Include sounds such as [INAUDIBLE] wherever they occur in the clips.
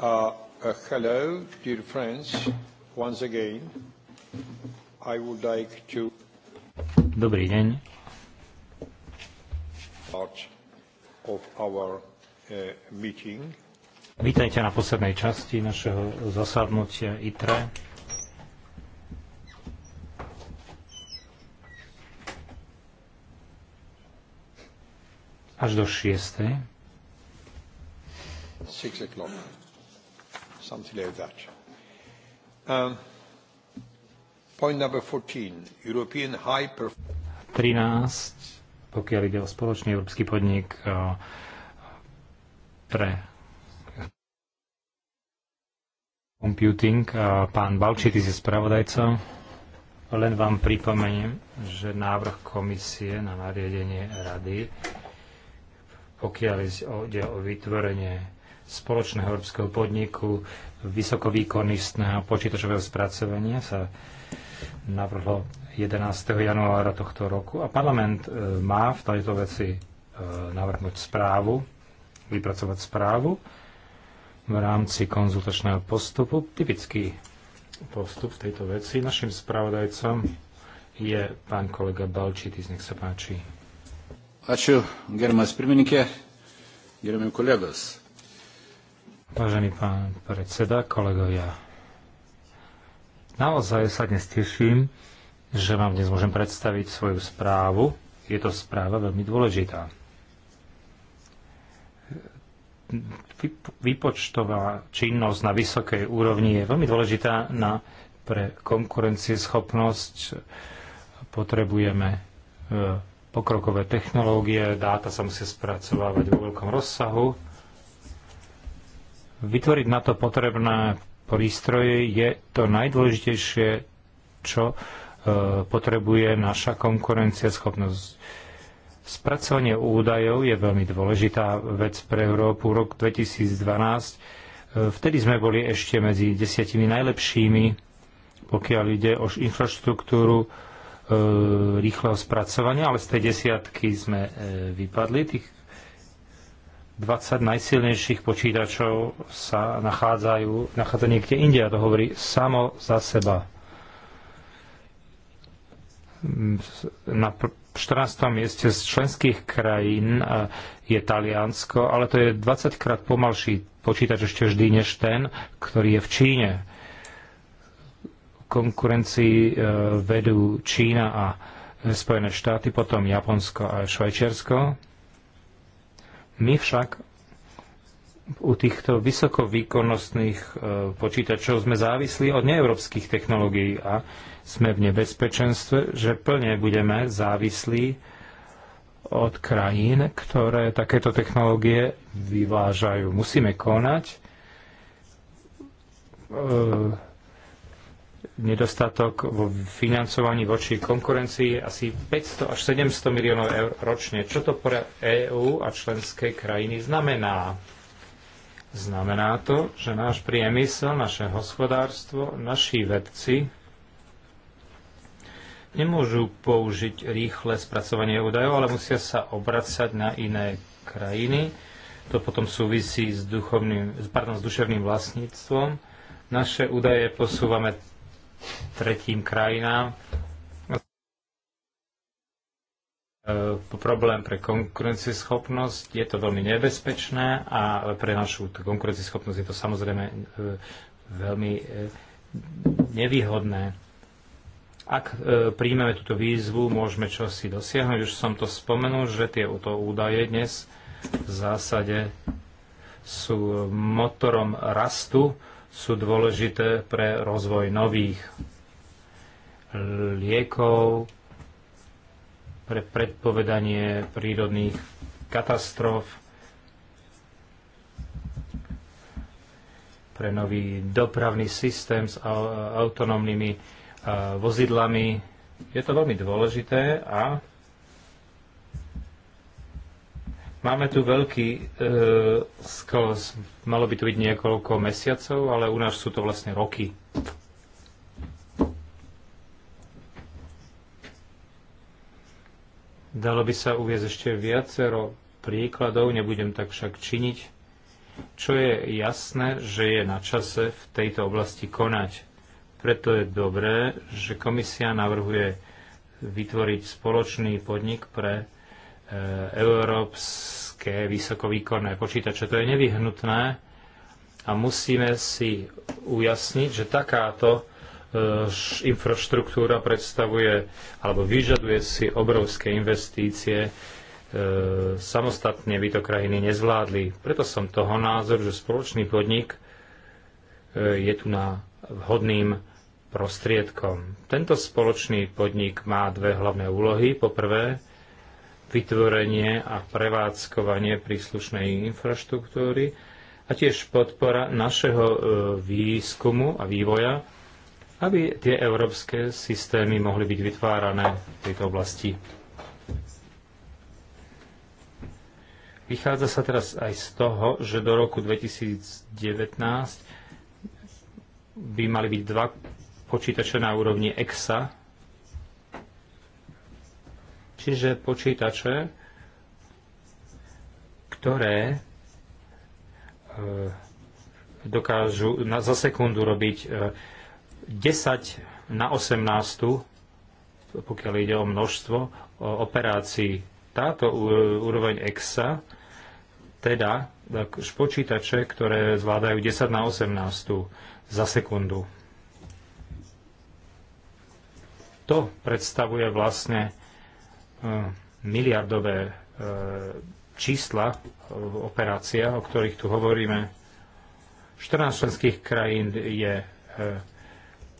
Uh, hello, dear friends. Once again, I would like to... Dobrý deň. Part of our uh, meeting. Vítajte na poslednej časti našeho zasadnutia ITRE. Až do šiestej. 6 o'clock something like that. Um, point number 14, European High 13, pokiaľ ide o spoločný európsky podnik uh, pre computing, uh, pán Balčity je spravodajca. Len vám pripomeniem, že návrh komisie na nariadenie rady, pokiaľ ide o vytvorenie spoločného európskeho podniku vysokovýkonnostného počítačového spracovania sa navrhlo 11. januára tohto roku a parlament e, má v tejto veci e, navrhnúť správu, vypracovať správu v rámci konzultačného postupu. Typický postup v tejto veci. Našim spravodajcom je pán kolega Balčitis, nech sa páči. Ačiū, gerbiamas pirmininkė, gerbiami kolegos. Vážený pán predseda, kolegovia, naozaj sa dnes teším, že vám dnes môžem predstaviť svoju správu. Je to správa veľmi dôležitá. Výpočtová činnosť na vysokej úrovni je veľmi dôležitá na, pre konkurencieschopnosť. Potrebujeme e, pokrokové technológie, dáta sa musia spracovávať vo veľkom rozsahu, Vytvoriť na to potrebné prístroje je to najdôležitejšie, čo e, potrebuje naša konkurencieschopnosť. Spracovanie údajov je veľmi dôležitá vec pre Európu. Rok 2012, e, vtedy sme boli ešte medzi desiatimi najlepšími, pokiaľ ide o infraštruktúru e, rýchleho spracovania, ale z tej desiatky sme vypadli, tých 20 najsilnejších počítačov sa nachádzajú, nachádza niekde India a to hovorí samo za seba. Mm, na 14. mieste z členských krajín e, je Taliansko, ale to je 20 krát pomalší počítač ešte vždy než ten, ktorý je v Číne. Konkurencii e, vedú Čína a Spojené štáty, potom Japonsko a Švajčiarsko my však u týchto vysokovýkonnostných e, počítačov sme závislí od neeurópskych technológií a sme v nebezpečenstve, že plne budeme závislí od krajín, ktoré takéto technológie vyvážajú. Musíme konať e, nedostatok vo financovaní voči konkurencii asi 500 až 700 miliónov eur ročne. Čo to pre EÚ a členské krajiny znamená? Znamená to, že náš priemysel, naše hospodárstvo, naši vedci nemôžu použiť rýchle spracovanie údajov, ale musia sa obracať na iné krajiny. To potom súvisí s, duchovným, pardon, s duševným vlastníctvom. Naše údaje posúvame tretím krajinám. E, problém pre konkurencieschopnosť, je to veľmi nebezpečné a pre našu konkurencieschopnosť je to samozrejme e, veľmi e, nevýhodné. Ak príjmeme túto výzvu, môžeme čosi dosiahnuť. Už som to spomenul, že to údaje dnes v zásade sú motorom rastu sú dôležité pre rozvoj nových liekov, pre predpovedanie prírodných katastrof, pre nový dopravný systém s autonómnymi vozidlami. Je to veľmi dôležité a Máme tu veľký e, skos. Malo by to byť niekoľko mesiacov, ale u nás sú to vlastne roky. Dalo by sa uviezť ešte viacero príkladov, nebudem tak však činiť. Čo je jasné, že je na čase v tejto oblasti konať. Preto je dobré, že komisia navrhuje vytvoriť spoločný podnik pre Eh, európske vysokovýkonné počítače. To je nevyhnutné a musíme si ujasniť, že takáto eh, infraštruktúra predstavuje alebo vyžaduje si obrovské investície. Eh, samostatne by to krajiny nezvládli. Preto som toho názor, že spoločný podnik je tu na vhodným prostriedkom. Tento spoločný podnik má dve hlavné úlohy. Po prvé, vytvorenie a prevádzkovanie príslušnej infraštruktúry a tiež podpora našeho e, výskumu a vývoja, aby tie európske systémy mohli byť vytvárané v tejto oblasti. Vychádza sa teraz aj z toho, že do roku 2019 by mali byť dva počítače na úrovni EXA, Čiže počítače, ktoré e, dokážu na, za sekundu robiť 10 e, na 18, pokiaľ ide o množstvo o operácií. Táto e, úroveň EXA, teda počítače, ktoré zvládajú 10 na 18 za sekundu. To predstavuje vlastne Eh, miliardové eh, čísla v operáciách, o ktorých tu hovoríme. 14 členských krajín je eh,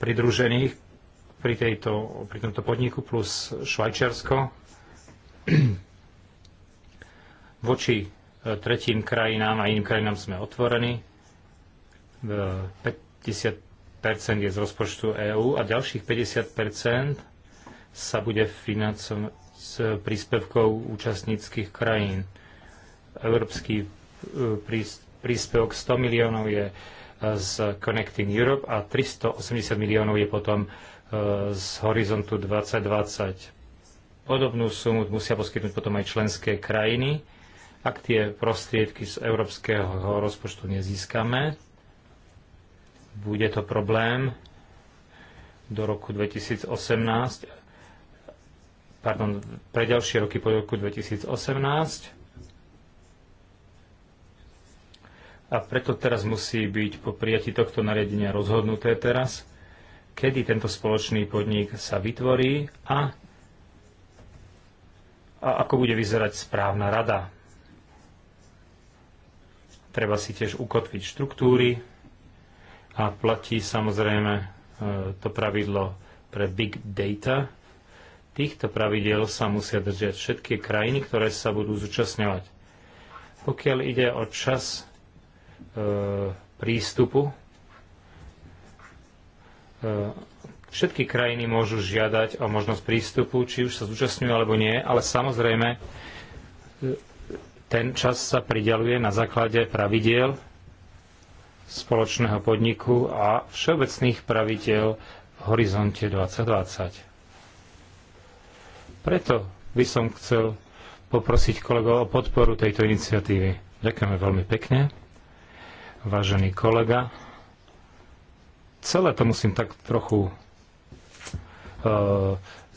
pridružených pri, tejto, pri tomto podniku plus Švajčiarsko. [CLEARS THROAT] Voči tretím krajinám a iným krajinám sme otvorení. 50 je z rozpočtu EÚ a ďalších 50 sa bude financovať s príspevkov účastníckých krajín. Európsky e, príspevok 100 miliónov je e, z Connecting Europe a 380 miliónov je potom e, z Horizontu 2020. Podobnú sumu musia poskytnúť potom aj členské krajiny, ak tie prostriedky z európskeho rozpočtu nezískame. Bude to problém do roku 2018 pardon, pre ďalšie roky po roku 2018. A preto teraz musí byť po prijatí tohto nariadenia rozhodnuté teraz, kedy tento spoločný podnik sa vytvorí a, a ako bude vyzerať správna rada. Treba si tiež ukotviť štruktúry a platí samozrejme e, to pravidlo pre big data, Týchto pravidiel sa musia držať všetky krajiny, ktoré sa budú zúčastňovať. Pokiaľ ide o čas e, prístupu, e, všetky krajiny môžu žiadať o možnosť prístupu, či už sa zúčastňujú alebo nie, ale samozrejme e, ten čas sa pridaluje na základe pravidiel spoločného podniku a všeobecných pravidiel v horizonte 2020. Preto by som chcel poprosiť kolegov o podporu tejto iniciatívy. Ďakujeme veľmi pekne. Vážený kolega, celé to musím tak trochu uh, e,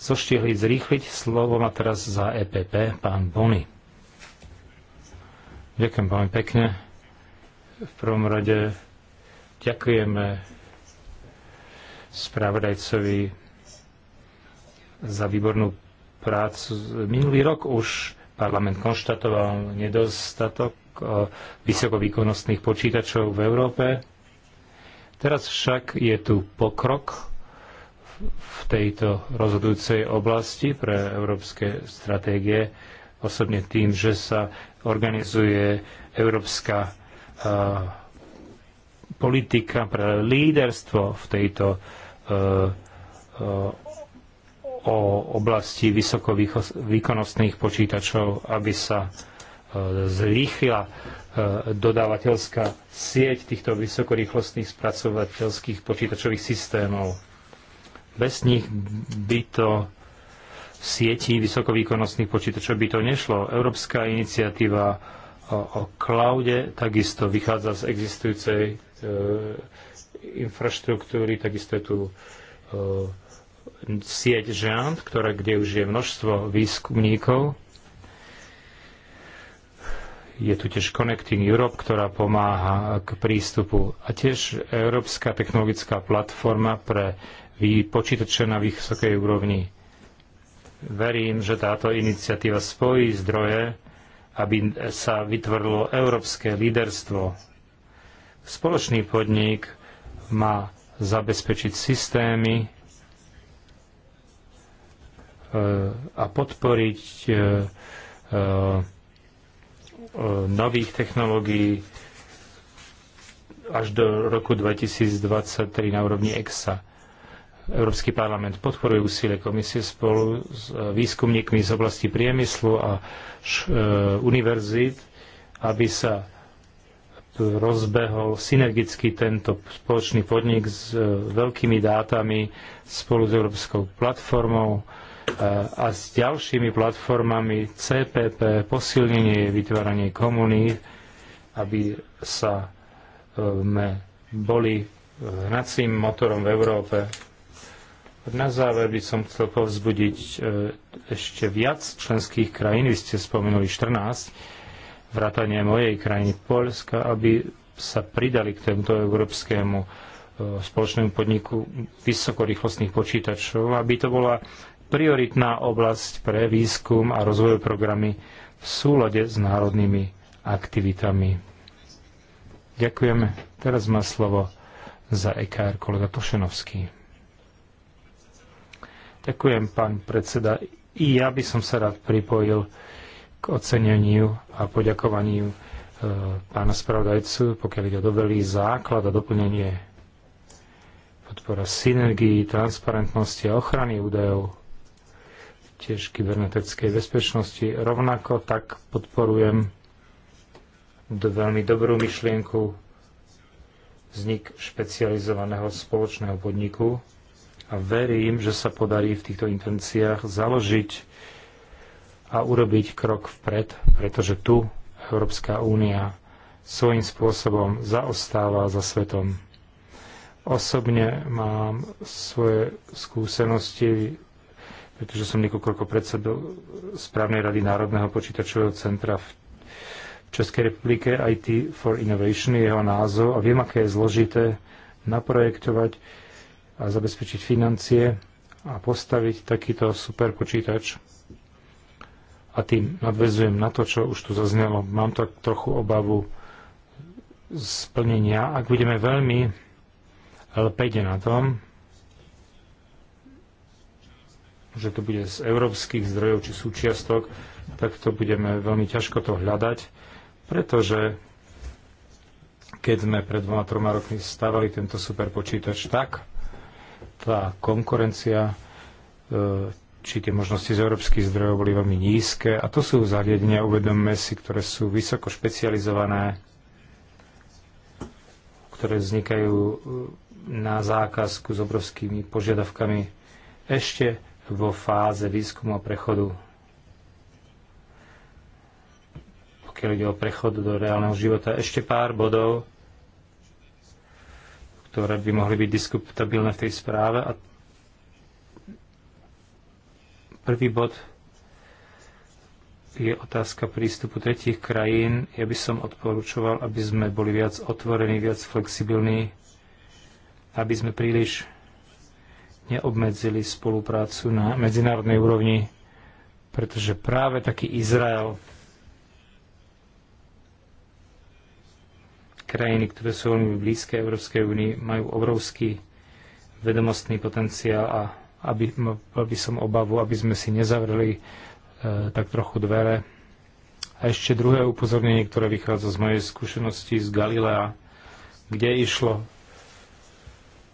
zoštihliť, zrýchliť. Slovo má teraz za EPP pán Bony. Ďakujem veľmi pekne. V prvom rade ďakujeme spravodajcovi za výbornú prácu. Minulý rok už parlament konštatoval nedostatok eh, vysokovýkonnostných počítačov v Európe. Teraz však je tu pokrok v tejto rozhodujúcej oblasti pre európske stratégie, osobne tým, že sa organizuje európska eh, politika pre líderstvo v tejto eh, o oblasti vysokovýkonnostných počítačov, aby sa e, zrýchlila e, dodávateľská sieť týchto vysokorýchlostných spracovateľských počítačových systémov. Bez nich by to v sieti vysokovýkonnostných počítačov by to nešlo. Európska iniciatíva o, o cloude takisto vychádza z existujúcej e, infraštruktúry, takisto je tu e, sieť Žant, ktoré kde už je množstvo výskumníkov. Je tu tiež Connecting Europe, ktorá pomáha k prístupu. A tiež Európska technologická platforma pre počítače na vysokej úrovni. Verím, že táto iniciatíva spojí zdroje, aby sa vytvorilo európske líderstvo. Spoločný podnik má zabezpečiť systémy, Eh, a podporiť eh, eh, nových technológií až do roku 2023 na úrovni EXA. Európsky parlament podporuje úsilie komisie spolu s výskumníkmi z oblasti priemyslu a univerzít, aby sa rozbehol synergicky tento spoločný podnik s veľkými dátami spolu s Európskou platformou a s ďalšími platformami CPP, posilnenie vytváranie komunít, aby sa sme boli e, hnacím motorom v Európe. Na záver by som chcel povzbudiť e, ešte viac členských krajín, vy ste spomenuli 14, vrátanie mojej krajiny Polska, aby sa pridali k tomuto európskemu e, spoločnému podniku vysokorýchlostných počítačov, aby to bola prioritná oblasť pre výskum a rozvoj programy v súlade s národnými aktivitami. Ďakujeme. Teraz má slovo za EKR kolega Tošenovský. Ďakujem, pán predseda. I ja by som sa rád pripojil k oceneniu a poďakovaniu e, pána spravodajcu, pokiaľ ide o dobrý základ a doplnenie podpora synergii, transparentnosti a ochrany údajov tiež kybernetickej bezpečnosti. Rovnako tak podporujem do veľmi dobrú myšlienku vznik špecializovaného spoločného podniku a verím, že sa podarí v týchto intenciách založiť a urobiť krok vpred, pretože tu Európska únia svojím spôsobom zaostáva za svetom. Osobne mám svoje skúsenosti pretože som niekoľko predsedov správnej rady Národného počítačového centra v Českej republike IT for Innovation je jeho názov a viem, aké je zložité naprojektovať a zabezpečiť financie a postaviť takýto super počítač. A tým nadvezujem na to, čo už tu zaznelo. Mám tak trochu obavu splnenia. Ak budeme veľmi lpede na tom, že to bude z európskych zdrojov či súčiastok, tak to budeme veľmi ťažko to hľadať, pretože keď sme pred dvoma, troma rokmi stavali tento superpočítač, tak tá konkurencia e, či tie možnosti z európskych zdrojov boli veľmi nízke. A to sú zariadenia, uvedomme si, ktoré sú vysoko špecializované, ktoré vznikajú e, na zákazku s obrovskými požiadavkami ešte vo fáze výskumu a prechodu. Pokiaľ ide o prechod do reálneho života, ešte pár bodov, ktoré by mohli byť diskutabilné v tej správe. A prvý bod je otázka prístupu tretich krajín. Ja by som odporúčoval, aby sme boli viac otvorení, viac flexibilní, aby sme príliš neobmedzili spoluprácu na medzinárodnej úrovni, pretože práve taký Izrael, krajiny, ktoré sú veľmi blízke Európskej únii, majú obrovský vedomostný potenciál a aby, by som obavu, aby sme si nezavreli e, tak trochu dvere. A ešte druhé upozornenie, ktoré vychádza z mojej skúsenosti z Galilea, kde išlo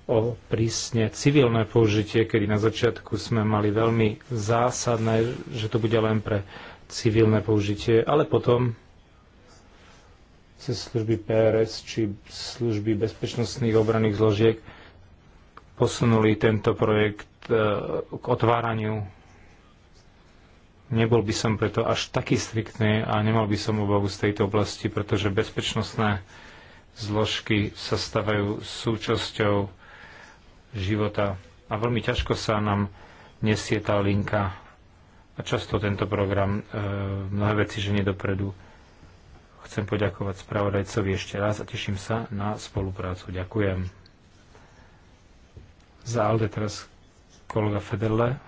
o prísne civilné použitie, kedy na začiatku sme mali veľmi zásadné, že to bude len pre civilné použitie, ale potom cez služby PRS či služby bezpečnostných obranných zložiek posunuli tento projekt eh, k otváraniu. Nebol by som preto až taký striktný a nemal by som obavu z tejto oblasti, pretože bezpečnostné zložky sa stavajú súčasťou života a veľmi ťažko sa nám nesie tá linka a často tento program e, mnohé veci ženie dopredu. Chcem poďakovať spravodajcovi ešte raz a teším sa na spoluprácu. Ďakujem. Za Alde teraz kolega Federle.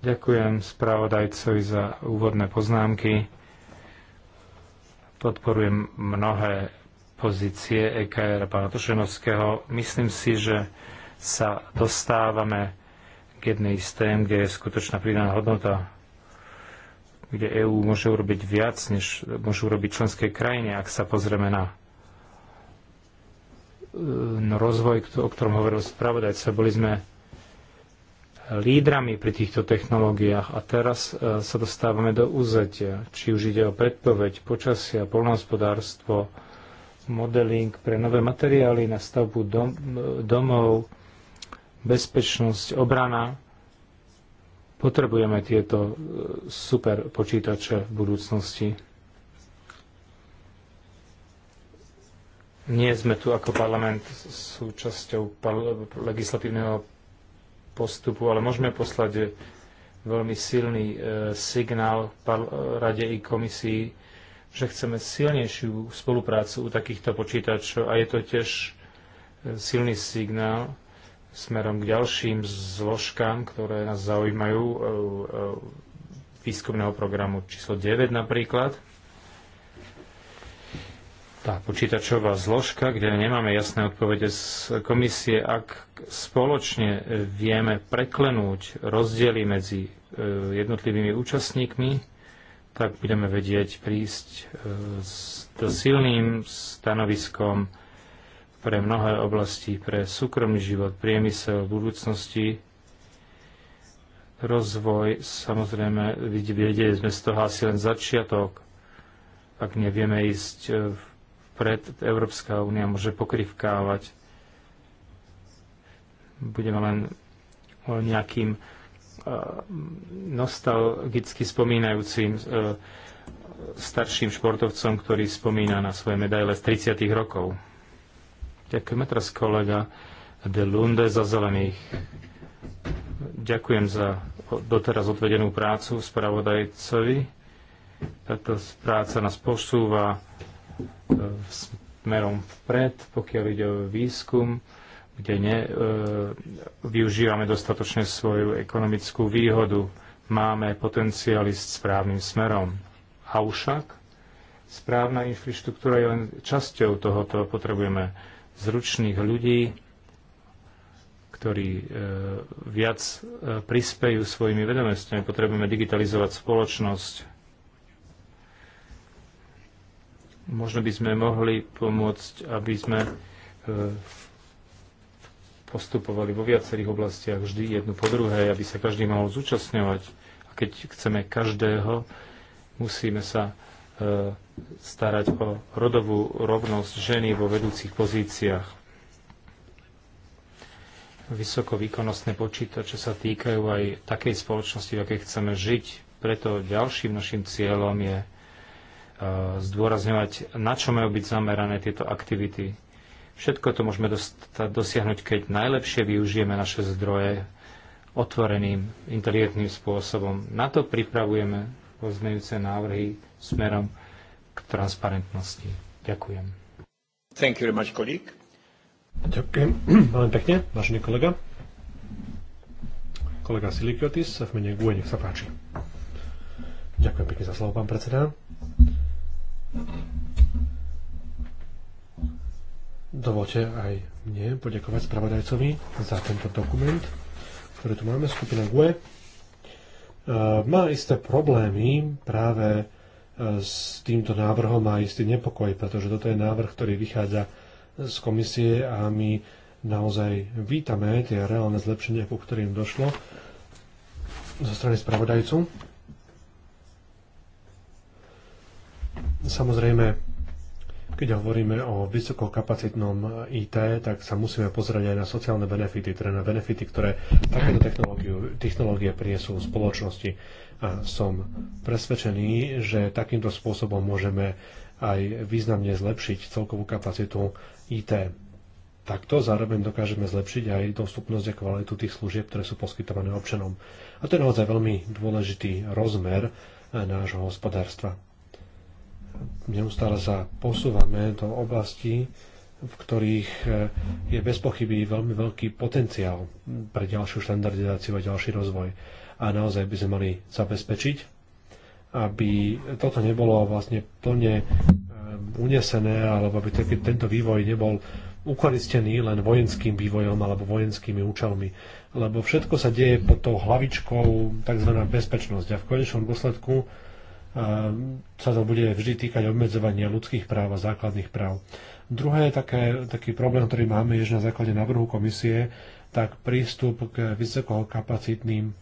Ďakujem spravodajcovi za úvodné poznámky. Podporujem mnohé pozície EKR pána Tošenovského. Myslím si, že sa dostávame k jednej z tém, kde je skutočná pridaná hodnota, kde EÚ môže urobiť viac, než môžu urobiť členské krajiny, ak sa pozrieme na e, rozvoj, o ktorom hovoril spravodajca. Boli sme lídrami pri týchto technológiách a teraz e, sa dostávame do úzadia, či už ide o predpoveď, počasia, polnohospodárstvo, modeling pre nové materiály na stavbu dom, domov, bezpečnosť, obrana. Potrebujeme tieto e, super počítače v budúcnosti. Nie sme tu ako parlament súčasťou legislatívneho postupu, ale môžeme poslať e, veľmi silný e, signál Rade i komisii, že chceme silnejšiu spoluprácu u takýchto počítačov a je to tiež e, silný signál smerom k ďalším zložkám, ktoré nás zaujímajú e, e, výskumného programu číslo 9 napríklad. Tá počítačová zložka, kde nemáme jasné odpovede z komisie, ak spoločne vieme preklenúť rozdiely medzi jednotlivými účastníkmi, tak budeme vedieť prísť e, s silným stanoviskom pre mnohé oblasti, pre súkromný život, priemysel v budúcnosti, rozvoj, samozrejme, vedeli sme z toho asi len začiatok. Ak nevieme ísť e, vpred, Európska únia môže pokrivkávať. Budeme len nejakým nostalgicky spomínajúcim e, starším športovcom, ktorý spomína na svoje medaile z 30. rokov. Ďakujeme teraz kolega De Lunde za zelených. Ďakujem za doteraz odvedenú prácu spravodajcovi. Táto práca nás posúva e, smerom vpred, pokiaľ ide o výskum kde e, využívame dostatočne svoju ekonomickú výhodu. Máme potenciál ísť správnym smerom. Avšak správna infraštruktúra je len časťou tohoto. Potrebujeme zručných ľudí, ktorí e, viac e, prispejú svojimi vedomostiami. Potrebujeme digitalizovať spoločnosť. Možno by sme mohli pomôcť, aby sme v postupovali vo viacerých oblastiach vždy jednu po druhej, aby sa každý mohol zúčastňovať. A keď chceme každého, musíme sa e, starať o rodovú rovnosť ženy vo vedúcich pozíciách. Vysokovýkonnostné počítače sa týkajú aj takej spoločnosti, v akej chceme žiť. Preto ďalším našim cieľom je e, zdôrazňovať, na čo majú byť zamerané tieto aktivity Všetko to môžeme dostať, dosiahnuť, keď najlepšie využijeme naše zdroje otvoreným, inteligentným spôsobom. Na to pripravujeme pozmeňujúce návrhy smerom k transparentnosti. Ďakujem. Thank you very much, colleague. Ďakujem [CLEARS THROAT] veľmi pekne, vážený kolega. Kolega Silikiotis sa v mene GUE, nech sa páči. Ďakujem pekne za slovo, pán predseda. Dovolte aj mne poďakovať spravodajcovi za tento dokument, ktorý tu máme, skupina GUE. E, má isté problémy práve e, s týmto návrhom a istý nepokoj, pretože toto je návrh, ktorý vychádza z komisie a my naozaj vítame tie reálne zlepšenia, ku ktorým došlo zo strany spravodajcu. Samozrejme, keď hovoríme o vysokokapacitnom IT, tak sa musíme pozrieť aj na sociálne benefity, teda na benefity, ktoré takéto technológie priniesú v spoločnosti. A som presvedčený, že takýmto spôsobom môžeme aj významne zlepšiť celkovú kapacitu IT. Takto zároveň dokážeme zlepšiť aj dostupnosť a kvalitu tých služieb, ktoré sú poskytované občanom. A to je naozaj veľmi dôležitý rozmer nášho hospodárstva neustále sa posúvame do oblasti, v ktorých e, je bez pochyby veľmi veľký potenciál pre ďalšiu štandardizáciu a ďalší rozvoj. A naozaj by sme mali zabezpečiť, aby toto nebolo vlastne plne e, unesené, alebo aby tento vývoj nebol ukoristený len vojenským vývojom alebo vojenskými účelmi. Lebo všetko sa deje pod tou hlavičkou tzv. bezpečnosť. A v konečnom dôsledku sa to bude vždy týkať obmedzovania ľudských práv a základných práv. Druhé také, taký problém, ktorý máme, je, že na základe návrhu komisie, tak prístup k vysokokapacitným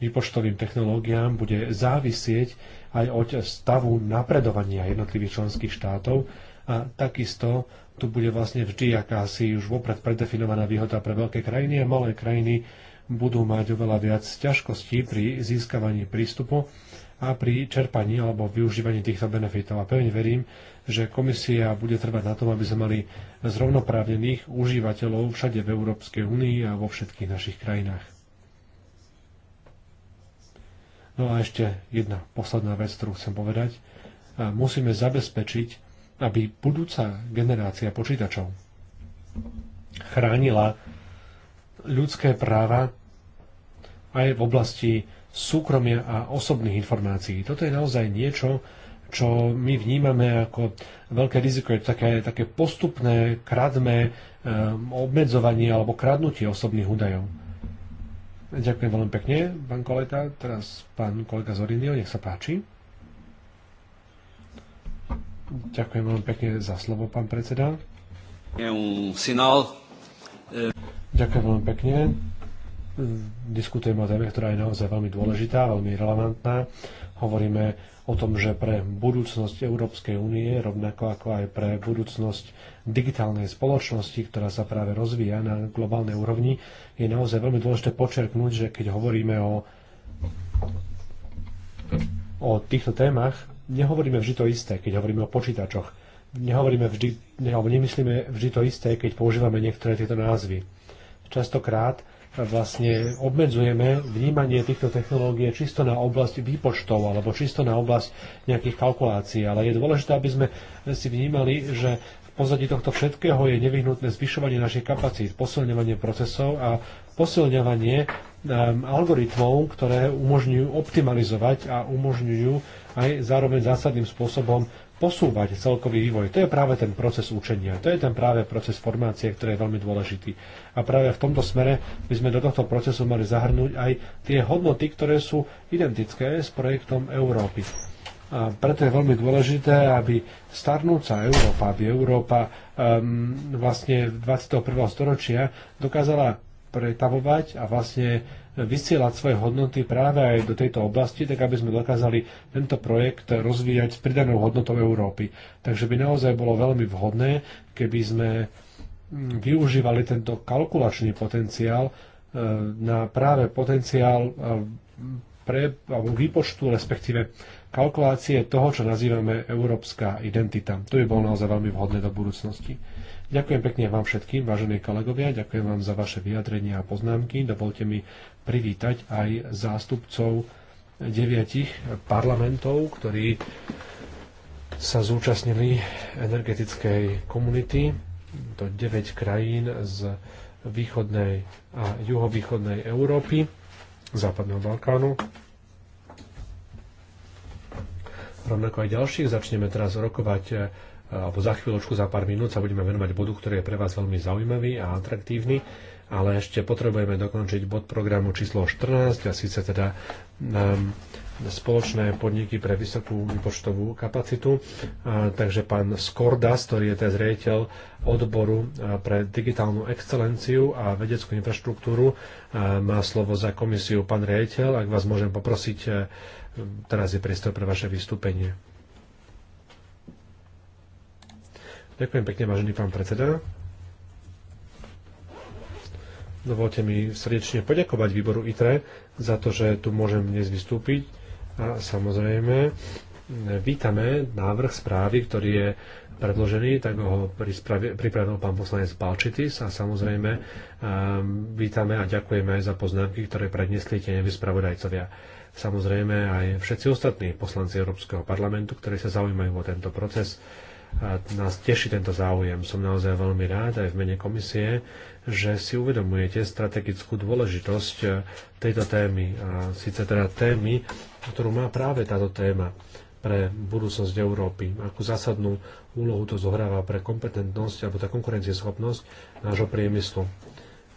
výpočtovým technológiám bude závisieť aj od stavu napredovania jednotlivých členských štátov a takisto tu bude vlastne vždy akási už vopred predefinovaná výhoda pre veľké krajiny a malé krajiny budú mať oveľa viac ťažkostí pri získavaní prístupu a pri čerpaní alebo využívaní týchto benefitov. A pevne verím, že komisia bude trvať na tom, aby sme mali zrovnoprávnených užívateľov všade v Európskej únii a vo všetkých našich krajinách. No a ešte jedna posledná vec, ktorú chcem povedať. Musíme zabezpečiť, aby budúca generácia počítačov chránila ľudské práva aj v oblasti súkromia a osobných informácií. Toto je naozaj niečo, čo my vnímame ako veľké riziko, je to také, také postupné, kradné um, obmedzovanie alebo kradnutie osobných údajov. Ďakujem veľmi pekne, pán Koleta. Teraz pán kolega Zorinio, nech sa páči. Ďakujem veľmi pekne za slovo, pán predseda. Je un signál. Eh, Ďakujem veľmi pekne diskutujeme o téme, ktorá je naozaj veľmi dôležitá, veľmi relevantná. Hovoríme o tom, že pre budúcnosť Európskej únie, rovnako ako aj pre budúcnosť digitálnej spoločnosti, ktorá sa práve rozvíja na globálnej úrovni, je naozaj veľmi dôležité počerknúť, že keď hovoríme o, o týchto témach, nehovoríme vždy to isté, keď hovoríme o počítačoch. Nehovoríme vždy, ne, nemyslíme vždy to isté, keď používame niektoré tieto názvy. Častokrát vlastne obmedzujeme vnímanie týchto technológií čisto na oblasť výpočtov alebo čisto na oblasť nejakých kalkulácií. Ale je dôležité, aby sme si vnímali, že v pozadí tohto všetkého je nevyhnutné zvyšovanie našich kapacít, posilňovanie procesov a posilňovanie um, algoritmov, ktoré umožňujú optimalizovať a umožňujú aj zároveň zásadným spôsobom posúvať celkový vývoj. To je práve ten proces učenia, to je ten práve proces formácie, ktorý je veľmi dôležitý. A práve v tomto smere by sme do tohto procesu mali zahrnúť aj tie hodnoty, ktoré sú identické s projektom Európy. A preto je veľmi dôležité, aby starnúca Európa, aby Európa um, vlastne 21. storočia dokázala pretavovať a vlastne vysielať svoje hodnoty práve aj do tejto oblasti, tak aby sme dokázali tento projekt rozvíjať s pridanou hodnotou Európy. Takže by naozaj bolo veľmi vhodné, keby sme mm, využívali tento kalkulačný potenciál e, na práve potenciál e, pre, alebo výpočtu, respektíve kalkulácie toho, čo nazývame európska identita. To by bolo naozaj veľmi vhodné do budúcnosti. Ďakujem pekne vám všetkým, vážení kolegovia, ďakujem vám za vaše vyjadrenia a poznámky. Dovolte mi privítať aj zástupcov deviatich parlamentov, ktorí sa zúčastnili energetickej komunity. To 9 krajín z východnej a juhovýchodnej Európy, západného Balkánu. Rovnako aj ďalších. Začneme teraz rokovať eh, alebo za chvíľočku, za pár minút sa budeme venovať bodu, ktorý je pre vás veľmi zaujímavý a atraktívny ale ešte potrebujeme dokončiť bod programu číslo 14 a síce teda um, spoločné podniky pre vysokú výpočtovú kapacitu. Uh, takže pán Skordas, ktorý je teraz riaditeľ odboru pre digitálnu excelenciu a vedeckú infraštruktúru, uh, má slovo za komisiu pán riaditeľ. Ak vás môžem poprosiť, teraz je priestor pre vaše vystúpenie. Ďakujem pekne, vážený pán predseda. Dovolte mi srdečne poďakovať výboru ITRE za to, že tu môžem dnes vystúpiť a samozrejme vítame návrh správy, ktorý je predložený, tak ho pripravil pán poslanec Balčitis a samozrejme um, vítame a ďakujeme aj za poznámky, ktoré predniesli tie nevyspravodajcovia. Samozrejme aj všetci ostatní poslanci Európskeho parlamentu, ktorí sa zaujímajú o tento proces nás teší tento záujem. Som naozaj veľmi rád aj v mene komisie, že si uvedomujete strategickú dôležitosť e, tejto témy. A síce teda témy, ktorú má práve táto téma pre budúcnosť Európy. Akú zásadnú úlohu to zohráva pre kompetentnosť alebo tá konkurencieschopnosť nášho priemyslu.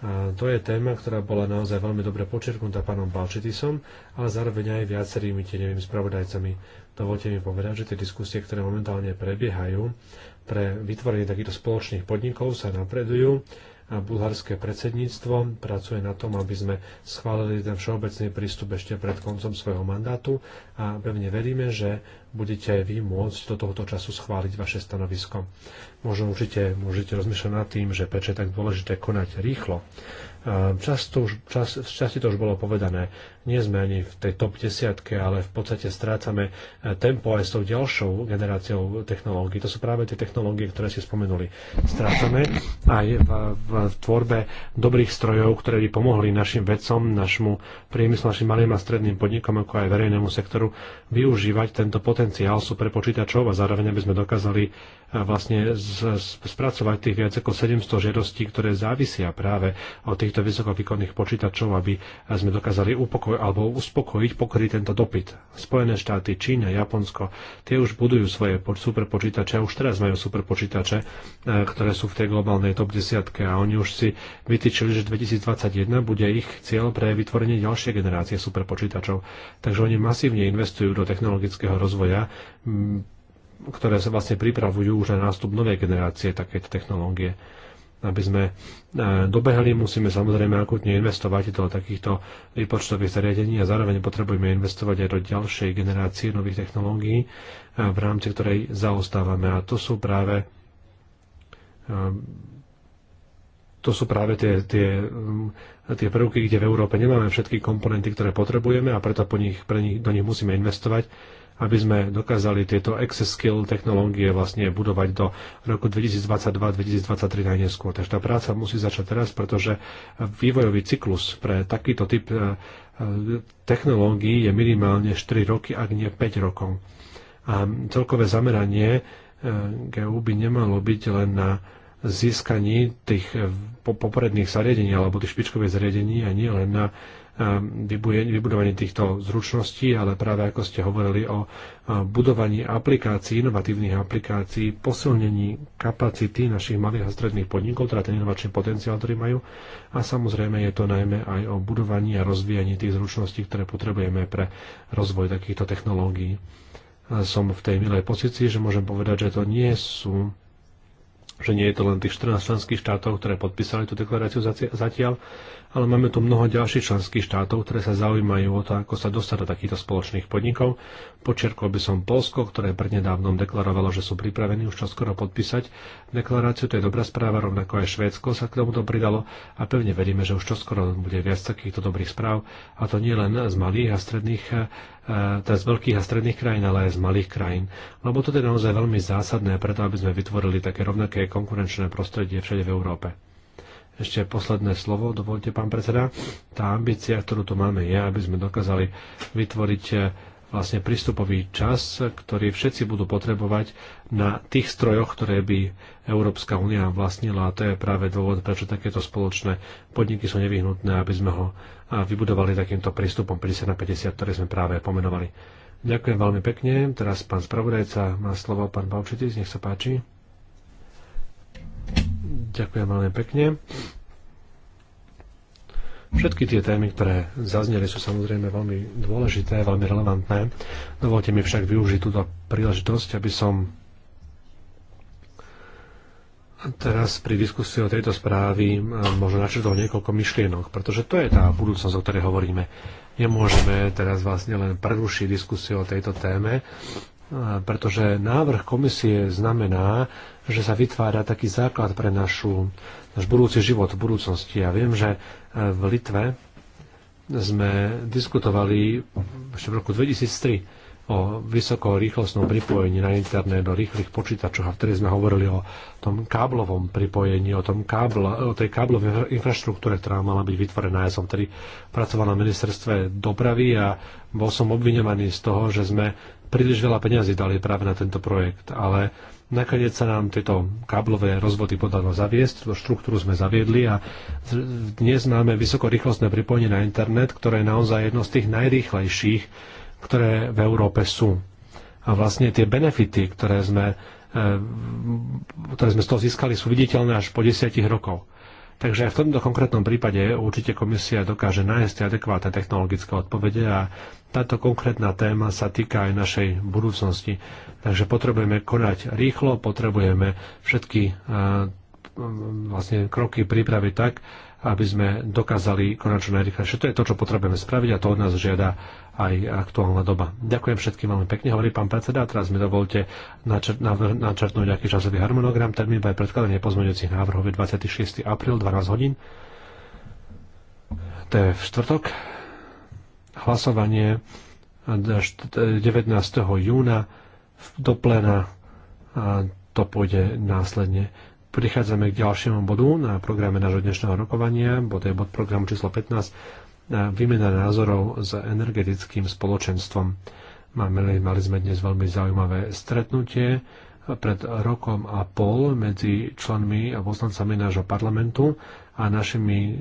A to je téma, ktorá bola naozaj veľmi dobre počerknutá pánom Balčitisom, ale zároveň aj viacerými tieňovými spravodajcami Dovolte mi povedať, že tie diskusie, ktoré momentálne prebiehajú pre vytvorenie takýchto spoločných podnikov sa napredujú a bulharské predsedníctvo pracuje na tom, aby sme schválili ten všeobecný prístup ešte pred koncom svojho mandátu a pevne veríme, že budete aj vy môcť do tohoto času schváliť vaše stanovisko. Možno určite môžete rozmýšľať nad tým, že prečo je tak dôležité konať rýchlo. Často čas, v časti to už bolo povedané nie sme ani v tej top desiatke, ale v podstate strácame e, tempo aj s tou ďalšou generáciou technológií. To sú práve tie technológie, ktoré ste spomenuli. Strácame aj v, v tvorbe dobrých strojov, ktoré by pomohli našim vedcom, našmu priemyslu, našim malým a stredným podnikom, ako aj verejnému sektoru, využívať tento potenciál super počítačov a zároveň aby sme dokázali e, vlastne z, z, spracovať tých viac ako 700 žiadostí, ktoré závisia práve od týchto vysokovýkonných počítačov, aby sme dokázali upokoj, alebo uspokojiť, pokryť tento dopyt. Spojené štáty, Čína, Japonsko, tie už budujú svoje superpočítače, už teraz majú superpočítače, eh, ktoré sú v tej globálnej top 10 a oni už si vytýčili, že 2021 bude ich cieľ pre vytvorenie ďalšie generácie superpočítačov. Takže oni masívne investujú do technologického rozvoja, ktoré sa vlastne pripravujú už na nástup novej generácie takéto technológie aby sme e, dobehli, musíme samozrejme akutne investovať do takýchto výpočtových zariadení a zároveň potrebujeme investovať aj do ďalšej generácie nových technológií, e, v rámci ktorej zaostávame. A to sú práve e, to sú práve tie, tie, tie prvky, kde v Európe nemáme všetky komponenty, ktoré potrebujeme a preto po nich, pre nich, do nich musíme investovať aby sme dokázali tieto access skill technológie vlastne budovať do roku 2022-2023 najneskôr. Takže tá práca musí začať teraz, pretože vývojový cyklus pre takýto typ e, e, technológií je minimálne 4 roky, ak nie 5 rokov. A celkové zameranie e, GU by nemalo byť len na získaní tých popredných zariadení alebo tých špičkových zariadení a nie len na Ehm, vybudovaní týchto zručností, ale práve ako ste hovorili o e, budovaní aplikácií, inovatívnych aplikácií, posilnení kapacity našich malých a stredných podnikov, teda ten inovačný potenciál, ktorý majú. A samozrejme je to najmä aj o budovaní a rozvíjaní tých zručností, ktoré potrebujeme pre rozvoj takýchto technológií. E, som v tej milej pozícii, že môžem povedať, že to nie sú že nie je to len tých 14 členských štátov, ktoré podpísali tú deklaráciu zatiaľ, ale máme tu mnoho ďalších členských štátov, ktoré sa zaujímajú o to, ako sa dostať do takýchto spoločných podnikov. Počerkol by som Polsko, ktoré prednedávnom deklarovalo, že sú pripravení už čoskoro podpísať deklaráciu, to je dobrá správa, rovnako aj Švédsko sa k tomu to pridalo a pevne veríme, že už čoskoro bude viac takýchto dobrých správ a to nie len z malých a stredných e, teda z veľkých a stredných krajín, ale aj z malých krajín. Lebo to je naozaj veľmi zásadné preto, aby sme vytvorili také rovnaké konkurenčné prostredie všade v Európe. Ešte posledné slovo, dovolte pán predseda. Tá ambícia, ktorú tu máme, je, aby sme dokázali vytvoriť eh, vlastne prístupový čas, ktorý všetci budú potrebovať na tých strojoch, ktoré by Európska únia vlastnila. A to je práve dôvod, prečo takéto spoločné podniky sú nevyhnutné, aby sme ho eh, vybudovali takýmto prístupom 50 na 50, ktoré sme práve pomenovali. Ďakujem veľmi pekne. Teraz pán spravodajca má slovo, pán Baučitis, nech sa páči. Ďakujem veľmi pekne. Všetky tie témy, ktoré zazneli, sú samozrejme veľmi dôležité, veľmi relevantné. Dovolte mi však využiť túto príležitosť, aby som teraz pri diskusii o tejto správy možno načrtol niekoľko myšlienok, pretože to je tá budúcnosť, o ktorej hovoríme. Nemôžeme teraz vlastne len prerušiť diskusiu o tejto téme, pretože návrh komisie znamená, že sa vytvára taký základ pre našu, náš budúci život v budúcnosti. Ja viem, že e, v Litve sme diskutovali ešte v roku 2003 o vysokorýchlostnom pripojení na internet, do rýchlych počítačoch a vtedy sme hovorili o tom káblovom pripojení, o, tom kábla, o tej káblovej infraštruktúre, ktorá mala byť vytvorená. Ja som vtedy pracoval na ministerstve dopravy a bol som obviňovaný z toho, že sme príliš veľa peňazí dali práve na tento projekt, ale nakoniec sa nám tieto káblové rozvody podarilo zaviesť, túto štruktúru sme zaviedli a dnes máme vysokorýchlostné pripojenie na internet, ktoré je naozaj jedno z tých najrýchlejších, ktoré v Európe sú. A vlastne tie benefity, ktoré sme, e, ktoré sme z toho získali, sú viditeľné až po desiatich rokoch. Takže aj v tomto konkrétnom prípade určite komisia dokáže nájsť adekvátne technologické odpovede a táto konkrétna téma sa týka aj našej budúcnosti. Takže potrebujeme konať rýchlo, potrebujeme všetky eh, vlastne kroky pripraviť tak, aby sme dokázali konačne najrychlejšie. To je to, čo potrebujeme spraviť a to od nás žiada aj aktuálna doba. Ďakujem všetkým veľmi pekne, hovorí pán predseda. teraz mi dovolte načrtnúť nejaký časový harmonogram. Termín pre predkladanie pozmeňujúcich návrhov je 26. apríl, 12 hodín. To je v štvrtok. Hlasovanie 19. júna do plena a to pôjde následne Prichádzame k ďalšiemu bodu na programe nášho dnešného rokovania, bod je bod programu číslo 15, e, výmena názorov s energetickým spoločenstvom. Máme, mali sme dnes veľmi zaujímavé stretnutie pred rokom a pol medzi členmi a poslancami nášho parlamentu a našimi e,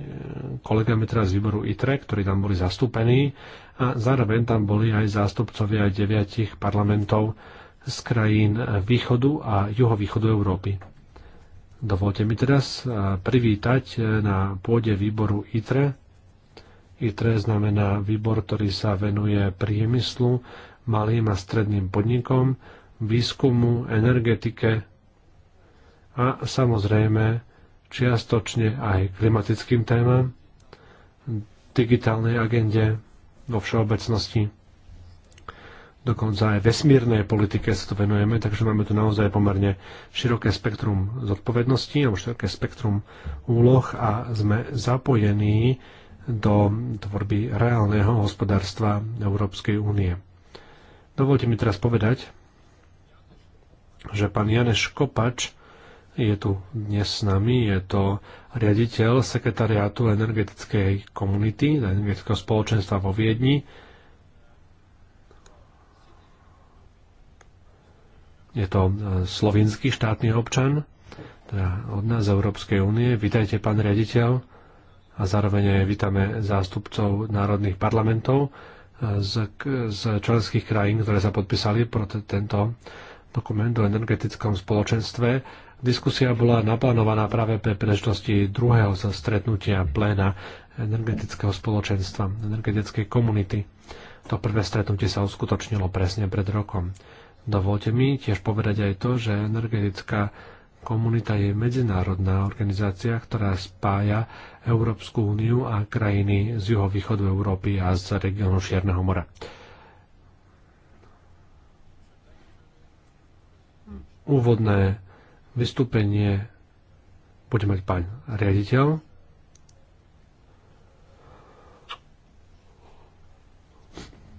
kolegami teraz z výboru ITRE, ktorí tam boli zastúpení a zároveň tam boli aj zástupcovia aj deviatich parlamentov z krajín východu a juhovýchodu Európy. Dovolte mi teraz e, privítať e, na pôde výboru ITRE. ITRE znamená výbor, ktorý sa venuje priemyslu, malým a stredným podnikom, výskumu, energetike a samozrejme čiastočne aj klimatickým témam, digitálnej agende vo všeobecnosti dokonca aj vesmírnej politike sa to venujeme, takže máme tu naozaj pomerne široké spektrum zodpovedností alebo široké spektrum úloh a sme zapojení do tvorby reálneho hospodárstva Európskej únie. Dovolte mi teraz povedať, že pán Janeš Kopač je tu dnes s nami, je to riaditeľ sekretariátu energetickej komunity, energetického spoločenstva vo Viedni, Je to e, slovinský štátny občan, teda od nás z Európskej únie. Vítajte, pán riaditeľ, a zároveň vítame zástupcov národných parlamentov e, z, z členských krajín, ktoré sa podpísali pro tento dokument o energetickom spoločenstve. Diskusia bola naplánovaná práve pre príležitosti druhého sa stretnutia pléna energetického spoločenstva, energetickej komunity. To prvé stretnutie sa uskutočnilo presne pred rokom. Dovolte mi tiež povedať aj to, že energetická komunita je medzinárodná organizácia, ktorá spája Európsku úniu a krajiny z juhovýchodu Európy a z regiónu Šierneho mora. Úvodné vystúpenie bude mať pán riaditeľ.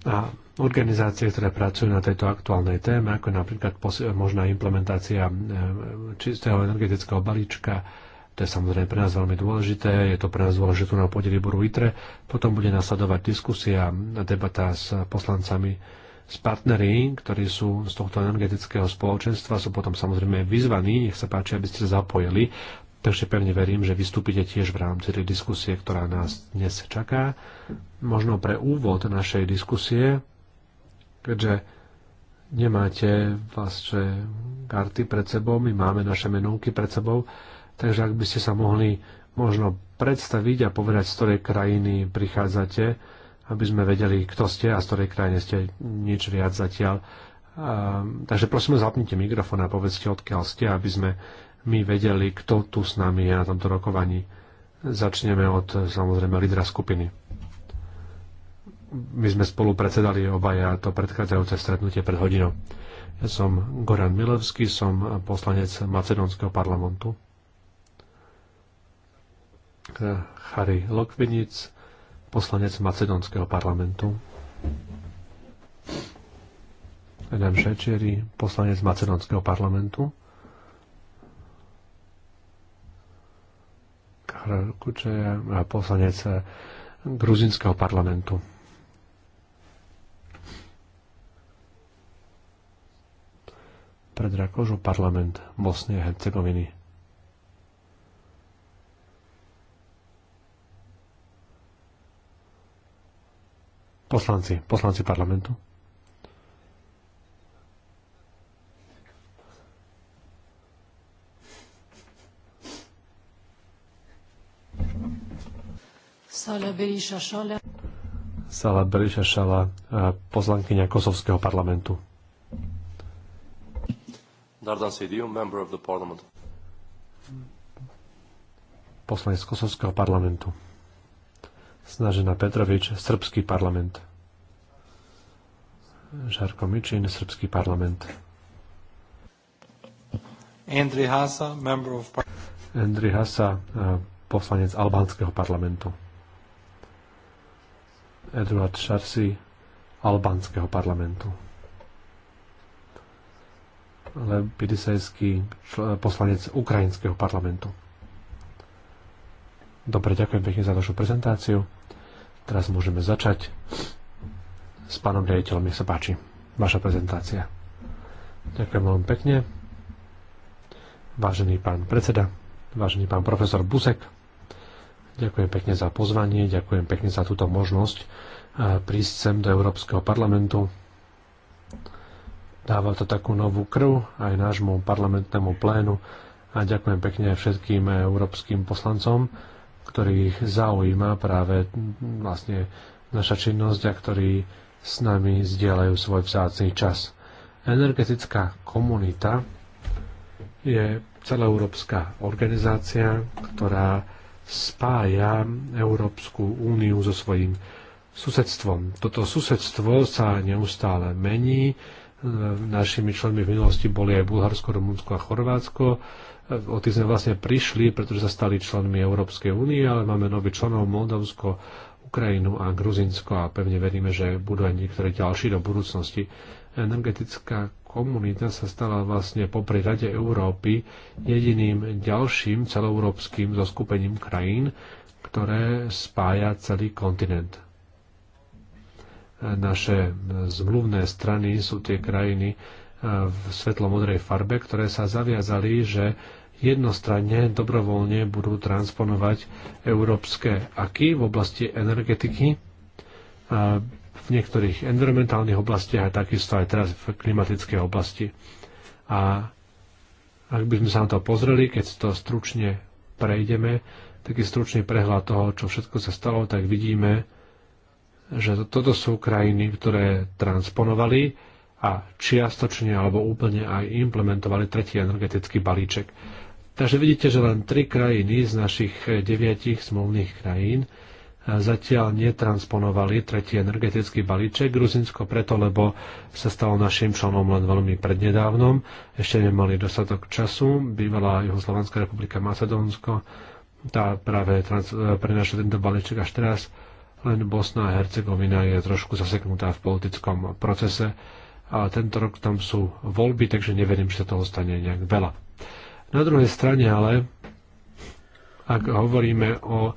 A organizácie, ktoré pracujú na tejto aktuálnej téme, ako napríklad možná implementácia e, čistého energetického balíčka, to je samozrejme pre nás veľmi dôležité, je to pre nás dôležité na pôde výboru ITRE. Potom bude nasledovať diskusia, debata s poslancami, s partnery, ktorí sú z tohto energetického spoločenstva, sú potom samozrejme vyzvaní, nech sa páči, aby ste sa zapojili. Takže pevne verím, že vystúpite tiež v rámci tej diskusie, ktorá nás dnes čaká. Možno pre úvod našej diskusie Keďže nemáte vaše karty pred sebou, my máme naše menovky pred sebou, takže ak by ste sa mohli možno predstaviť a povedať, z ktorej krajiny prichádzate, aby sme vedeli, kto ste a z ktorej krajiny ste nič viac zatiaľ. Um, takže prosím, zapnite mikrofón a povedzte, odkiaľ ste, aby sme my vedeli, kto tu s nami je na tomto rokovaní. Začneme od samozrejme lídra skupiny my sme spolu predsedali obaja to predchádzajúce stretnutie pred hodinou. Ja som Goran Milevský, som poslanec Macedónskeho parlamentu. Harry Lokvinic, poslanec Macedónskeho parlamentu. Adam Šečeri, poslanec Macedónskeho parlamentu. Kahrar Kučeja, poslanec Gruzinského parlamentu. pred Rakožu parlament Bosny a Hercegoviny. Poslanci, poslanci parlamentu. Sala Beriša Šala. Sala Šala, eh, poslankyňa Kosovského parlamentu. Dardan Sidiu, member of the parliament. Poslanec Kosovského parlamentu. Snažená Petrovič, srbský parlament. Žarko Mičin, srbský parlament. Andri Hasa, member of Hasa, eh, poslanec albánskeho parlamentu. Eduard Šarsi, albánskeho parlamentu. Lepidisejský poslanec Ukrajinského parlamentu. Dobre, ďakujem pekne za vašu prezentáciu. Teraz môžeme začať s pánom riaditeľom. Nech sa páči, vaša prezentácia. Ďakujem veľmi pekne. Vážený pán predseda, vážený pán profesor Busek, ďakujem pekne za pozvanie, ďakujem pekne za túto možnosť eh, prísť sem do Európskeho parlamentu Dáva to takú novú krv aj nášmu parlamentnému plénu a ďakujem pekne všetkým európskym poslancom, ktorých zaujíma práve vlastne naša činnosť a ktorí s nami zdieľajú svoj vzácný čas. Energetická komunita je celoeurópska organizácia, ktorá spája Európsku úniu so svojím susedstvom. Toto susedstvo sa neustále mení, Našimi členmi v minulosti boli aj Bulharsko, Rumunsko a Chorvátsko. O tých sme vlastne prišli, pretože sa stali členmi Európskej únie, ale máme nových členov Moldavsko, Ukrajinu a Gruzinsko a pevne veríme, že budú aj niektoré ďalší do budúcnosti. Energetická komunita sa stala vlastne popri Rade Európy jediným ďalším celoeurópskym zoskupením krajín, ktoré spája celý kontinent naše zmluvné strany sú tie krajiny e, v svetlomodrej farbe, ktoré sa zaviazali, že jednostranne, dobrovoľne budú transponovať európske aky v oblasti energetiky, e, v niektorých environmentálnych oblastiach a takisto aj teraz v klimatickej oblasti. A ak by sme sa na to pozreli, keď to stručne prejdeme, taký stručný prehľad toho, čo všetko sa stalo, tak vidíme, že toto sú krajiny, ktoré transponovali a čiastočne alebo úplne aj implementovali tretí energetický balíček. Takže vidíte, že len tri krajiny z našich eh, deviatich smluvných krajín eh, zatiaľ netransponovali tretí energetický balíček. Gruzinsko preto, lebo sa stalo našim členom len veľmi prednedávnom. Ešte nemali dostatok času. Bývalá Juhoslovanská republika Macedónsko tá práve trans, eh, prenašla tento balíček až teraz len Bosna a Hercegovina je trošku zaseknutá v politickom procese a tento rok tam sú voľby, takže neverím, že sa toho stane nejak veľa. Na druhej strane ale, ak hovoríme o e,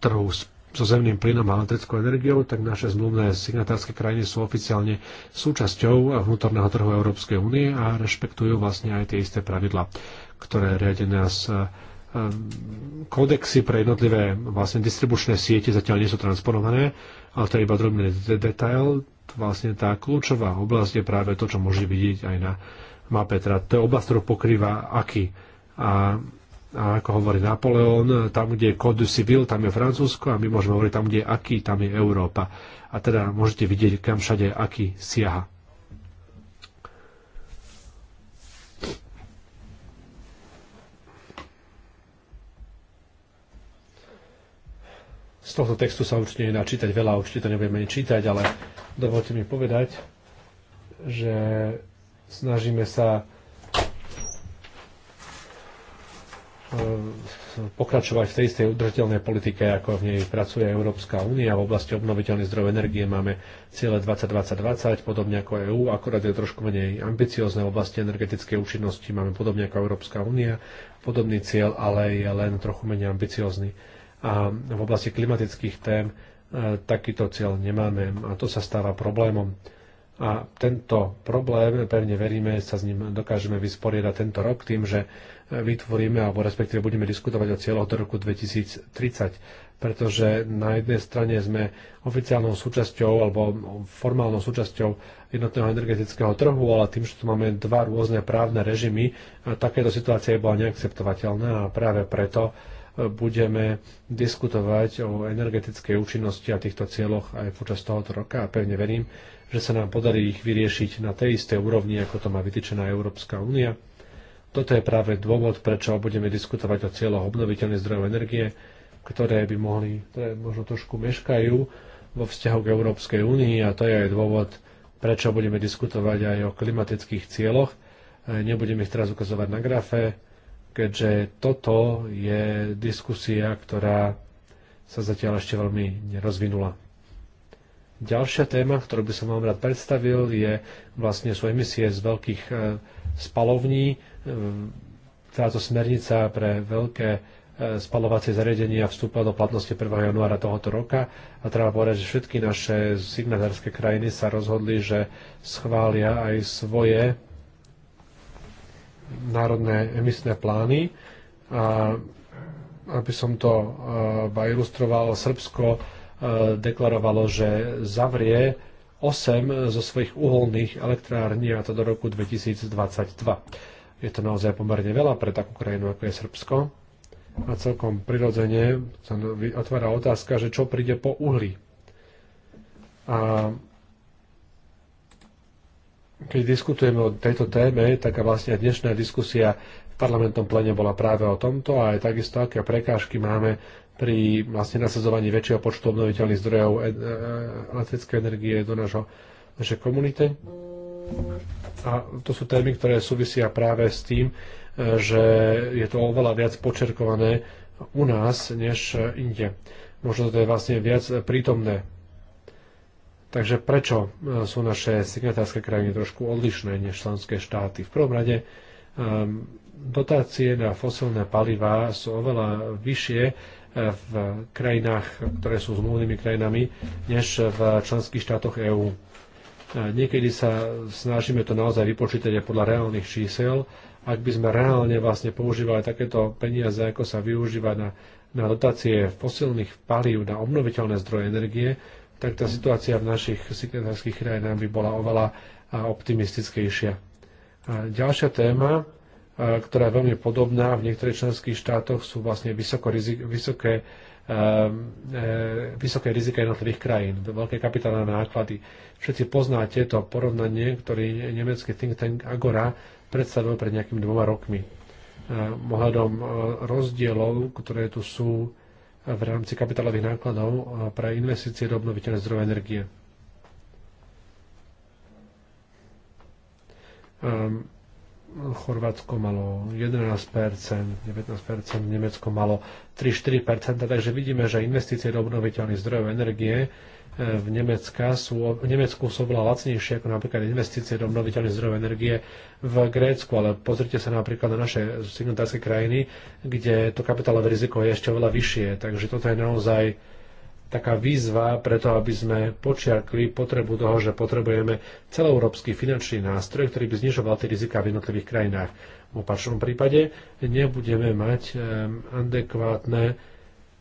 trhu s so zemným plynom a elektrickou energiou, tak naše zmluvné signatárske krajiny sú oficiálne súčasťou vnútorného trhu Európskej únie a rešpektujú vlastne aj tie isté pravidla, ktoré riadia nás e, Ehm, Kodexy pre jednotlivé vlastne distribučné siete zatiaľ nie sú transponované, ale to je iba drobný detail. Vlastne tá kľúčová oblasť je práve to, čo môže vidieť aj na mape. Teda to je oblasť, ktorú pokrýva aký. A, a ako hovorí Napoleon, tam, kde je kód Civil, tam je Francúzsko a my môžeme hovoriť tam, kde je aký, tam je Európa. A teda môžete vidieť, kam všade aký siaha. Z tohto textu sa určite nedá čítať veľa, určite to nebudeme čítať, ale dovolte mi povedať, že snažíme sa e, pokračovať v tej istej udržateľnej politike, ako v nej pracuje Európska únia. V oblasti obnoviteľných zdrojov energie máme ciele 2020, podobne ako EÚ, akorát je trošku menej ambiciozne v oblasti energetickej účinnosti. Máme podobne ako Európska únia, podobný cieľ, ale je len trochu menej ambiciozný a v oblasti klimatických tém e, takýto cieľ nemáme a to sa stáva problémom. A tento problém, pevne veríme, sa s ním dokážeme vysporiadať tento rok tým, že e, vytvoríme, alebo respektíve budeme diskutovať o cieľoch do roku 2030, pretože na jednej strane sme oficiálnou súčasťou alebo formálnou súčasťou jednotného energetického trhu, ale tým, že tu máme dva rôzne právne režimy, takéto situácia je bola neakceptovateľná a práve preto budeme diskutovať o energetickej účinnosti a týchto cieľoch aj počas tohoto roka a pevne verím, že sa nám podarí ich vyriešiť na tej istej úrovni, ako to má vytýčená Európska únia. Toto je práve dôvod, prečo budeme diskutovať o cieľoch obnoviteľných zdrojov energie, ktoré by mohli, ktoré možno trošku meškajú vo vzťahu k Európskej únii a to je aj dôvod, prečo budeme diskutovať aj o klimatických cieľoch. Nebudem ich teraz ukazovať na grafe, keďže toto je diskusia, ktorá sa zatiaľ ešte veľmi nerozvinula. Ďalšia téma, ktorú by som vám rád predstavil, je vlastne sú emisie z veľkých e, spalovní. E, táto smernica pre veľké e, spalovacie zariadenia vstúpila do platnosti 1. januára tohoto roka a treba povedať, že všetky naše signatárske krajiny sa rozhodli, že schvália aj svoje národné emisné plány. A aby som to e, ilustroval, Srbsko e, deklarovalo, že zavrie 8 zo svojich uholných elektrární a to do roku 2022. Je to naozaj pomerne veľa pre takú krajinu, ako je Srbsko. A celkom prirodzene sa otvára otázka, že čo príde po uhli. A keď diskutujeme o tejto téme, tak vlastne dnešná diskusia v parlamentnom plene bola práve o tomto a aj takisto, aké prekážky máme pri vlastne nasadzovaní väčšieho počtu obnoviteľných zdrojov e, e, elektrickej energie do našho, našej komunity. A to sú témy, ktoré súvisia práve s tým, e, že je to oveľa viac počerkované u nás, než inde. Možno to je vlastne viac prítomné Takže prečo e, sú naše signatárske krajiny trošku odlišné než členské štáty? V prvom rade e, dotácie na fosilné paliva sú oveľa vyššie e, v krajinách, ktoré sú zmluvnými krajinami, než v členských štátoch EÚ. Niekedy sa snažíme to naozaj vypočítať aj podľa reálnych čísel. Ak by sme reálne vlastne používali takéto peniaze, ako sa využíva na, na dotácie fosilných palív na obnoviteľné zdroje energie, tak tá situácia v našich signatárskych krajinách by bola oveľa optimistickejšia. A ďalšia téma, ktorá je veľmi podobná v niektorých členských štátoch, sú vlastne vysoko rizik, vysoké, e, vysoké rizika jednotlivých krajín, veľké kapitálne náklady. Všetci poznáte to porovnanie, ktoré nemecký think tank Agora predstavil pred nejakými dvoma rokmi. E, ohľadom rozdielov, ktoré tu sú v rámci kapitálových nákladov eh, pre investície do obnoviteľných zdrojov energie. Ehm, Chorvátsko malo 11%, 19%, Nemecko malo 3-4%, takže vidíme, že investície do obnoviteľných zdrojov energie v, Nemecka sú, v Nemecku sú oveľa lacnejšie ako napríklad investície do obnoviteľných zdrojov energie v Grécku, ale pozrite sa napríklad na naše signatárske krajiny, kde to kapitálové riziko je ešte oveľa vyššie. Takže toto je naozaj taká výzva preto, aby sme počiarkli potrebu toho, že potrebujeme celoeurópsky finančný nástroj, ktorý by znižoval tie rizika v jednotlivých krajinách. V opačnom prípade nebudeme mať ehm, adekvátne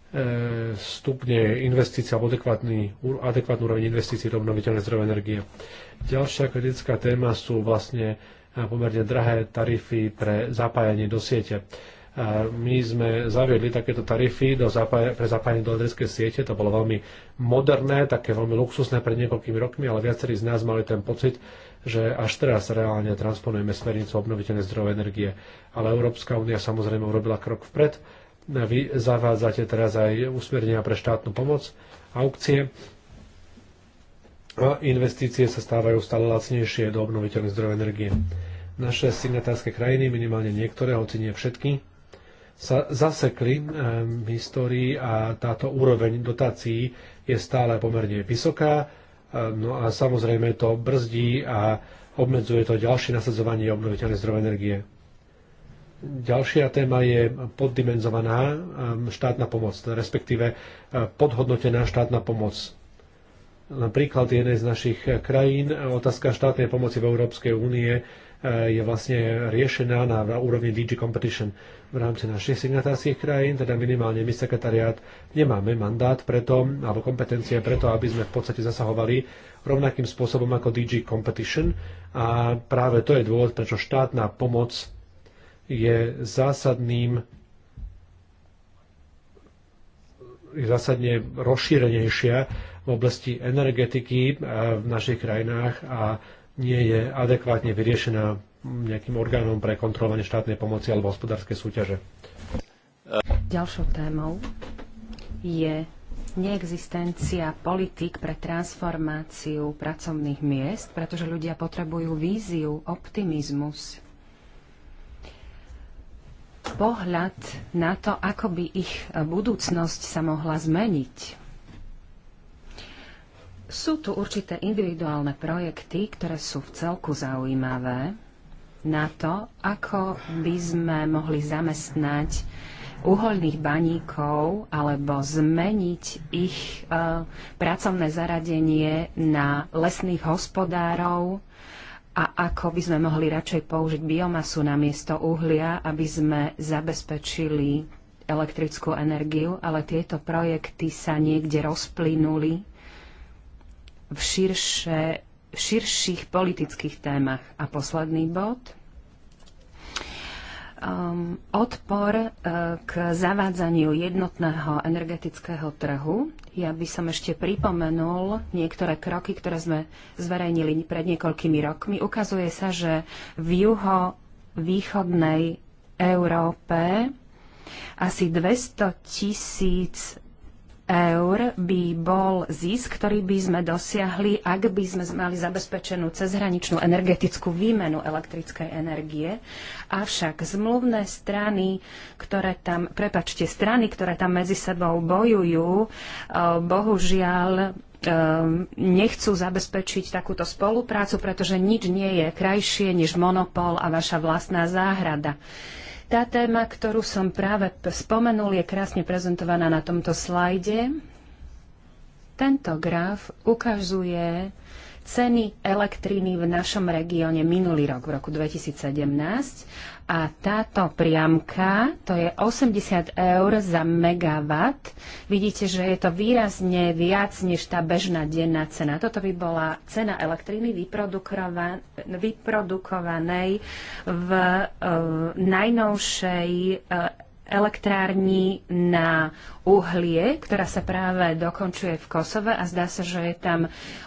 E, stupne investície alebo adekvátnu úroveň investícií do obnoviteľnej zdrojov energie. Ďalšia kritická téma sú vlastne e, pomerne drahé tarify pre zapájanie do siete. E, my sme zaviedli takéto tarify do zapája, pre zapájanie do elektrickej siete. To bolo veľmi moderné, také veľmi luxusné pred niekoľkými rokmi, ale viacerí z nás mali ten pocit, že až teraz reálne transponujeme smernicu obnoviteľnej zdrojov energie. Ale Európska únia samozrejme urobila krok vpred vy zavádzate teraz aj usmernenia pre štátnu pomoc, aukcie a investície sa stávajú stále lacnejšie do obnoviteľných zdrojov energie. Naše signatárske krajiny, minimálne niektoré, hoci nie všetky, sa zasekli v histórii a táto úroveň dotácií je stále pomerne vysoká. No a samozrejme to brzdí a obmedzuje to ďalšie nasadzovanie obnoviteľných zdrojov energie. Ďalšia téma je poddimenzovaná um, štátna pomoc, respektíve uh, podhodnotená štátna pomoc. Napríklad jednej z našich krajín uh, otázka štátnej pomoci v Európskej únie uh, je vlastne riešená na úrovni DG Competition. V rámci našich signatárskych krajín, teda minimálne my sekretariát, nemáme mandát preto, alebo kompetencie preto, aby sme v podstate zasahovali rovnakým spôsobom ako DG Competition a práve to je dôvod, prečo štátna pomoc je zásadným je zásadne rozšírenejšia v oblasti energetiky e, v našich krajinách a nie je adekvátne vyriešená nejakým orgánom pre kontrolovanie štátnej pomoci alebo hospodárskej súťaže. Ďalšou témou je neexistencia politik pre transformáciu pracovných miest, pretože ľudia potrebujú víziu, optimizmus pohľad na to, ako by ich e, budúcnosť sa mohla zmeniť. Sú tu určité individuálne projekty, ktoré sú v celku zaujímavé na to, ako by sme mohli zamestnať uholných baníkov alebo zmeniť ich e, pracovné zaradenie na lesných hospodárov, a ako by sme mohli radšej použiť biomasu na miesto uhlia, aby sme zabezpečili elektrickú energiu, ale tieto projekty sa niekde rozplynuli v širšie, širších politických témach. A posledný bod – um, odpor uh, k zavádzaniu jednotného energetického trhu. Ja by som ešte pripomenul niektoré kroky, ktoré sme zverejnili pred niekoľkými rokmi. Ukazuje sa, že v juho-východnej Európe asi 200 tisíc eur by bol zisk, ktorý by sme dosiahli, ak by sme mali zabezpečenú cezhraničnú energetickú výmenu elektrickej energie. Avšak zmluvné strany, ktoré tam, prepačte, strany, ktoré tam medzi sebou bojujú, eh, bohužiaľ eh, nechcú zabezpečiť takúto spoluprácu, pretože nič nie je krajšie než monopol a vaša vlastná záhrada. Tá téma, ktorú som práve spomenul, je krásne prezentovaná na tomto slajde. Tento graf ukazuje ceny elektriny v našom regióne minulý rok, v roku 2017 a táto priamka, to je 80 eur za megawatt. Vidíte, že je to výrazne viac než tá bežná denná cena. Toto by bola cena elektriny vyprodukovanej v eh, najnovšej eh, elektrární na uhlie, ktorá sa práve dokončuje v Kosove a zdá sa, že je tam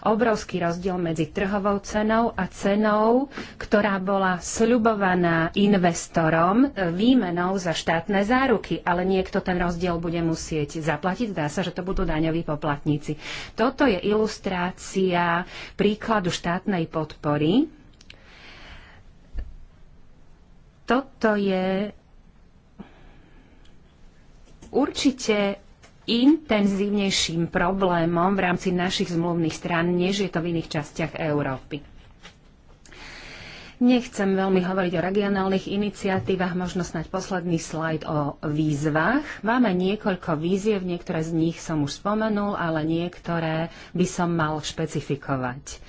obrovský rozdiel medzi trhovou cenou a cenou, ktorá bola sľubovaná investorom e, výmenou za štátne záruky, ale niekto ten rozdiel bude musieť zaplatiť. Zdá sa, že to budú daňoví poplatníci. Toto je ilustrácia príkladu štátnej podpory. Toto je určite intenzívnejším problémom v rámci našich zmluvných strán, než je to v iných častiach Európy. Nechcem veľmi hovoriť o regionálnych iniciatívach, možno snáď posledný slajd o výzvach. Máme niekoľko výziev, niektoré z nich som už spomenul, ale niektoré by som mal špecifikovať.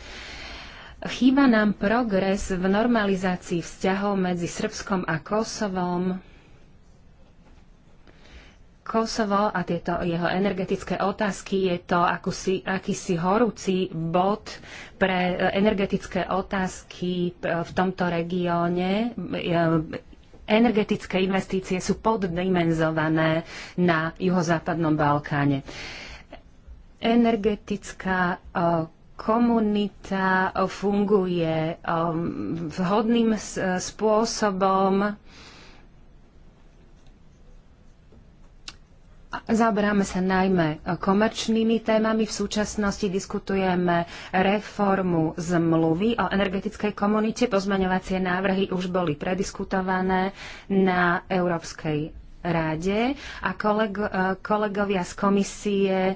Chýba nám progres v normalizácii vzťahov medzi Srbskom a Kosovom, Kosovo a tieto jeho energetické otázky je to akúsi, akýsi horúci bod pre e, energetické otázky e, v tomto regióne. E, energetické investície sú poddimenzované na juhozápadnom Balkáne. Energetická komunita funguje vhodným spôsobom Zaberáme sa najmä e, komerčnými témami. V súčasnosti diskutujeme reformu zmluvy o energetickej komunite. Pozmaňovacie návrhy už boli prediskutované na Európskej rade a kolego, e, kolegovia z komisie e,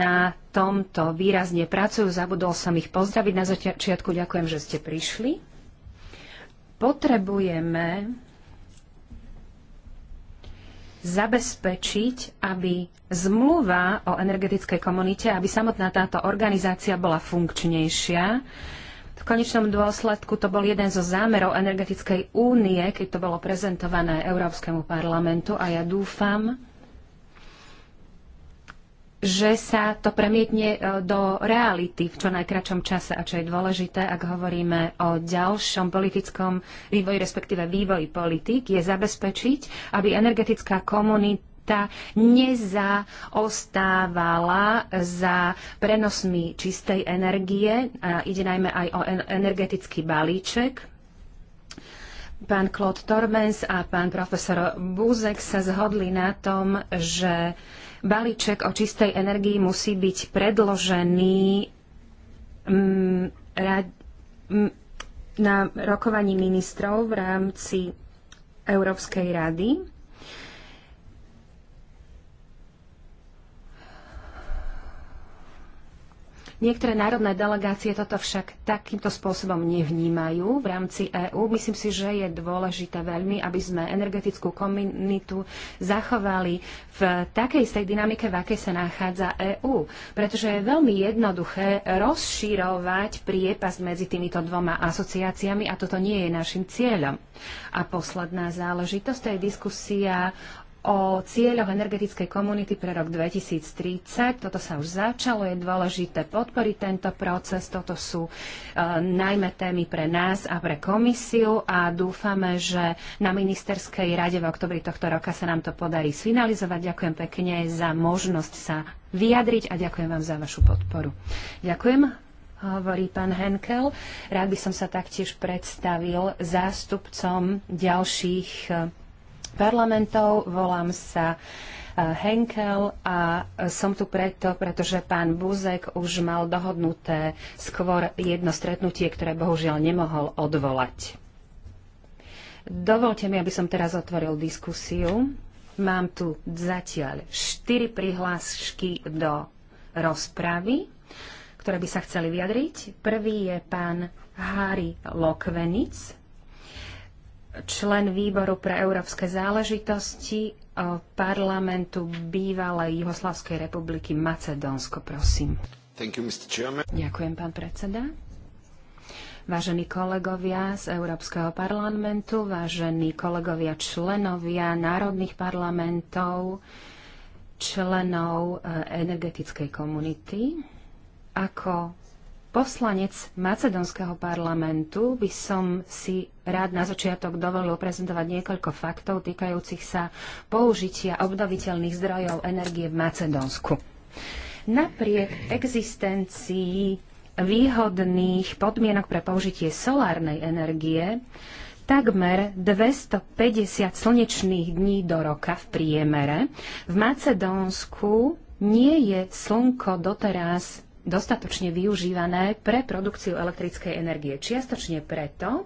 na tomto výrazne pracujú. Zabudol som ich pozdraviť. Na začiatku ďakujem, že ste prišli. Potrebujeme zabezpečiť, aby zmluva o energetickej komunite, aby samotná táto organizácia bola funkčnejšia. V konečnom dôsledku to bol jeden zo zámerov energetickej únie, keď to bolo prezentované Európskemu parlamentu a ja dúfam, že sa to premietne e, do reality v čo najkračom čase a čo je dôležité, ak hovoríme o ďalšom politickom vývoji, respektíve vývoji politik, je zabezpečiť, aby energetická komunita nezaostávala za prenosmi čistej energie. A ide najmä aj o energetický balíček, Pán Claude Tormens a pán profesor Búzek sa zhodli na tom, že balíček o čistej energii musí byť predložený mm, mm, na rokovaní ministrov v rámci Európskej rady Niektoré národné delegácie toto však takýmto spôsobom nevnímajú v rámci EÚ. Myslím si, že je dôležité veľmi, aby sme energetickú komunitu zachovali v takej istej dynamike, v akej sa nachádza EÚ. Pretože je veľmi jednoduché rozširovať priepas medzi týmito dvoma asociáciami a toto nie je našim cieľom. A posledná záležitosť, to je diskusia o cieľoch energetickej komunity pre rok 2030. Toto sa už začalo, je dôležité podporiť tento proces. Toto sú e, najmä témy pre nás a pre komisiu a dúfame, že na ministerskej rade v oktobri tohto roka sa nám to podarí sfinalizovať. Ďakujem pekne za možnosť sa vyjadriť a ďakujem vám za vašu podporu. Ďakujem hovorí pán Henkel. Rád by som sa taktiež predstavil zástupcom ďalších parlamentov. Volám sa e, Henkel a som tu preto, pretože pán Buzek už mal dohodnuté skôr jedno stretnutie, ktoré bohužiaľ nemohol odvolať. Dovolte mi, aby som teraz otvoril diskusiu. Mám tu zatiaľ štyri prihlášky do rozpravy, ktoré by sa chceli vyjadriť. Prvý je pán Hári Lokvenic člen výboru pre európske záležitosti e, parlamentu bývalej Jihoslavskej republiky Macedónsko, prosím. You, Ďakujem, pán predseda. Vážení kolegovia z Európskeho parlamentu, vážení kolegovia členovia národných parlamentov, členov e, energetickej komunity, ako poslanec Macedónskeho parlamentu by som si rád na začiatok dovolil prezentovať niekoľko faktov týkajúcich sa použitia obnoviteľných zdrojov energie v Macedónsku. Napriek existencii výhodných podmienok pre použitie solárnej energie, takmer 250 slnečných dní do roka v priemere. V Macedónsku nie je slnko doteraz dostatočne využívané pre produkciu elektrickej energie. Čiastočne preto,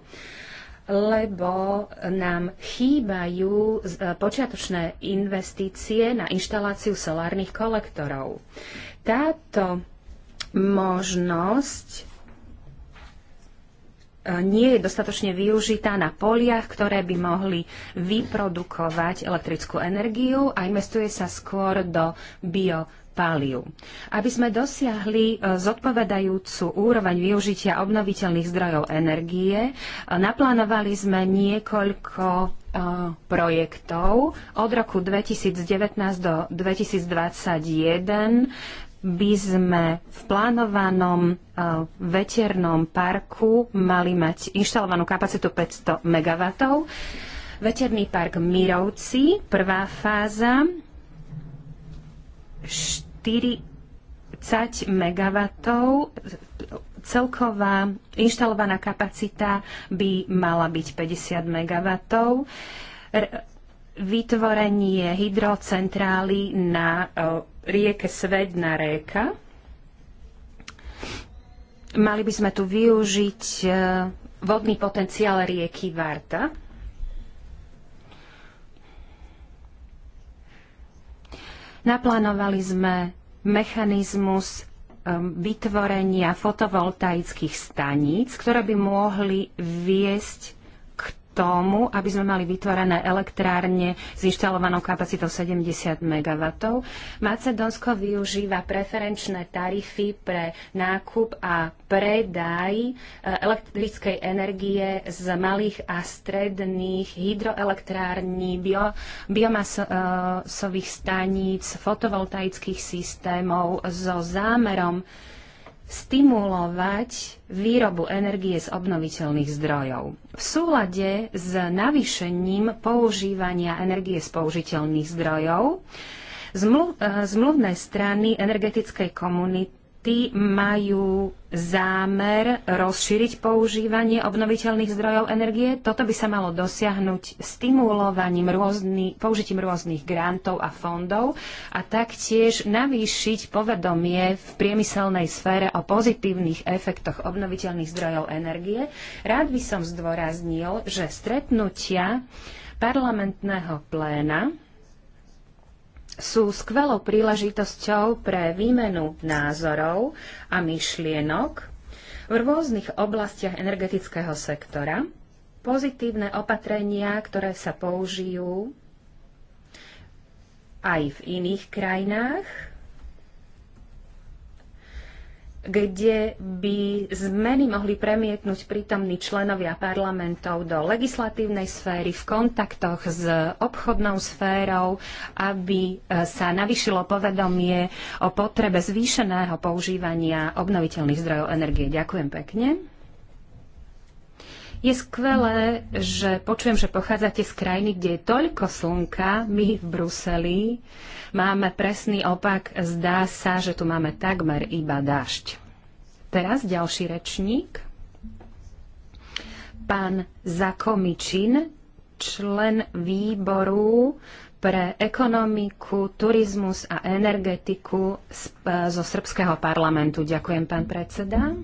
lebo nám chýbajú e, počiatočné investície na inštaláciu solárnych kolektorov. Táto možnosť e, nie je dostatočne využitá na poliach, ktoré by mohli vyprodukovať elektrickú energiu a investuje sa skôr do bio palív. Aby sme dosiahli e, zodpovedajúcu úroveň využitia obnoviteľných zdrojov energie, e, naplánovali sme niekoľko e, projektov od roku 2019 do 2021 by sme v plánovanom veternom parku mali mať inštalovanú kapacitu 500 MW. Veterný park Mirovci, prvá fáza, 40 MW. Celková inštalovaná kapacita by mala byť 50 MW. Vytvorenie hydrocentrály na e, rieke svedná réka. Mali by sme tu využiť e, vodný potenciál rieky Varta Naplánovali sme mechanizmus um, vytvorenia fotovoltaických staníc, ktoré by mohli viesť tomu, aby sme mali vytvorené elektrárne s inštalovanou kapacitou 70 MW. Macedónsko využíva preferenčné tarify pre nákup a predaj e, elektrickej energie z malých a stredných hydroelektrární, bio, biomasových staníc, fotovoltaických systémov so zámerom stimulovať výrobu energie z obnoviteľných zdrojov. V súlade s navýšením používania energie z použiteľných zdrojov e, zmluvné strany energetickej komunity štáty majú zámer rozšíriť používanie obnoviteľných zdrojov energie. Toto by sa malo dosiahnuť stimulovaním rôzny, použitím rôznych grantov a fondov a taktiež navýšiť povedomie v priemyselnej sfére o pozitívnych efektoch obnoviteľných zdrojov energie. Rád by som zdôraznil, že stretnutia parlamentného pléna sú skvelou príležitosťou pre výmenu názorov a myšlienok v rôznych oblastiach energetického sektora. Pozitívne opatrenia, ktoré sa použijú aj v iných krajinách, kde by zmeny mohli premietnúť prítomní členovia parlamentov do legislatívnej sféry v kontaktoch s obchodnou sférou, aby e, sa navyšilo povedomie o potrebe zvýšeného používania obnoviteľných zdrojov energie. Ďakujem pekne. Je skvelé, že počujem, že pochádzate z krajiny, kde je toľko slnka. My v Bruseli máme presný opak. Zdá sa, že tu máme takmer iba dážď. Teraz ďalší rečník. Pán Zakomičin, člen výboru pre ekonomiku, turizmus a energetiku e, zo Srbského parlamentu. Ďakujem, pán predseda.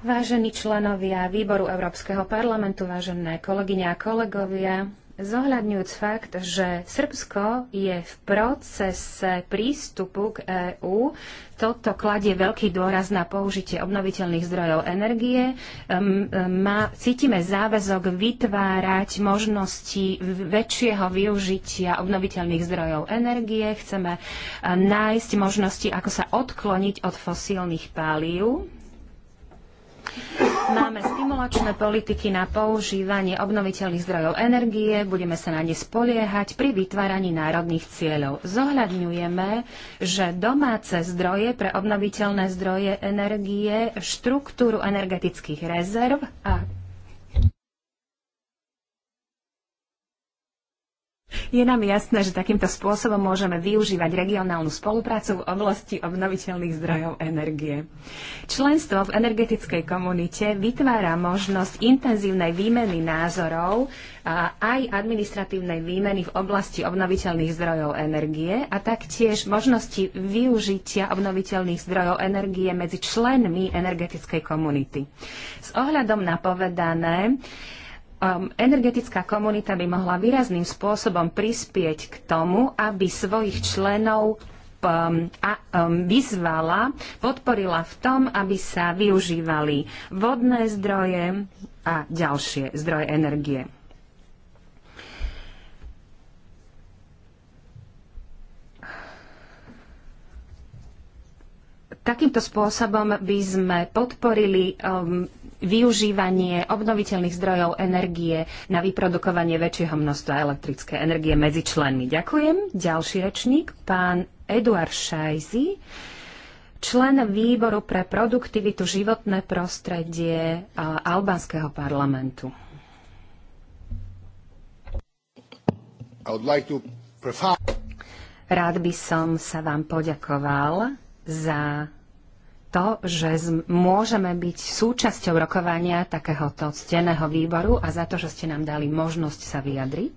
Vážení členovia Výboru Európskeho parlamentu, vážené kolegyne a kolegovia, zohľadňujúc fakt, že Srbsko je v procese prístupu k EÚ, toto kladie veľký dôraz na použitie obnoviteľných zdrojov energie. Má, cítime záväzok vytvárať možnosti väčšieho využitia obnoviteľných zdrojov energie. Chceme e, nájsť možnosti, ako sa odkloniť od fosílnych pálív Máme stimulačné politiky na používanie obnoviteľných zdrojov energie, budeme sa na ne spoliehať pri vytváraní národných cieľov. Zohľadňujeme, že domáce zdroje pre obnoviteľné zdroje energie, štruktúru energetických rezerv a Je nám jasné, že takýmto spôsobom môžeme využívať regionálnu spoluprácu v oblasti obnoviteľných zdrojov energie. Členstvo v energetickej komunite vytvára možnosť intenzívnej výmeny názorov a aj administratívnej výmeny v oblasti obnoviteľných zdrojov energie a taktiež možnosti využitia obnoviteľných zdrojov energie medzi členmi energetickej komunity. S ohľadom na povedané, um, energetická komunita by mohla výrazným spôsobom prispieť k tomu, aby svojich členov ehm, a, ehm, vyzvala, podporila v tom, aby sa využívali vodné zdroje a ďalšie zdroje energie. Takýmto spôsobom by sme podporili um, využívanie obnoviteľných zdrojov energie na vyprodukovanie väčšieho množstva elektrické energie medzi členmi. Ďakujem. Ďalší rečník, pán Eduard Šajzi, člen výboru pre produktivitu životné prostredie albánskeho parlamentu. Rád by som sa vám poďakoval za to, že môžeme byť súčasťou rokovania takéhoto steného výboru a za to, že ste nám dali možnosť sa vyjadriť.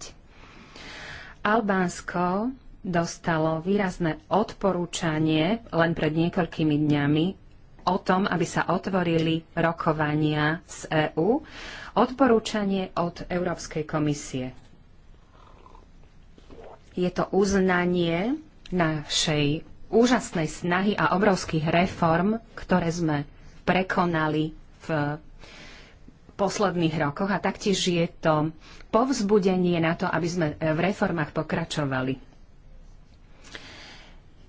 Albánsko dostalo výrazné odporúčanie len pred niekoľkými dňami o tom, aby sa otvorili rokovania z EÚ. Odporúčanie od Európskej komisie. Je to uznanie našej úžasnej snahy a obrovských reform, ktoré sme prekonali v posledných rokoch a taktiež je to povzbudenie na to, aby sme v reformách pokračovali.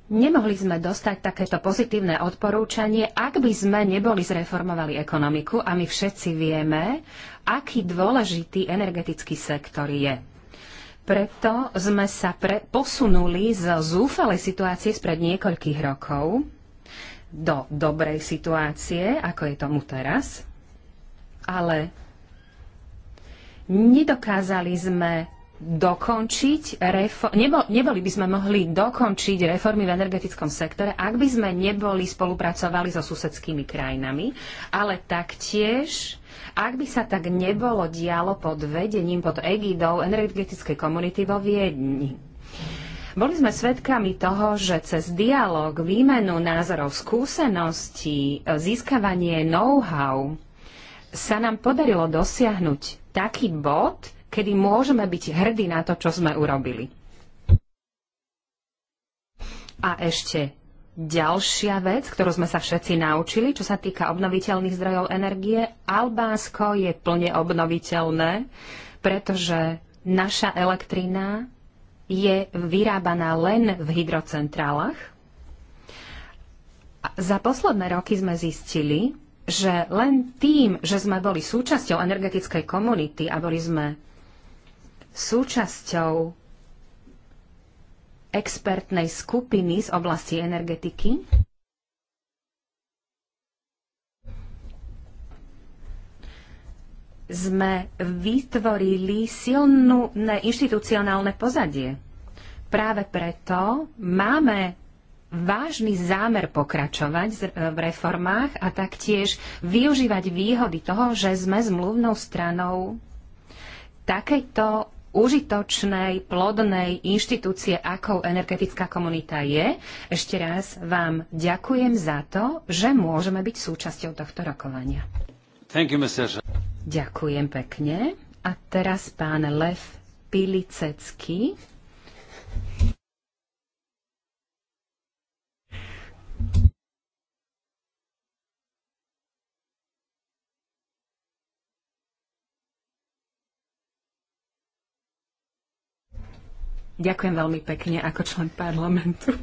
Nemohli sme dostať takéto pozitívne odporúčanie, ak by sme neboli zreformovali ekonomiku a my všetci vieme, aký dôležitý energetický sektor je. Preto sme sa pre, posunuli z zúfalej situácie spred niekoľkých rokov do dobrej situácie, ako je tomu teraz, ale nedokázali sme dokončiť reform, nebo, neboli by sme mohli dokončiť reformy v energetickom sektore, ak by sme neboli spolupracovali so susedskými krajinami, ale taktiež ak by sa tak nebolo dialo pod vedením, pod egidou energetickej komunity vo Viedni. Boli sme svedkami toho, že cez dialog, výmenu názorov, skúseností, získavanie know-how sa nám podarilo dosiahnuť taký bod, kedy môžeme byť hrdí na to, čo sme urobili. A ešte Ďalšia vec, ktorú sme sa všetci naučili, čo sa týka obnoviteľných zdrojov energie, Albánsko je plne obnoviteľné, pretože naša elektrina je vyrábaná len v hydrocentrálach. za posledné roky sme zistili, že len tým, že sme boli súčasťou energetickej komunity a boli sme súčasťou expertnej skupiny z oblasti energetiky. Sme vytvorili silnú inštitucionálne pozadie. Práve preto máme vážny zámer pokračovať v reformách a taktiež využívať výhody toho, že sme zmluvnou stranou takejto užitočnej, plodnej inštitúcie, akou energetická komunita je. Ešte raz vám ďakujem za to, že môžeme byť súčasťou tohto rokovania. Thank you, Mr. Ďakujem pekne. A teraz pán Lev Pilicecký. Ďakujem veľmi pekne ako člen parlamentu.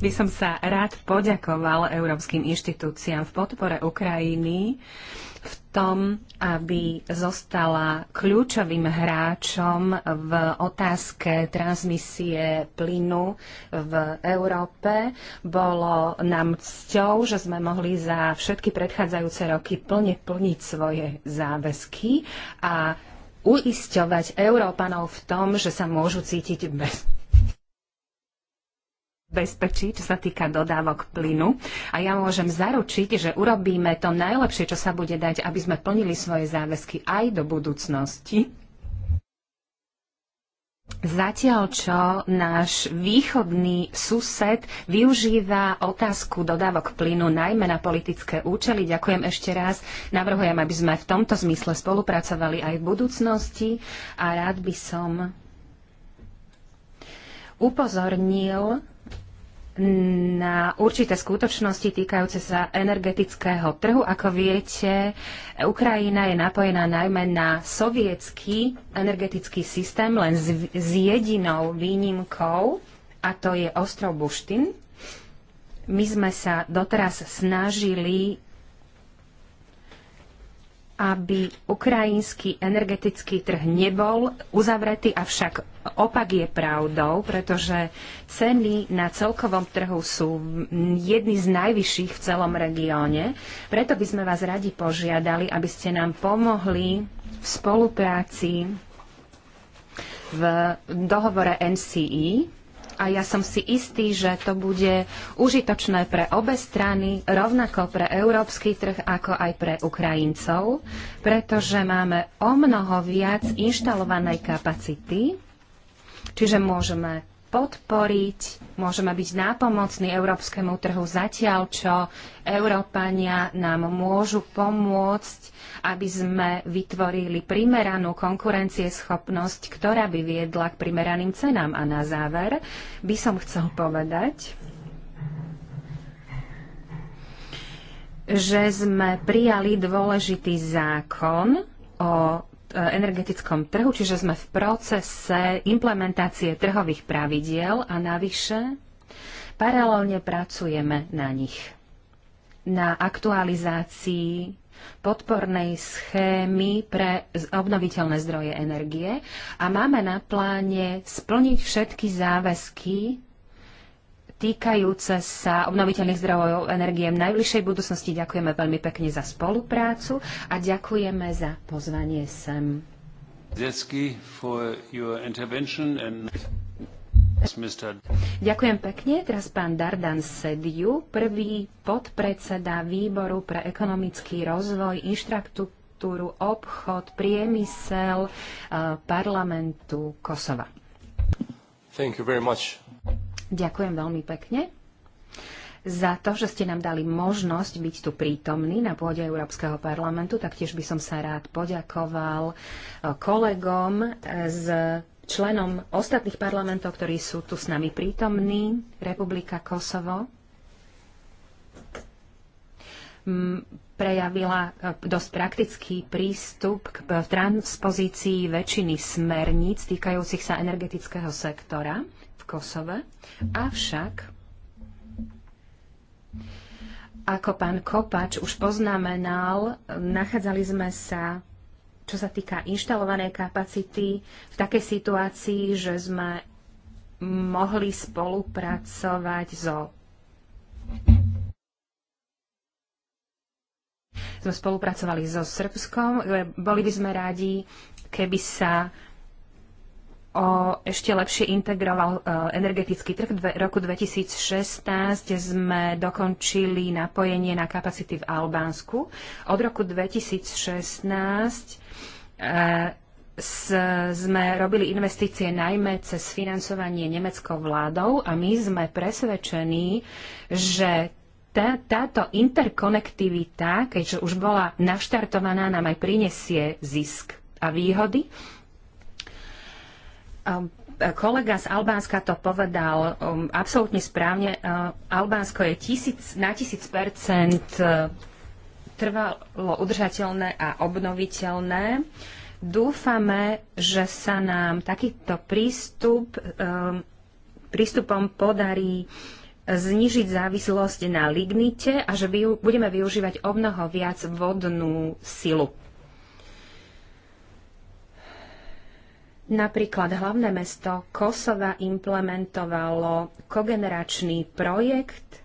By som sa rád poďakoval európskym inštitúciám v podpore Ukrajiny v tom, aby zostala kľúčovým hráčom v otázke transmisie plynu v Európe. Bolo nám cťou, že sme mohli za všetky predchádzajúce roky plne plniť svoje záväzky a uisťovať Európanov v tom, že sa môžu cítiť bez, bezpečí, čo sa týka dodávok plynu. A ja môžem zaručiť, že urobíme to najlepšie, čo sa bude dať, aby sme plnili svoje záväzky aj do budúcnosti. Zatiaľ, čo náš východný sused využíva otázku dodávok plynu najmä na politické účely, ďakujem ešte raz, navrhujem, aby sme v tomto zmysle spolupracovali aj v budúcnosti a rád by som upozornil na určité skutočnosti týkajúce sa energetického trhu. Ako viete, Ukrajina je napojená najmä na sovietský energetický systém len s, s jedinou výnimkou, a to je ostrov Buštin. My sme sa doteraz snažili aby ukrajinský energetický trh nebol uzavretý, avšak opak je pravdou, pretože ceny na celkovom trhu sú jedny z najvyšších v celom regióne. Preto by sme vás radi požiadali, aby ste nám pomohli v spolupráci v dohovore NCE a ja som si istý, že to bude užitočné pre obe strany, rovnako pre európsky trh, ako aj pre Ukrajincov, pretože máme o mnoho viac inštalovanej kapacity, čiže môžeme podporiť, môžeme byť nápomocní európskemu trhu zatiaľ, čo Európania nám môžu pomôcť, aby sme vytvorili primeranú konkurencieschopnosť, ktorá by viedla k primeraným cenám. A na záver by som chcel povedať, že sme prijali dôležitý zákon o Eh, energetickom trhu, čiže sme v procese implementácie trhových pravidiel a navyše paralelne pracujeme na nich. Na aktualizácii podpornej schémy pre obnoviteľné zdroje energie a máme na pláne splniť všetky záväzky týkajúce sa obnoviteľných zdrojov energie v najbližšej budúcnosti. Ďakujeme veľmi pekne za spoluprácu a ďakujeme za pozvanie sem. Ďakujem pekne. Teraz pán Dardan Sediu, prvý podpredseda výboru pre ekonomický rozvoj, inštruktúru, obchod, priemysel eh, parlamentu Kosova. Thank you very much. Ďakujem veľmi pekne za to, že ste nám dali možnosť byť tu prítomní na pôde Európskeho parlamentu. Taktiež by som sa rád poďakoval e, kolegom e, z členom ostatných parlamentov, ktorí sú tu s nami prítomní. Republika Kosovo prejavila e, dosť praktický prístup k transpozícii väčšiny smerníc týkajúcich sa energetického sektora Kosove. Avšak ako pán Kopač už poznamenal, nachádzali sme sa, čo sa týka inštalovanej kapacity, v takej situácii, že sme mohli spolupracovať so sme spolupracovali so Srbskom. Boli by sme radi, keby sa o ešte lepšie integroval e, energetický trh. V roku 2016 sme dokončili napojenie na kapacity v Albánsku. Od roku 2016 e, sme robili investície najmä cez financovanie nemeckou vládou a my sme presvedčení, že tá, táto interkonektivita, keďže už bola naštartovaná, nám aj prinesie zisk a výhody kolega z Albánska to povedal um, absolútne správne. Uh, Albánsko je tisíc, na tisíc percent uh, trvalo udržateľné a obnoviteľné. Dúfame, že sa nám takýto prístup, um, prístupom podarí znižiť závislosť na lignite a že budeme využívať o mnoho viac vodnú silu. Napríklad hlavné mesto Kosova implementovalo kogeneračný projekt.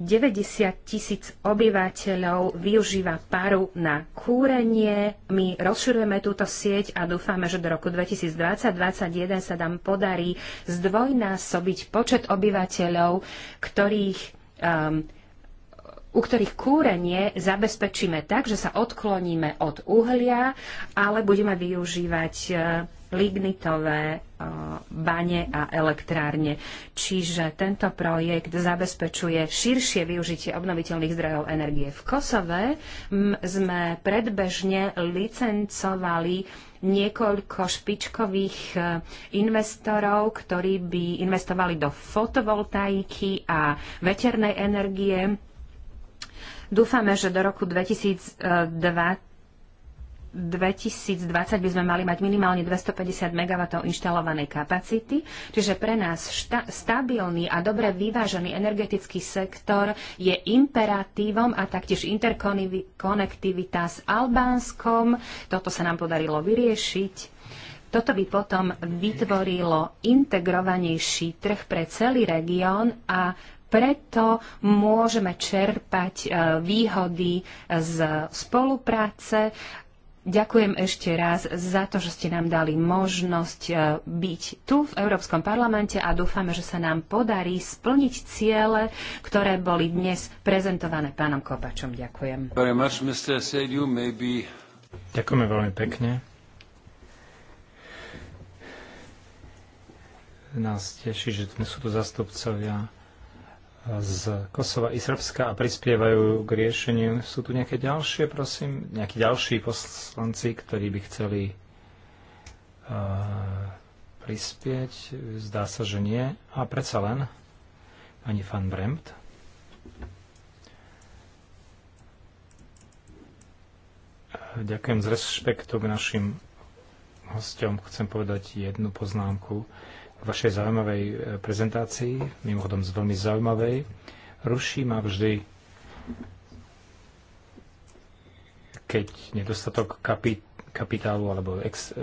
90 tisíc obyvateľov využíva paru na kúrenie. My rozširujeme túto sieť a dúfame, že do roku 2020-2021 sa nám podarí zdvojnásobiť počet obyvateľov, ktorých um, u ktorých kúrenie zabezpečíme tak, že sa odkloníme od uhlia, ale budeme využívať uh, lignitové e, bane a elektrárne. Čiže tento projekt zabezpečuje širšie využitie obnoviteľných zdrojov energie. V Kosove sme predbežne licencovali niekoľko špičkových e, investorov, ktorí by investovali do fotovoltaiky a veternej energie. Dúfame, že do roku 2020 2020 by sme mali mať minimálne 250 MW inštalovanej kapacity, čiže pre nás šta- stabilný a dobre vyvážený energetický sektor je imperatívom a taktiež interkonektivita s Albánskom. Toto sa nám podarilo vyriešiť. Toto by potom vytvorilo integrovanejší trh pre celý región a preto môžeme čerpať e, výhody z spolupráce Ďakujem ešte raz za to, že ste nám dali možnosť e, byť tu v Európskom parlamente a dúfame, že sa nám podarí splniť ciele, ktoré boli dnes prezentované pánom Kopačom. Ďakujem. Ďakujem Ďakujeme veľmi pekne. Nás teší, že sú tu zastupcovia z Kosova i Srbska a prispievajú k riešeniu. Sú tu nejaké ďalšie, prosím, nejakí ďalší poslanci, ktorí by chceli uh, prispieť? Zdá sa, že nie. A predsa len pani fan Bremt. Ďakujem z respektu k našim hostom. Chcem povedať jednu poznámku. Uh, vašej zaujímavej e, prezentácii, mimochodom z veľmi zaujímavej. Ruší ma vždy, keď nedostatok kapit kapitálu alebo ex, e,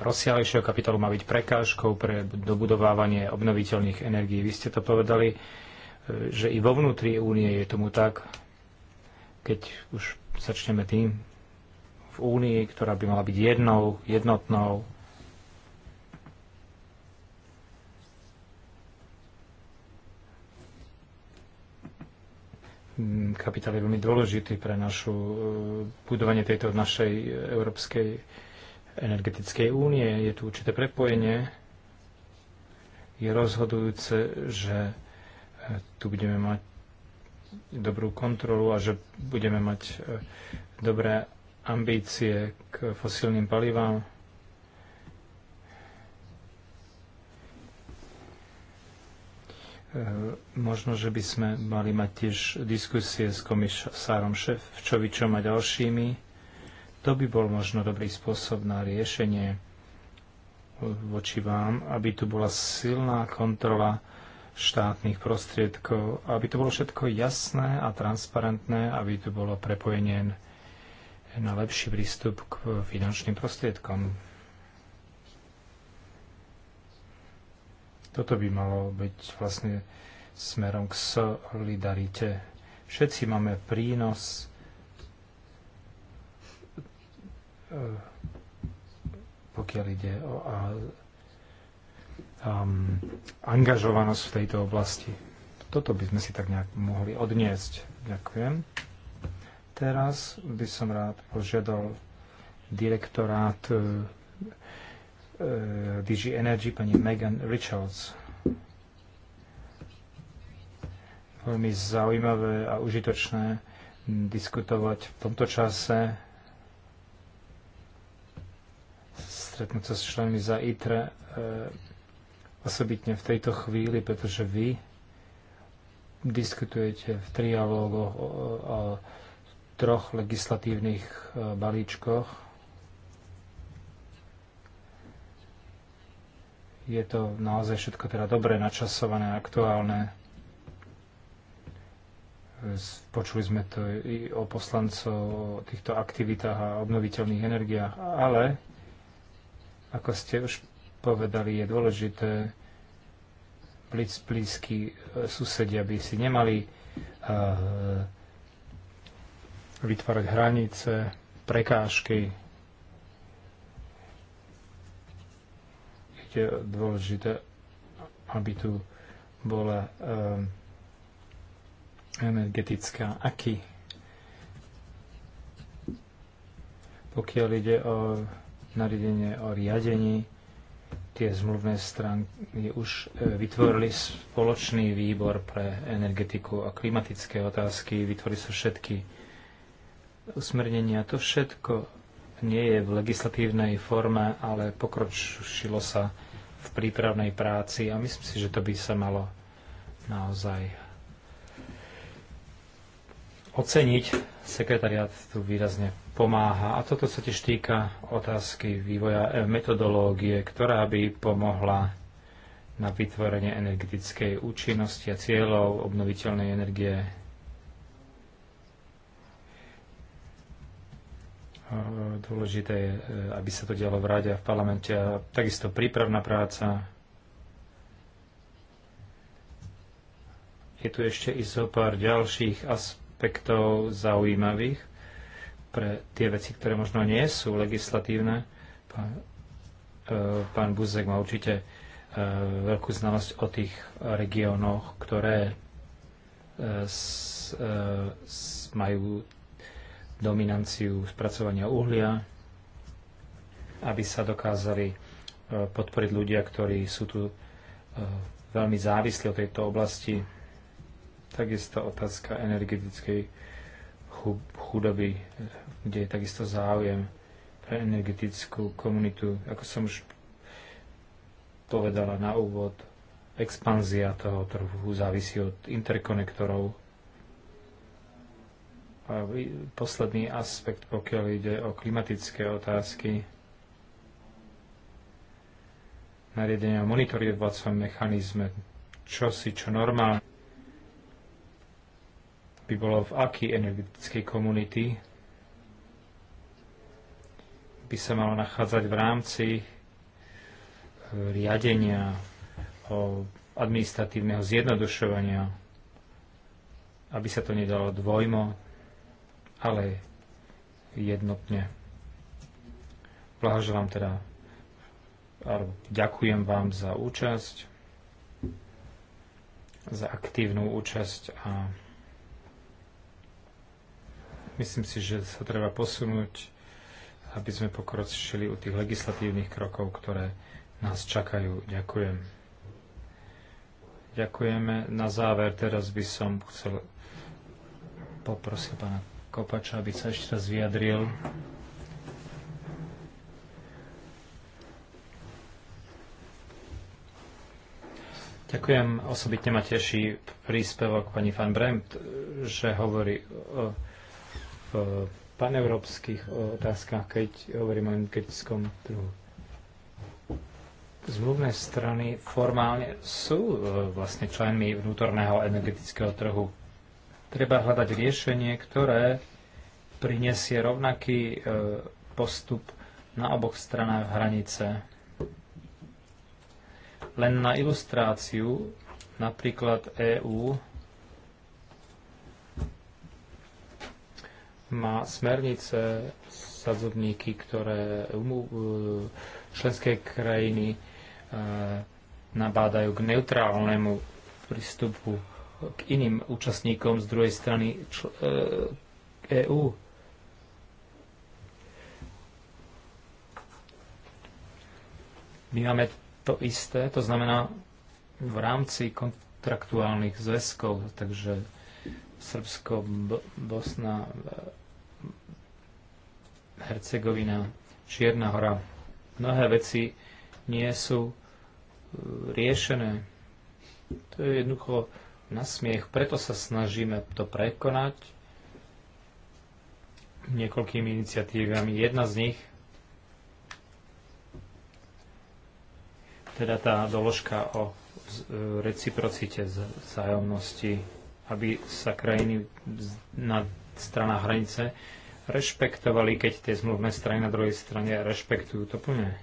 rozsiahlejšieho kapitálu má byť prekážkou pre dobudovávanie obnoviteľných energií. Vy ste to povedali, e, že i vo vnútri únie je tomu tak, keď už začneme tým, v únii, ktorá by mala byť jednou, jednotnou, Mm, kapitál je veľmi dôležitý pre našu e, budovanie tejto našej európskej energetickej únie. Je tu určité prepojenie. Je rozhodujúce, že e, tu budeme mať dobrú kontrolu a že budeme mať e, dobré ambície k fosílnym palivám. Eh, možno, že by sme mali mať tiež diskusie s komisárom Ševčovičom a ďalšími. To by bol možno dobrý spôsob na riešenie voči vám, aby tu bola silná kontrola štátnych prostriedkov, aby to bolo všetko jasné a transparentné, aby tu bolo prepojenie na lepší prístup k finančným prostriedkom. Toto by malo byť vlastne smerom k solidarite. Všetci máme prínos eh, pokiaľ ide o a, um, angažovanosť v tejto oblasti. Toto by sme si tak nejak mohli odniesť. Ďakujem. Teraz by som rád požiadal direktorát eh, Eh, DG Energy pani Megan Richards. Veľmi zaujímavé a užitočné diskutovať v tomto čase, stretnúť sa s členmi za ITRE, eh, osobitne v tejto chvíli, pretože vy diskutujete v trialógoch o, o, o troch legislatívnych eh, balíčkoch, Je to naozaj všetko teda dobre načasované, aktuálne. Počuli sme to i o poslancov, o týchto aktivitách a obnoviteľných energiách, ale ako ste už povedali, je dôležité blíz, blízky e, susedia aby si nemali uh, vytvárať hranice, prekážky, určite dôležité, aby tu bola um, energetická aký. Pokiaľ ide o nariadenie o riadení, tie zmluvné strany už e, vytvorili spoločný výbor pre energetiku a klimatické otázky, vytvorili sa všetky usmernenia. To všetko nie je v legislatívnej forme, ale pokročilo sa v prípravnej práci a myslím si, že to by sa malo naozaj oceniť. Sekretariat tu výrazne pomáha a toto sa tiež týka otázky vývoja eh, metodológie, ktorá by pomohla na vytvorenie energetickej účinnosti a cieľov obnoviteľnej energie Dôležité je, e, aby sa to dialo v rade a v parlamente. A takisto prípravná práca. Je tu ešte i zo pár ďalších aspektov zaujímavých pre tie veci, ktoré možno nie sú legislatívne. Pán, e, pán Buzek má určite e, veľkú znalosť o tých regiónoch, ktoré s, s, majú dominanciu spracovania uhlia, aby sa dokázali e, podporiť ľudia, ktorí sú tu e, veľmi závislí od tejto oblasti. Takisto otázka energetickej chudoby, kde je takisto záujem pre energetickú komunitu. Ako som už povedala na úvod, expanzia toho trhu závisí od interkonektorov, posledný aspekt, pokiaľ ide o klimatické otázky, nariadenia o monitorovacom mechanizme, čo si, čo normálne by bolo v aký energetickej komunity by sa malo nachádzať v rámci e, riadenia o administratívneho zjednodušovania, aby sa to nedalo dvojmo, ale jednotne. Blahoželám teda, alebo ďakujem vám za účasť, za aktívnu účasť a myslím si, že sa treba posunúť, aby sme pokročili u tých legislatívnych krokov, ktoré nás čakajú. Ďakujem. Ďakujeme. Na záver teraz by som chcel poprosiť pána Kopača, aby sa ešte raz vyjadril. Ďakujem. Osobitne ma teší príspevok pani Van Bremt, že hovorí o, o paneurópskych otázkach, keď hovorím o energetickom trhu. Zmluvné strany formálne sú e, vlastne členmi vnútorného energetického trhu Treba hľadať riešenie, ktoré prinesie rovnaký e, postup na oboch stranách hranice. Len na ilustráciu napríklad EÚ má smernice sadzobníky, ktoré e, členské krajiny e, nabádajú k neutrálnemu prístupu k iným účastníkom z druhej strany čl- EU. E My máme to isté, to znamená v rámci kontraktuálnych zväzkov, takže Srbsko, B- Bosna, e, Hercegovina, Čierna hora. Mnohé veci nie sú e, riešené. To je jednoducho na smiech, preto sa snažíme to prekonať niekoľkými iniciatívami. Jedna z nich, teda tá doložka o e, reciprocite vzájomnosti, aby sa krajiny na stranách hranice rešpektovali, keď tie zmluvné strany na druhej strane rešpektujú to plne.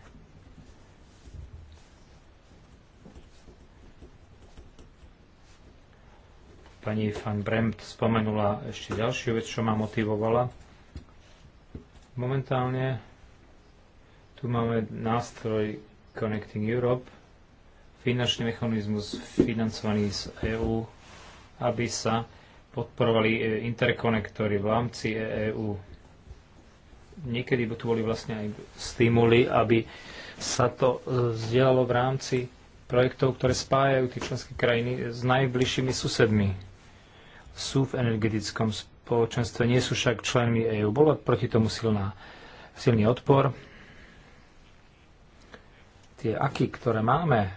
Pani Van Bremt spomenula ešte ďalšiu vec, čo ma motivovala. Momentálne tu máme nástroj Connecting Europe, finančný mechanizmus financovaný z EÚ, aby sa podporovali e, interkonektory v rámci EÚ. E Niekedy by tu boli vlastne aj stimuly, aby sa to e, vzdielalo v rámci projektov, ktoré spájajú tie členské krajiny s najbližšími susedmi sú v energetickom spoločenstve, nie sú však členmi EÚ. Bolo proti tomu silná, silný odpor. Tie aky, ktoré máme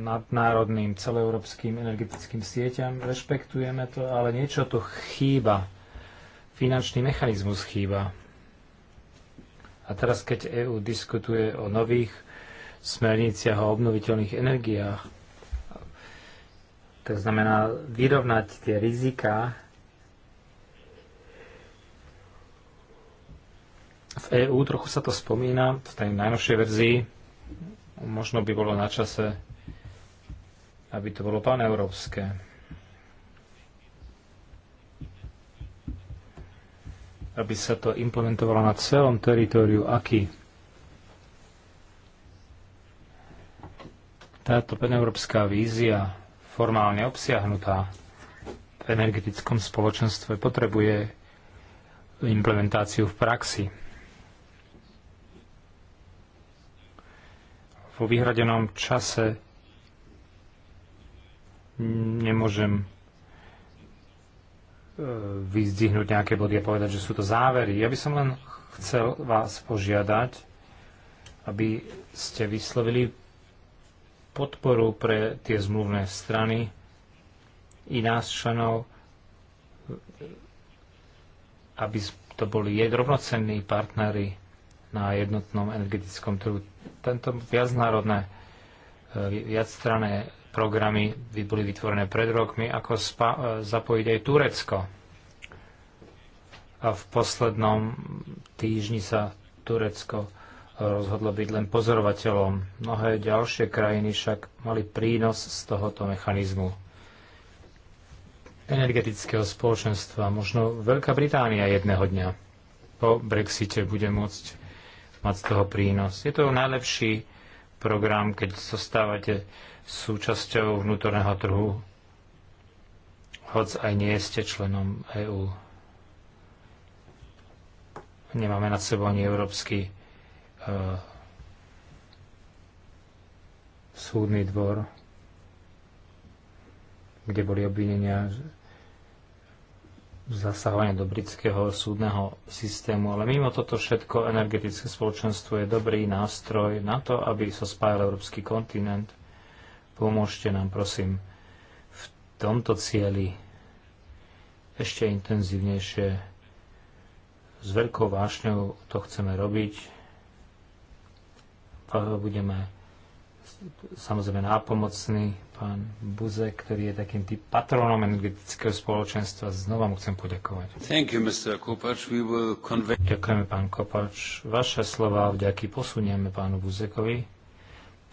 nadnárodným celoeurópskym energetickým sieťam, rešpektujeme to, ale niečo tu chýba. Finančný mechanizmus chýba. A teraz, keď EÚ diskutuje o nových smerniciach o obnoviteľných energiách, to znamená vyrovnať tie rizika v EÚ, trochu sa to spomína v tej najnovšej verzii, možno by bolo na čase, aby to bolo paneurópske. Aby sa to implementovalo na celom teritoriu aký. Táto paneurópska vízia formálne obsiahnutá v energetickom spoločenstve, potrebuje implementáciu v praxi. Vo vyhradenom čase nemôžem e, vyzdihnúť nejaké body a povedať, že sú to závery. Ja by som len chcel vás požiadať, aby ste vyslovili podporu pre tie zmluvné strany i nás členov, aby to boli rovnocenní partnery na jednotnom energetickom trhu. Tento viacnárodné, e, viacstrané programy boli vytvorené pred rokmi, ako e, zapojiť aj Turecko. A v poslednom týždni sa Turecko rozhodlo byť len pozorovateľom. Mnohé ďalšie krajiny však mali prínos z tohoto mechanizmu energetického spoločenstva. Možno Veľká Británia jedného dňa po Brexite bude môcť mať z toho prínos. Je to najlepší program, keď zostávate súčasťou vnútorného trhu, hoď aj nie ste členom EÚ. Nemáme nad sebou ani európsky súdny dvor, kde boli obvinenia zasahovania do britského súdneho systému. Ale mimo toto všetko energetické spoločenstvo je dobrý nástroj na to, aby sa so spájal európsky kontinent. Pomôžte nám, prosím, v tomto cieli ešte intenzívnejšie. S veľkou vášňou to chceme robiť budeme samozrejme nápomocný pán Buze, ktorý je takým typ patronom energetického spoločenstva. Znova mu chcem poďakovať. Thank you, Mr. Kopač. We will convey... Ďakujeme, pán Kopač. Vaše slova vďaky posunieme pánu Buzekovi.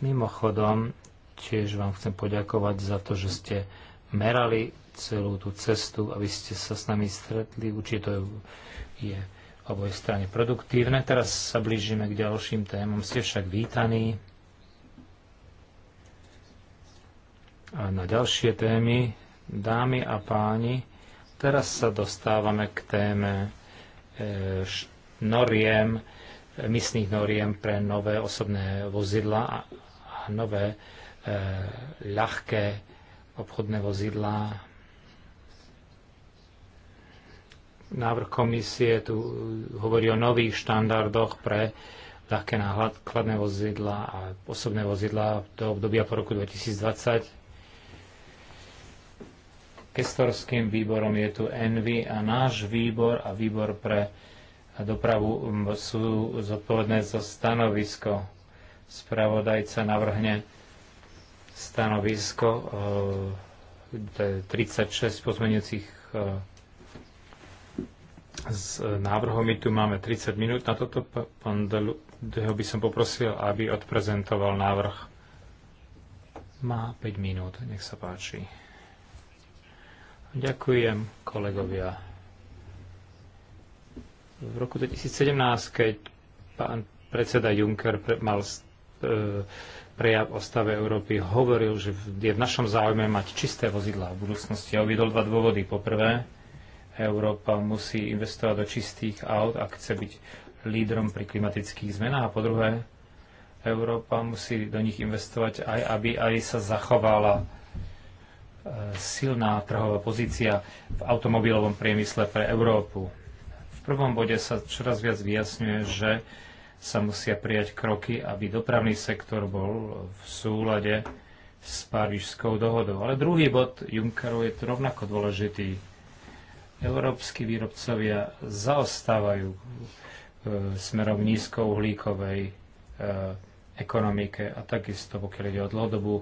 Mimochodom, tiež vám chcem poďakovať za to, že ste merali celú tú cestu, aby ste sa s nami stretli. Určite to je oboj strane produktívne. Teraz sa blížime k ďalším témom. Ste však vítaní a na ďalšie témy. Dámy a páni, teraz sa dostávame k téme e, noriem, emisných noriem pre nové osobné vozidla a nové e, ľahké obchodné vozidlá Návrh komisie tu uh, hovorí o nových štandardoch pre ľahké nákladné vozidla a osobné vozidla do obdobia po roku 2020. Kestorským výborom je tu ENVY a náš výbor a výbor pre dopravu um, sú zodpovedné za stanovisko. Spravodajca navrhne stanovisko 36 uh, pozmeňujúcich uh, s e, návrhom. My tu máme 30 minút na toto. Pán Deho by som poprosil, aby odprezentoval návrh. Má 5 minút, nech sa páči. Ďakujem, kolegovia. V roku 2017, keď pán predseda Juncker mal e, prejav o stave Európy, hovoril, že je v našom záujme mať čisté vozidlá v budúcnosti. A uvidol dva dôvody. Po prvé, Európa musí investovať do čistých aut, ak chce byť lídrom pri klimatických zmenách. A po druhé, Európa musí do nich investovať aj, aby aj sa zachovala e, silná trhová pozícia v automobilovom priemysle pre Európu. V prvom bode sa čoraz viac vyjasňuje, že sa musia prijať kroky, aby dopravný sektor bol v súlade s Parížskou dohodou. Ale druhý bod Junckerov je rovnako dôležitý Európsky výrobcovia zaostávajú e, smerom nízkouhlíkovej e, ekonomike a takisto pokiaľ ide o dlhodobú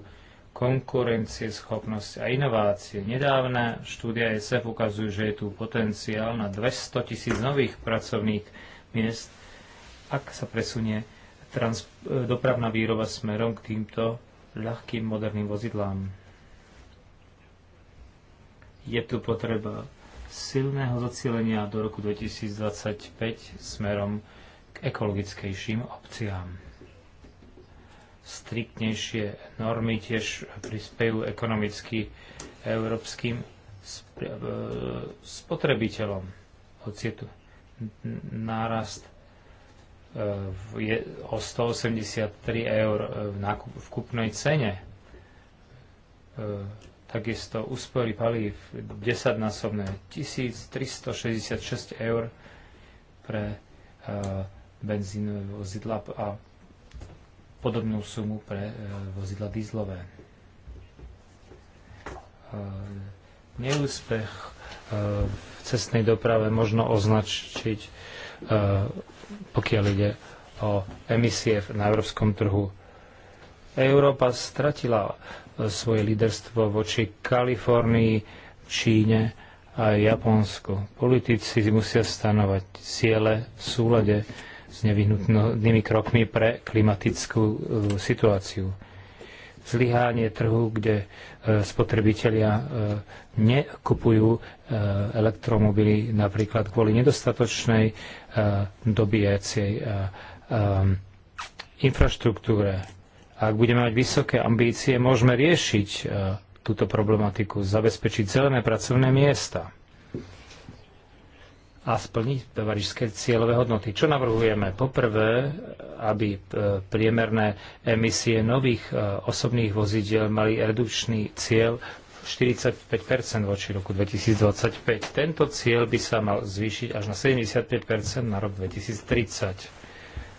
schopnosť a inovácie. Nedávna štúdia ESF ukazujú, že je tu potenciál na 200 tisíc nových pracovných miest, ak sa presunie trans- e, dopravná výroba smerom k týmto ľahkým moderným vozidlám. Je tu potreba silného zacielenia do roku 2025 smerom k ekologickejším opciám. Striktnejšie normy tiež prispejú ekonomicky európskym e, spotrebiteľom. Hoci je tu nárast e, je o 183 eur e, v, v kupnej cene takisto úspory palív 10-násobné 1366 eur pre e, benzínové vozidla a podobnú sumu pre e, vozidla dízlové. E, neúspech v cestnej doprave možno označiť, pokiaľ ide o emisie na európskom trhu Európa stratila e, svoje líderstvo voči Kalifornii, Číne a Japonsku. Politici musia stanovať ciele v súlade s nevyhnutnými krokmi pre klimatickú e, situáciu. Zlyhanie trhu, kde e, spotrebitelia nekupujú elektromobily napríklad kvôli nedostatočnej dobíjacej infraštruktúre ak budeme mať vysoké ambície, môžeme riešiť e, túto problematiku, zabezpečiť zelené pracovné miesta a splniť tovarišské cieľové hodnoty. Čo navrhujeme? Poprvé, aby e, priemerné emisie nových e, osobných vozidiel mali redukčný cieľ 45 voči roku 2025. Tento cieľ by sa mal zvýšiť až na 75 na rok 2030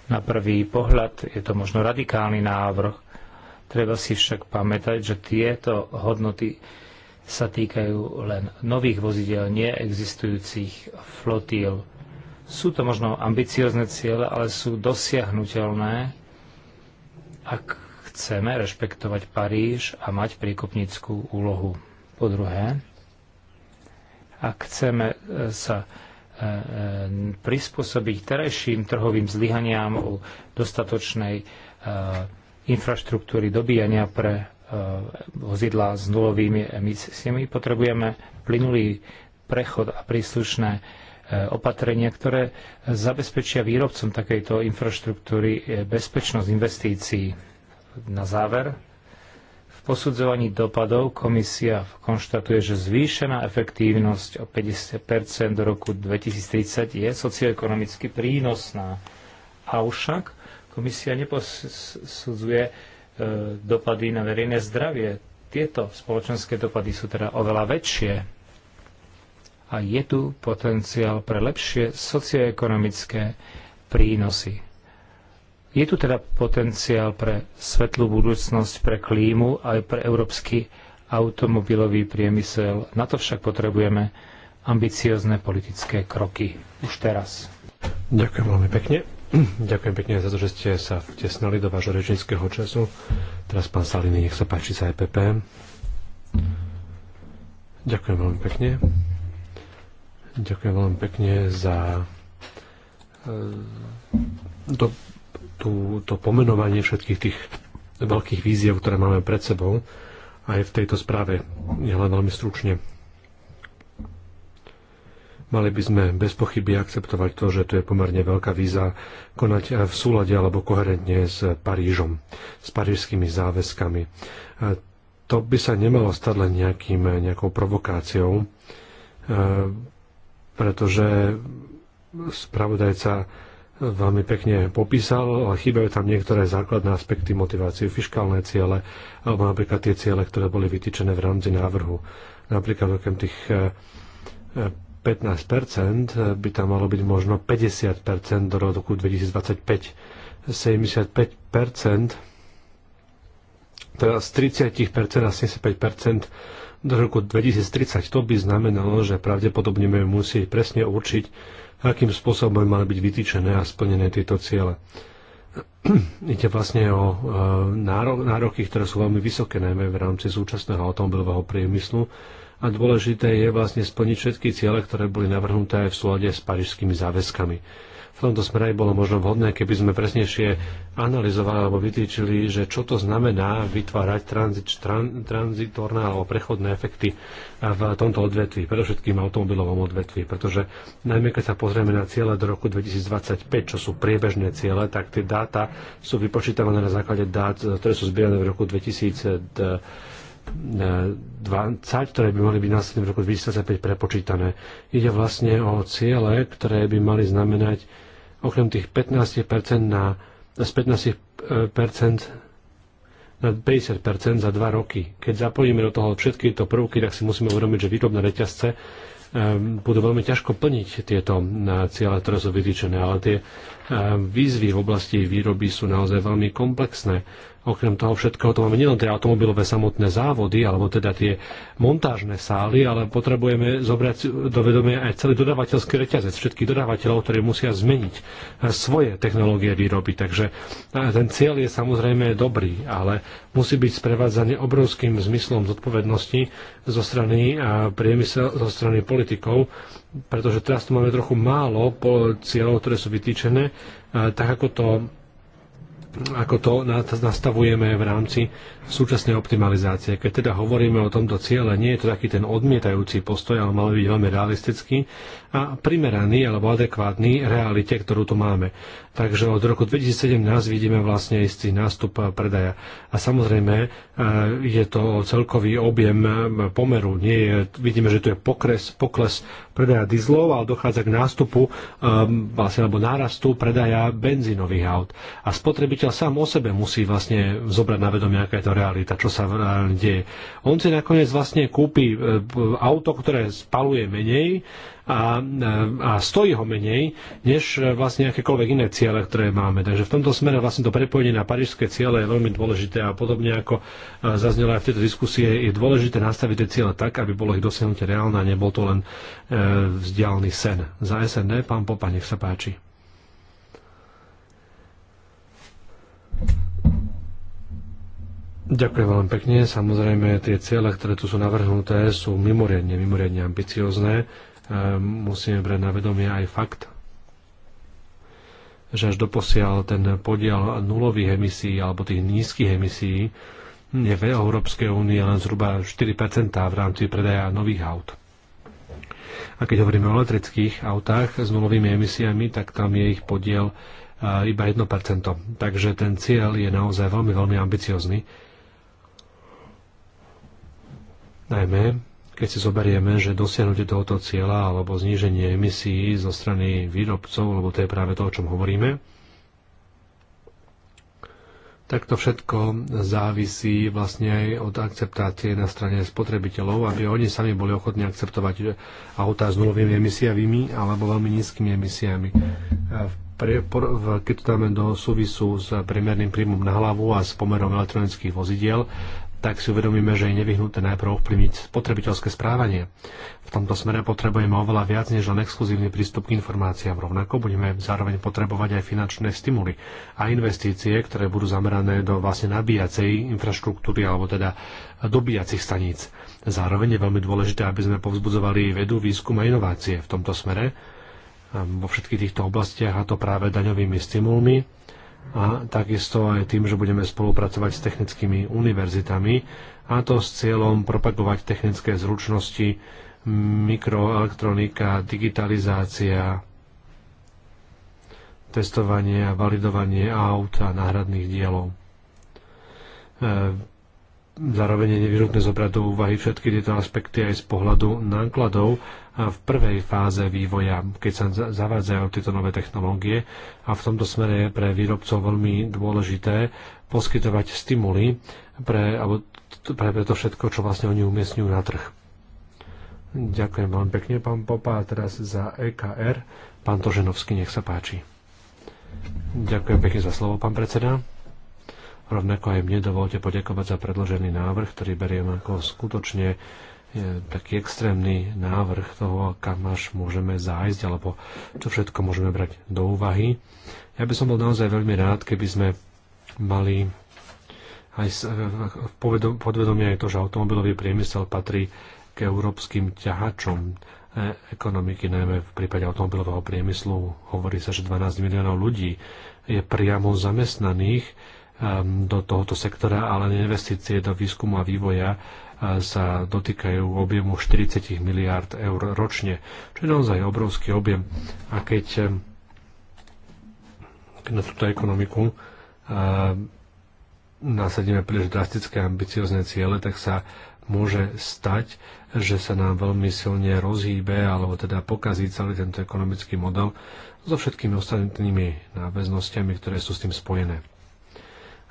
na prvý pohľad je to možno radikálny návrh, treba si však pamätať, že tieto hodnoty sa týkajú len nových vozidel, neexistujúcich flotíl. Sú to možno ambiciozne ciele, ale sú dosiahnutelné, ak chceme rešpektovať Paríž a mať príkopnickú úlohu. Po druhé, ak chceme e, sa E, e, prispôsobiť terajším trhovým zlyhaniam u dostatočnej e, infraštruktúry dobíjania pre vozidla s nulovými emisiami. Potrebujeme plynulý prechod a príslušné opatrenia, ktoré zabezpečia výrobcom takejto infraštruktúry bezpečnosť investícií. Na záver posudzovaní dopadov komisia konštatuje, že zvýšená efektívnosť o 50 do roku 2030 je socioekonomicky prínosná. Avšak komisia neposudzuje e, dopady na verejné zdravie. Tieto spoločenské dopady sú teda oveľa väčšie. A je tu potenciál pre lepšie socioekonomické prínosy. Je tu teda potenciál pre svetlú budúcnosť, pre klímu aj pre európsky automobilový priemysel. Na to však potrebujeme ambiciozne politické kroky už teraz. Ďakujem veľmi pekne. [CLEARS THROAT] Ďakujem pekne za to, že ste sa vtesnali do vášho rečníckého času. Teraz pán Saliny, nech sa páči za EPP. Ďakujem veľmi pekne. Ďakujem veľmi pekne za e, do tú, to pomenovanie všetkých tých veľkých víziev, ktoré máme pred sebou, aj v tejto správe, je len veľmi stručne. Mali by sme bez pochyby akceptovať to, že to je pomerne veľká víza konať v súlade alebo koherentne s Parížom, s parížskými záväzkami. To by sa nemalo stať len nejakým, nejakou provokáciou, e, pretože spravodajca veľmi pekne popísal, ale chýbajú tam niektoré základné aspekty motiváciu, fiskálne ciele, alebo napríklad tie ciele, ktoré boli vytýčené v rámci návrhu. Napríklad okrem tých 15% eh, eh, by tam malo byť možno 50% do roku 2025. 75% teda z 30% a 75% do roku 2030. To by znamenalo, že pravdepodobne budeme musieť presne určiť, akým spôsobom by mali byť vytýčené a splnené tieto ciele. [CLEARS THROAT] Ide vlastne o e, nároky, ktoré sú veľmi vysoké, najmä v rámci súčasného automobilového priemyslu, a dôležité je vlastne splniť všetky ciele, ktoré boli navrhnuté aj v súlade s parížskými záväzkami v tomto smere bolo možno vhodné, keby sme presnejšie analyzovali alebo vytýčili, že čo to znamená vytvárať tranzič, tran, tranzitorné alebo prechodné efekty v tomto odvetví, predovšetkým automobilovom odvetví, pretože najmä keď sa pozrieme na ciele do roku 2025, čo sú priebežné ciele, tak tie dáta sú vypočítavané na základe dát, ktoré sú zbierané v roku 2020, 20, ktoré by mali byť následne v roku 2025 prepočítané. Ide vlastne o ciele, ktoré by mali znamenať okrem tých 15% na, z 15% na 50% za 2 roky. Keď zapojíme do toho všetky tieto prvky, tak si musíme uvedomiť, že výrobné reťazce ehm, budú veľmi ťažko plniť tieto ciele, ktoré sú vytýčené, ale tie výzvy v oblasti výroby sú naozaj veľmi komplexné. Okrem toho všetkého to máme nielen tie automobilové samotné závody, alebo teda tie montážne sály, ale potrebujeme zobrať do vedomia aj celý dodávateľský reťazec všetkých dodávateľov, ktorí musia zmeniť svoje technológie výroby. Takže ten cieľ je samozrejme dobrý, ale musí byť sprevádzaný obrovským zmyslom zodpovednosti zo strany priemysel, zo strany politikov pretože teraz tu máme trochu málo cieľov, ktoré sú vytýčené, eh, tak ako to, ako to nastavujeme v rámci súčasnej optimalizácie. Keď teda hovoríme o tomto ciele, nie je to taký ten odmietajúci postoj, ale mal byť veľmi realistický a primeraný alebo adekvátny realite, ktorú tu máme. Takže od roku 2017 vidíme vlastne istý nástup predaja. A samozrejme e, je to celkový objem pomeru. Nie je, vidíme, že tu je pokres, pokles predaja dizlov, ale dochádza k nástupu e, vlastne, alebo nárastu predaja benzínových aut. A spotrebiteľ sám o sebe musí vlastne zobrať na vedomie, aká je to realita, čo sa reálne deje. On si nakoniec vlastne kúpi e, auto, ktoré spaluje menej a, e, a stojí ho menej, než e, vlastne akékoľvek iné ciele, ktoré máme. Takže v tomto smere vlastne to prepojenie na parížské ciele je veľmi dôležité a podobne ako zaznelo aj v tejto diskusie, je dôležité nastaviť tie ciele tak, aby bolo ich dosiahnutie reálne a nebol to len e, vzdialený sen. Za SND, pán Popa, nech sa páči. Ďakujem veľmi pekne. Samozrejme, tie ciele, ktoré tu sú navrhnuté, sú mimoriadne, mimoriadne ambiciozne. E, musíme brať na vedomie aj fakt, že až doposiaľ ten podiel nulových emisí alebo tých nízkych emisí je v Európskej únie len zhruba 4% v rámci predaja nových aut. A keď hovoríme o elektrických autách s nulovými emisiami, tak tam je ich podiel e, iba 1%. Takže ten cieľ je naozaj veľmi, veľmi ambiciozný Najmä, keď si zoberieme, že dosiahnutie tohoto cieľa alebo zníženie emisí zo strany výrobcov, lebo to je práve to, o čom hovoríme, tak to všetko závisí vlastne aj od akceptácie na strane spotrebiteľov, aby oni sami boli ochotní akceptovať autá s nulovými emisiami alebo veľmi nízkymi emisiami. Keď to dáme do súvisu s priemerným príjmom na hlavu a s pomerom elektronických vozidiel, tak si uvedomíme, že je nevyhnutné najprv ovplyvniť spotrebiteľské správanie. V tomto smere potrebujeme oveľa viac než len exkluzívny prístup k informáciám. Rovnako budeme zároveň potrebovať aj finančné stimuly a investície, ktoré budú zamerané do vlastne nabíjacej infraštruktúry alebo teda dobíjacích staníc. Zároveň je veľmi dôležité, aby sme povzbudzovali vedu, výskum a inovácie v tomto smere vo všetkých týchto oblastiach a to práve daňovými stimulmi, a takisto aj tým, že budeme spolupracovať s technickými univerzitami a to s cieľom propagovať technické zručnosti, mikroelektronika, digitalizácia, testovanie a validovanie aut a náhradných dielov e, Zároveň je nevyhnutné zobrať do úvahy všetky tieto aspekty aj z pohľadu nákladov v prvej fáze vývoja, keď sa zavádzajú tieto nové technológie. A v tomto smere je pre výrobcov veľmi dôležité poskytovať stimuly pre, alebo pre, pre to všetko, čo vlastne oni umiestňujú na trh. Ďakujem veľmi pekne, pán Popa. A teraz za EKR, pán Toženovský, nech sa páči. Ďakujem pekne za slovo, pán predseda. Rovnako aj mne dovolte poďakovať za predložený návrh, ktorý beriem ako skutočne e, taký extrémny návrh toho, kam až môžeme zájsť, alebo čo všetko môžeme brať do úvahy. Ja by som bol naozaj veľmi rád, keby sme mali aj e, podvedomie aj to, že automobilový priemysel patrí k európskym ťahačom e, ekonomiky, najmä v prípade automobilového priemyslu. Hovorí sa, že 12 miliónov ľudí je priamo zamestnaných Ehm, do tohoto sektora, ale investície do výskumu a vývoja e, sa dotýkajú objemu 40 miliárd eur ročne, čo je naozaj obrovský objem. A keď ehm, na túto ekonomiku ehm, nasadíme príliš drastické ambiciozne ciele, tak sa môže stať, že sa nám veľmi silne rozhýbe alebo teda pokazí celý tento ekonomický model so všetkými ostatnými náväznostiami, ktoré sú s tým spojené.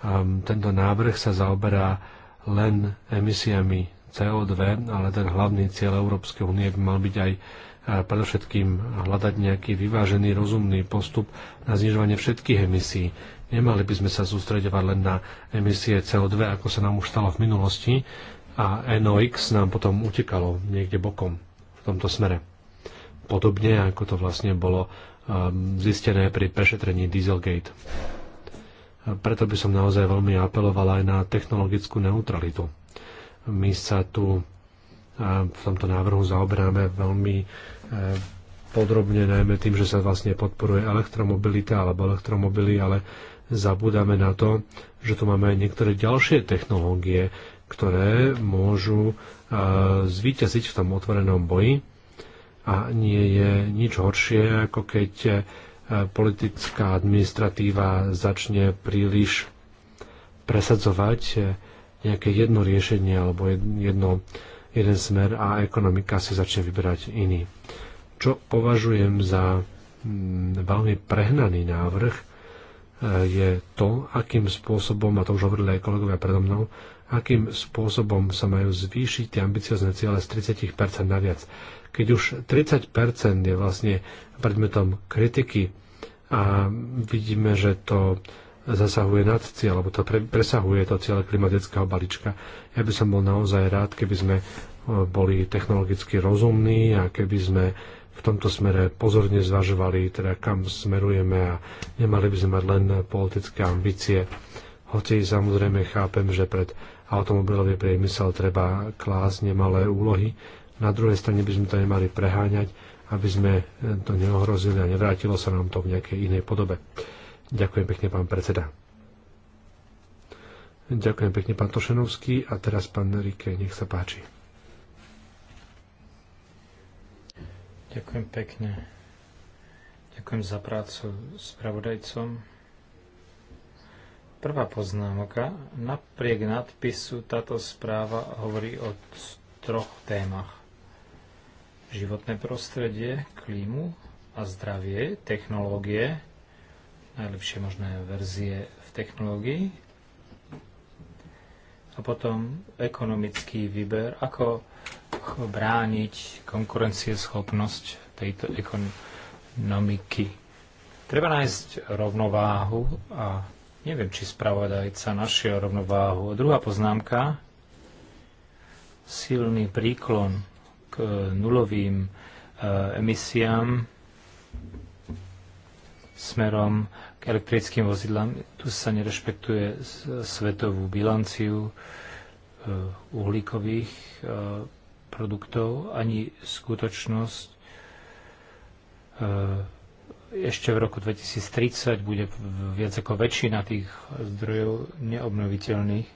Ehm, tento návrh sa zaoberá len emisiami CO2, ale ten hlavný cieľ Európskej únie by mal byť aj e, predovšetkým hľadať nejaký vyvážený, rozumný postup na znižovanie všetkých emisí. Nemali by sme sa sústredovať len na emisie CO2, ako sa nám už stalo v minulosti, a NOx nám potom utekalo niekde bokom v tomto smere. Podobne ako to vlastne bolo ehm, zistené pri prešetrení Dieselgate. Preto by som naozaj veľmi apeloval aj na technologickú neutralitu. My sa tu v tomto návrhu zaoberáme veľmi e, podrobne, najmä tým, že sa vlastne podporuje elektromobilita alebo elektromobily, ale zabúdame na to, že tu máme niektoré ďalšie technológie, ktoré môžu e, zvíťaziť v tom otvorenom boji a nie je nič horšie, ako keď e, politická administratíva začne príliš presadzovať eh, nejaké jedno riešenie alebo jedno, jeden smer a ekonomika si začne vyberať iný. Čo považujem za mm, veľmi prehnaný návrh, eh, je to, akým spôsobom, a to už hovorili aj kolegovia predo mnou, akým spôsobom sa majú zvýšiť tie ambiciozne ciele z 30% na viac. Keď už 30% je vlastne predmetom kritiky a vidíme, že to zasahuje nad cieľ, alebo to pre, presahuje to cieľ klimatického balíčka. Ja by som bol naozaj rád, keby sme e, boli technologicky rozumní a keby sme v tomto smere pozorne zvažovali, teda kam smerujeme a nemali by sme mať len politické ambície. Hoci samozrejme chápem, že pred automobilový priemysel treba klásť nemalé úlohy. Na druhej strane by sme to nemali preháňať, aby sme eh, to neohrozili a nevrátilo sa nám to v nejakej inej podobe. Ďakujem pekne, pán predseda. Ďakujem pekne, pán Tošenovský. A teraz pán Rike, nech sa páči. Ďakujem pekne. Ďakujem za prácu s spravodajcom. Prvá poznámka. Napriek nadpisu táto správa hovorí o troch témach. Životné prostredie, klímu a zdravie, technológie, najlepšie možné verzie v technológii a potom ekonomický výber, ako brániť konkurencieschopnosť tejto ekonomiky. Treba nájsť rovnováhu a Neviem, či spravodajca našiel rovnováhu. Druhá poznámka. Silný príklon k nulovým eh, emisiám smerom k elektrickým vozidlám. Tu sa nerešpektuje svetovú bilanciu eh, uhlíkových eh, produktov ani skutočnosť ešte v roku 2030 bude viac ako väčšina tých zdrojov neobnoviteľných.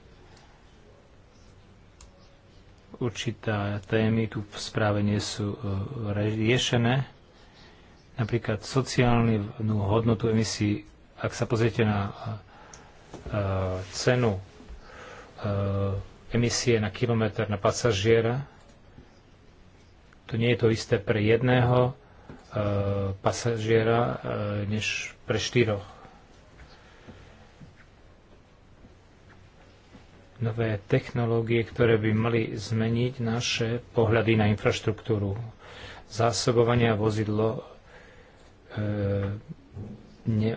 Určité témy tu v správe nie sú e, riešené. Napríklad sociálnu hodnotu emisí, ak sa pozriete na e, cenu e, emisie na kilometr na pasažiera, to nie je to isté pre jedného Eh, pasažiera eh, než pre štyroch. Nové technológie, ktoré by mali zmeniť naše pohľady na infraštruktúru. Zásobovanie a vozidlo e, ne,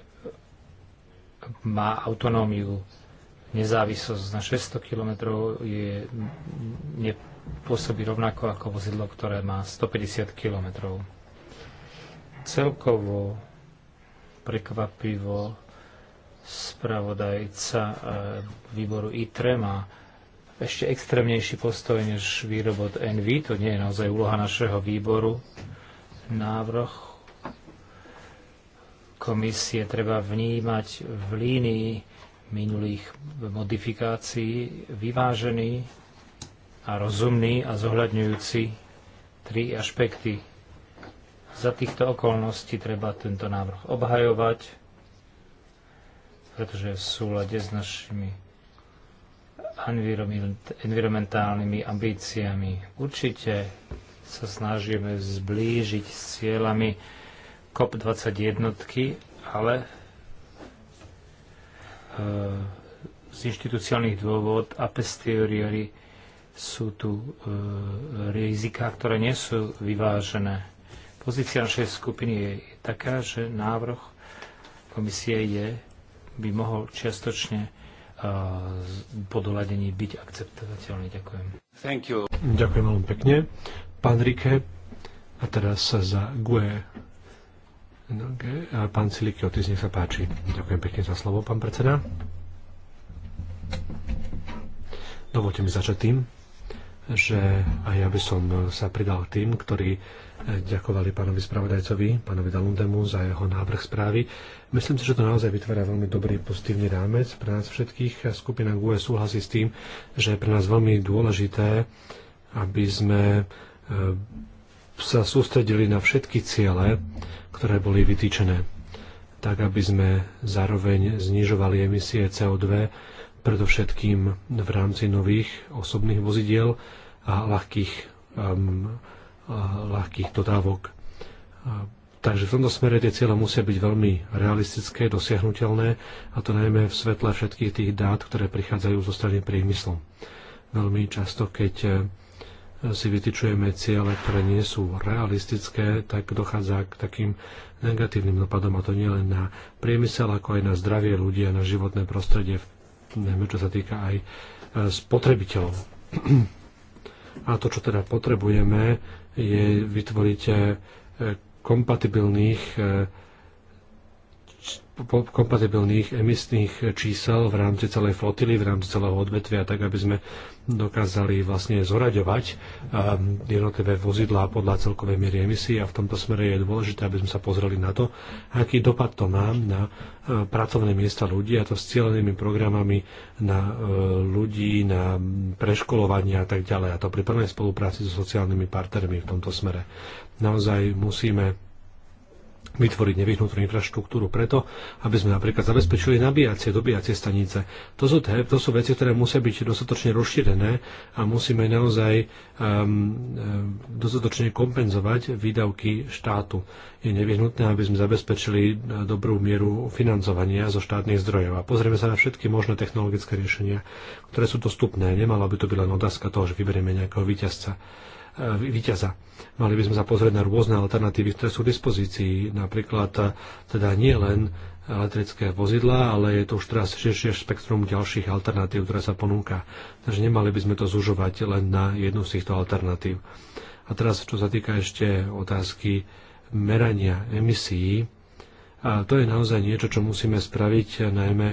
má autonómiu, nezávislosť na 600 km je, nepôsobí rovnako ako vozidlo, ktoré má 150 kilometrov Celkovo prekvapivo spravodajca eh, výboru ITRE má ešte extrémnejší postoj než výrobot NV. To nie je naozaj úloha našeho výboru. Návrh komisie treba vnímať v línii minulých modifikácií vyvážený a rozumný a zohľadňujúci tri aspekty. Za týchto okolností treba tento návrh obhajovať, pretože je v súlade s našimi environmentálnymi ambíciami. Určite sa snažíme zblížiť s cieľami COP21, ale e, z inštitúciálnych dôvod a pestioriory sú tu e, rizika, ktoré nie sú vyvážené. Pozícia našej skupiny je taká, že návrh komisie je, by mohol čiastočne e, po doladení byť akceptovateľný. Ďakujem. Thank you. Ďakujem veľmi pekne. Pán Rike, a teraz sa za GUE. No, okay. A pán Silikio, ty nech sa páči. Ďakujem pekne za slovo, pán predseda. Dovolte mi začať tým, že aj ja by som sa pridal tým, ktorí ďakovali pánovi spravodajcovi, pánovi Dalundemu za jeho návrh správy. Myslím si, že to naozaj vytvára veľmi dobrý pozitívny rámec pre nás všetkých. Skupina GUE súhlasí s tým, že je pre nás veľmi dôležité, aby sme e, sa sústredili na všetky ciele, ktoré boli vytýčené, tak aby sme zároveň znižovali emisie CO2, predovšetkým v rámci nových osobných vozidiel a ľahkých um, ľahkých dodávok. Takže v tomto smere tie cieľe musia byť veľmi realistické, dosiahnutelné, a to najmä v svetle všetkých tých dát, ktoré prichádzajú zo strany priemyslom. Veľmi často, keď e, si vytičujeme ciele, ktoré nie sú realistické, tak dochádza k takým negatívnym dopadom, a to nie len na priemysel, ako aj na zdravie ľudí a na životné prostredie, najmä čo sa týka aj e, spotrebiteľov. [CLEARS THROAT] A to, čo teda potrebujeme, je vytvoriť eh, kompatibilných eh, kompatibilných emisných čísel v rámci celej flotily, v rámci celého odvetvia, tak aby sme dokázali vlastne zoraďovať ehm, jednotlivé vozidlá podľa celkovej miery emisí a v tomto smere je dôležité, aby sme sa pozreli na to, aký dopad to má na e, pracovné miesta ľudí a to s cieľenými programami na e, ľudí, na preškolovanie a tak ďalej. A to pri prvej spolupráci so sociálnymi partnermi v tomto smere. Naozaj musíme vytvoriť nevyhnutnú infraštruktúru preto, aby sme napríklad zabezpečili nabíjacie, dobíjacie stanice. To sú, te, to sú veci, ktoré musia byť dostatočne rozšírené a musíme naozaj um, um dostatočne kompenzovať výdavky štátu. Je nevyhnutné, aby sme zabezpečili e, dobrú mieru financovania zo štátnych zdrojov. A pozrieme sa na všetky možné technologické riešenia, ktoré sú dostupné. Nemalo by to byť len otázka toho, že vyberieme nejakého víťazca E, víťaza. Mali by sme sa pozrieť na rôzne alternatívy, ktoré sú v dispozícii, napríklad e, teda nie len elektrické vozidlá, ale je to už teraz širšie spektrum ďalších alternatív, ktoré sa ponúka. Takže nemali by sme to zužovať len na jednu z týchto alternatív. A teraz, čo sa týka ešte otázky merania emisí, a to je naozaj niečo, čo musíme spraviť najmä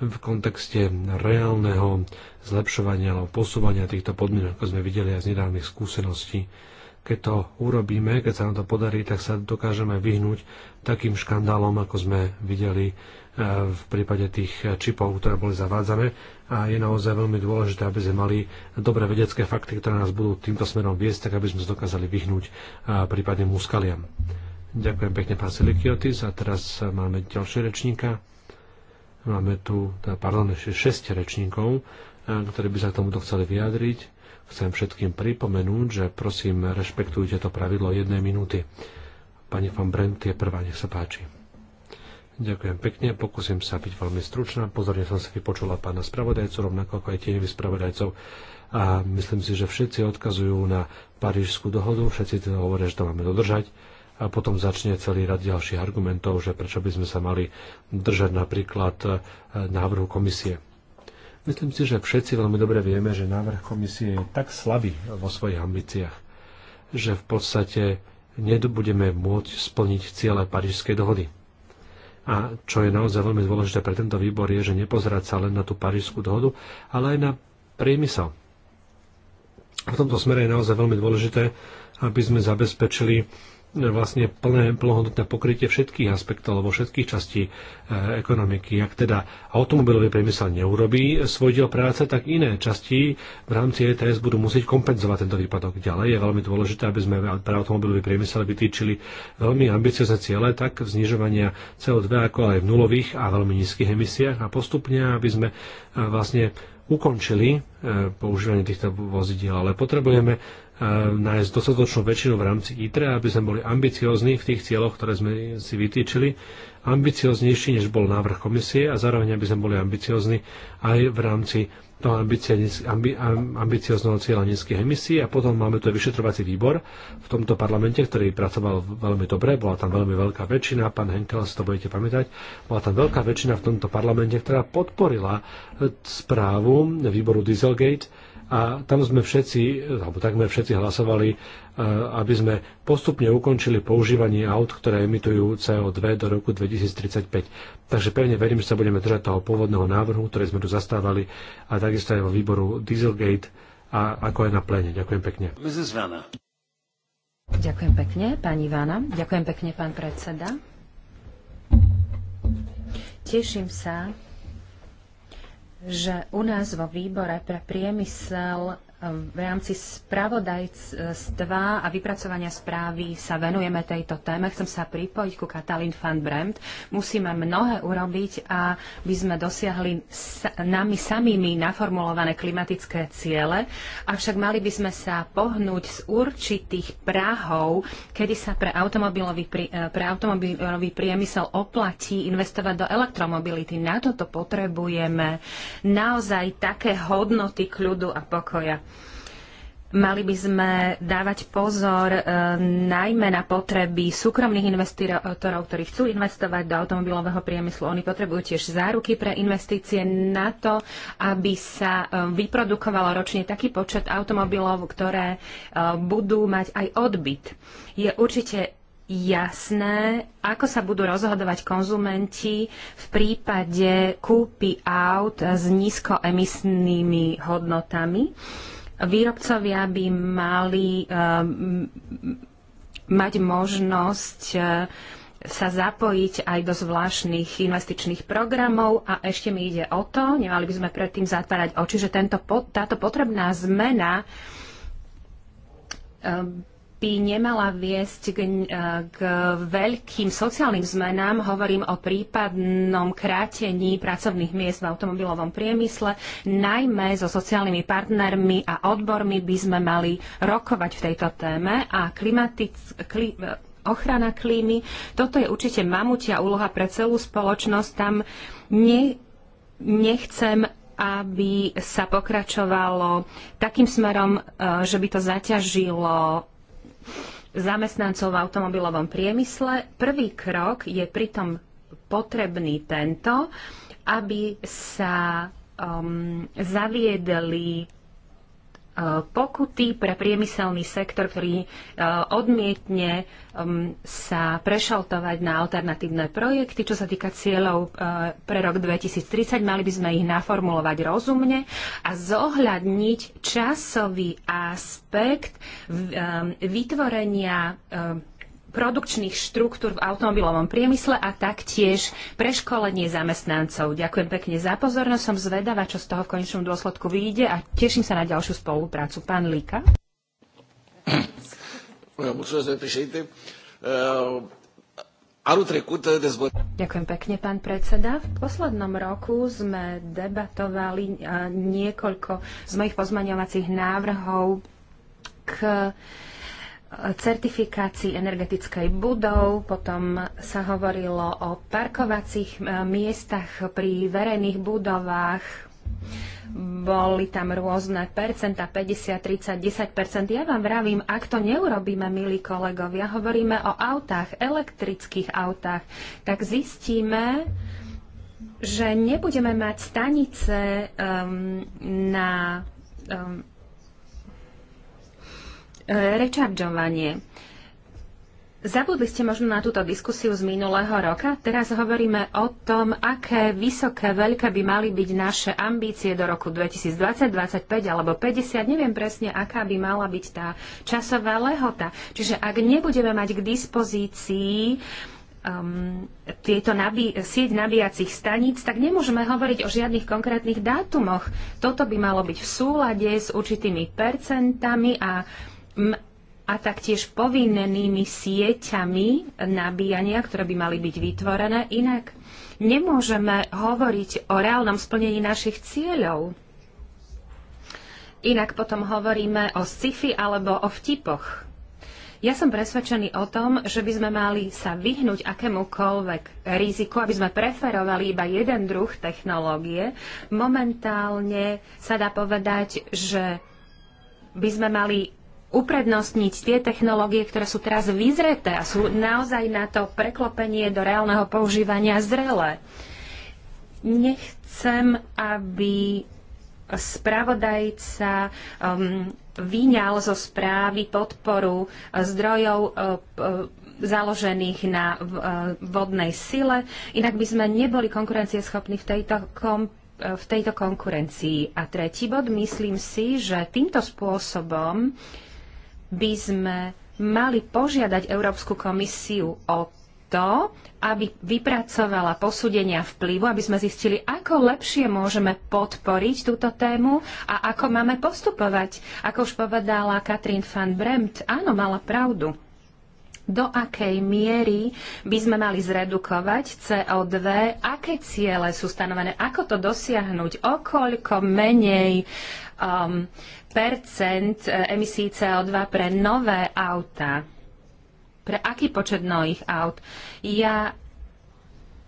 v kontexte reálneho zlepšovania alebo posúvania týchto podmienok, ako sme videli aj z nedávnych skúseností. Keď to urobíme, keď sa nám to podarí, tak sa dokážeme vyhnúť takým škandálom, ako sme videli e, v prípade tých čipov, ktoré boli zavádzané. A je naozaj veľmi dôležité, aby sme mali dobré vedecké fakty, ktoré nás budú týmto smerom viesť, tak aby sme sa dokázali vyhnúť e, prípadným úskaliam. Ďakujem pekne, pán Silikiotis. A teraz e, máme ďalšie rečníka. Máme tu, teda, pardon, ešte 6 rečníkov, e, ktorí by sa k tomuto chceli vyjadriť. Chcem všetkým pripomenúť, že prosím, rešpektujte to pravidlo jednej minúty. Pani van Brent je prvá, nech sa páči. Ďakujem pekne, pokúsim sa byť veľmi stručná. Pozorne som si vypočula pána spravodajcu, rovnako ako aj tieňových spravodajcov. A myslím si, že všetci odkazujú na Parížskú dohodu, všetci teda hovoria, že to máme dodržať a potom začne celý rad ďalších argumentov, že prečo by sme sa mali držať napríklad e, návrhu komisie. Myslím si, že všetci veľmi dobre vieme, že návrh komisie je tak slabý vo svojich ambíciách, že v podstate nebudeme môcť splniť ciele Parížskej dohody. A čo je naozaj veľmi dôležité pre tento výbor je, že nepozerať sa len na tú Parížskú dohodu, ale aj na priemysel. V tomto smere je naozaj veľmi dôležité, aby sme zabezpečili vlastne plné, plnohodnotné pokrytie všetkých aspektov alebo všetkých častí e, ekonomiky. Ak teda automobilový priemysel neurobí svoj diel práce, tak iné časti v rámci ETS budú musieť kompenzovať tento výpadok. Ďalej je veľmi dôležité, aby sme pre automobilový priemysel vytýčili veľmi ambiciozne ciele, tak v znižovania CO2 ako aj v nulových a veľmi nízkych emisiách a postupne, aby sme e, vlastne ukončili e, používanie týchto vozidiel, ale potrebujeme Eh, nájsť dostatočnú väčšinu v rámci ITRE, aby sme boli ambiciozni v tých cieľoch, ktoré sme si vytýčili, ambicioznejší, než bol návrh komisie a zároveň, aby sme boli ambiciozni aj v rámci toho ambiciozného cieľa nízkych emisí a potom máme tu vyšetrovací výbor v tomto parlamente, ktorý pracoval veľmi dobre, bola tam veľmi veľká väčšina, pán Henkel, si to budete pamätať, bola tam veľká väčšina v tomto parlamente, ktorá podporila eh, správu výboru Dieselgate, a tam sme všetci, alebo takmer všetci hlasovali, e, aby sme postupne ukončili používanie aut, ktoré emitujú CO2 do roku 2035. Takže pevne verím, že sa budeme držať toho pôvodného návrhu, ktorý sme tu zastávali a takisto aj vo výboru Dieselgate a ako aj na plene. Ďakujem pekne. Ďakujem pekne, pani Vána. Ďakujem pekne, pán predseda. Teším sa, že u nás vo výbore pre priemysel v rámci spravodajstva a vypracovania správy sa venujeme tejto téme. Chcem sa pripojiť ku Katalin van Bremt. Musíme mnohé urobiť, a by sme dosiahli nami samými naformulované klimatické ciele, avšak mali by sme sa pohnúť z určitých práhov, kedy sa pre automobilový, e, pre automobilový priemysel oplatí investovať do elektromobility. Na toto potrebujeme naozaj také hodnoty kľudu a pokoja. Mali by sme dávať pozor e, najmä na potreby súkromných investorov, ktorí chcú investovať do automobilového priemyslu. Oni potrebujú tiež záruky pre investície na to, aby sa e, vyprodukovalo ročne taký počet automobilov, ktoré e, budú mať aj odbyt. Je určite jasné, ako sa budú rozhodovať konzumenti v prípade kúpy aut s nízkoemisnými hodnotami Výrobcovia by mali ehm, mať možnosť e, sa zapojiť aj do zvláštnych investičných programov a ešte mi ide o to, nemali by sme predtým zatvárať oči, že tento, táto potrebná zmena ehm, by nemala viesť k, e, k veľkým sociálnym zmenám. Hovorím o prípadnom krátení pracovných miest v automobilovom priemysle. Najmä so sociálnymi partnermi a odbormi by sme mali rokovať v tejto téme a klimatic, kli, e, ochrana klímy. Toto je určite mamutia úloha pre celú spoločnosť. Tam ne, nechcem aby sa pokračovalo takým smerom, e, že by to zaťažilo zamestnancov v automobilovom priemysle. Prvý krok je pritom potrebný tento, aby sa um, zaviedli pokuty pre priemyselný sektor, ktorý e, odmietne um, sa prešaltovať na alternatívne projekty. Čo sa týka cieľov e, pre rok 2030, mali by sme ich naformulovať rozumne a zohľadniť časový aspekt e, vytvorenia produkčných štruktúr v automobilovom priemysle a taktiež preškolenie zamestnancov. Ďakujem pekne za pozornosť, som zvedavá, čo z toho v konečnom dôsledku vyjde a teším sa na ďalšiu spoluprácu. Pán Líka. Eh, eh, Ďakujem pekne, pán predseda. V poslednom roku sme debatovali eh, niekoľko z mojich pozmaňovacích návrhov k certifikácii energetickej budov, potom sa hovorilo o parkovacích e, miestach pri verejných budovách, boli tam rôzne percenta, 50, 30, 10 Ja vám vravím, ak to neurobíme, milí kolegovia, hovoríme o autách, elektrických autách, tak zistíme, že nebudeme mať stanice um, na um, E, rechargovanie. Zabudli ste možno na túto diskusiu z minulého roka. Teraz hovoríme o tom, aké vysoké, veľké by mali byť naše ambície do roku 2020, 2025 alebo 50. Neviem presne, aká by mala byť tá časová lehota. Čiže ak nebudeme mať k dispozícii um, tieto nabí- sieť nabíjacích staníc, tak nemôžeme hovoriť o žiadnych konkrétnych dátumoch. Toto by malo byť v súlade s určitými percentami a a taktiež povinnenými sieťami nabíjania, ktoré by mali byť vytvorené. Inak nemôžeme hovoriť o reálnom splnení našich cieľov. Inak potom hovoríme o sci-fi alebo o vtipoch. Ja som presvedčený o tom, že by sme mali sa vyhnúť akémukoľvek riziku, aby sme preferovali iba jeden druh technológie. Momentálne sa dá povedať, že by sme mali uprednostniť tie technológie, ktoré sú teraz vyzreté a sú naozaj na to preklopenie do reálneho používania zrelé. Nechcem, aby spravodajca um, vyňal zo správy podporu zdrojov uh, uh založených na uh, vodnej sile, inak by sme neboli konkurencieschopní v tejto kompetencii uh, v tejto konkurencii. A tretí bod, myslím si, že týmto spôsobom uh, by sme mali požiadať Európsku komisiu o to, aby vypracovala posúdenia vplyvu, aby sme zistili, ako lepšie môžeme podporiť túto tému a ako máme postupovať. Ako už povedala Katrin van Bremt, áno, mala pravdu do akej miery by sme mali zredukovať CO2, aké ciele sú stanovené, ako to dosiahnuť, o koľko menej um, E, emisí CO2 pre nové auta. Pre aký počet nových aut? Ja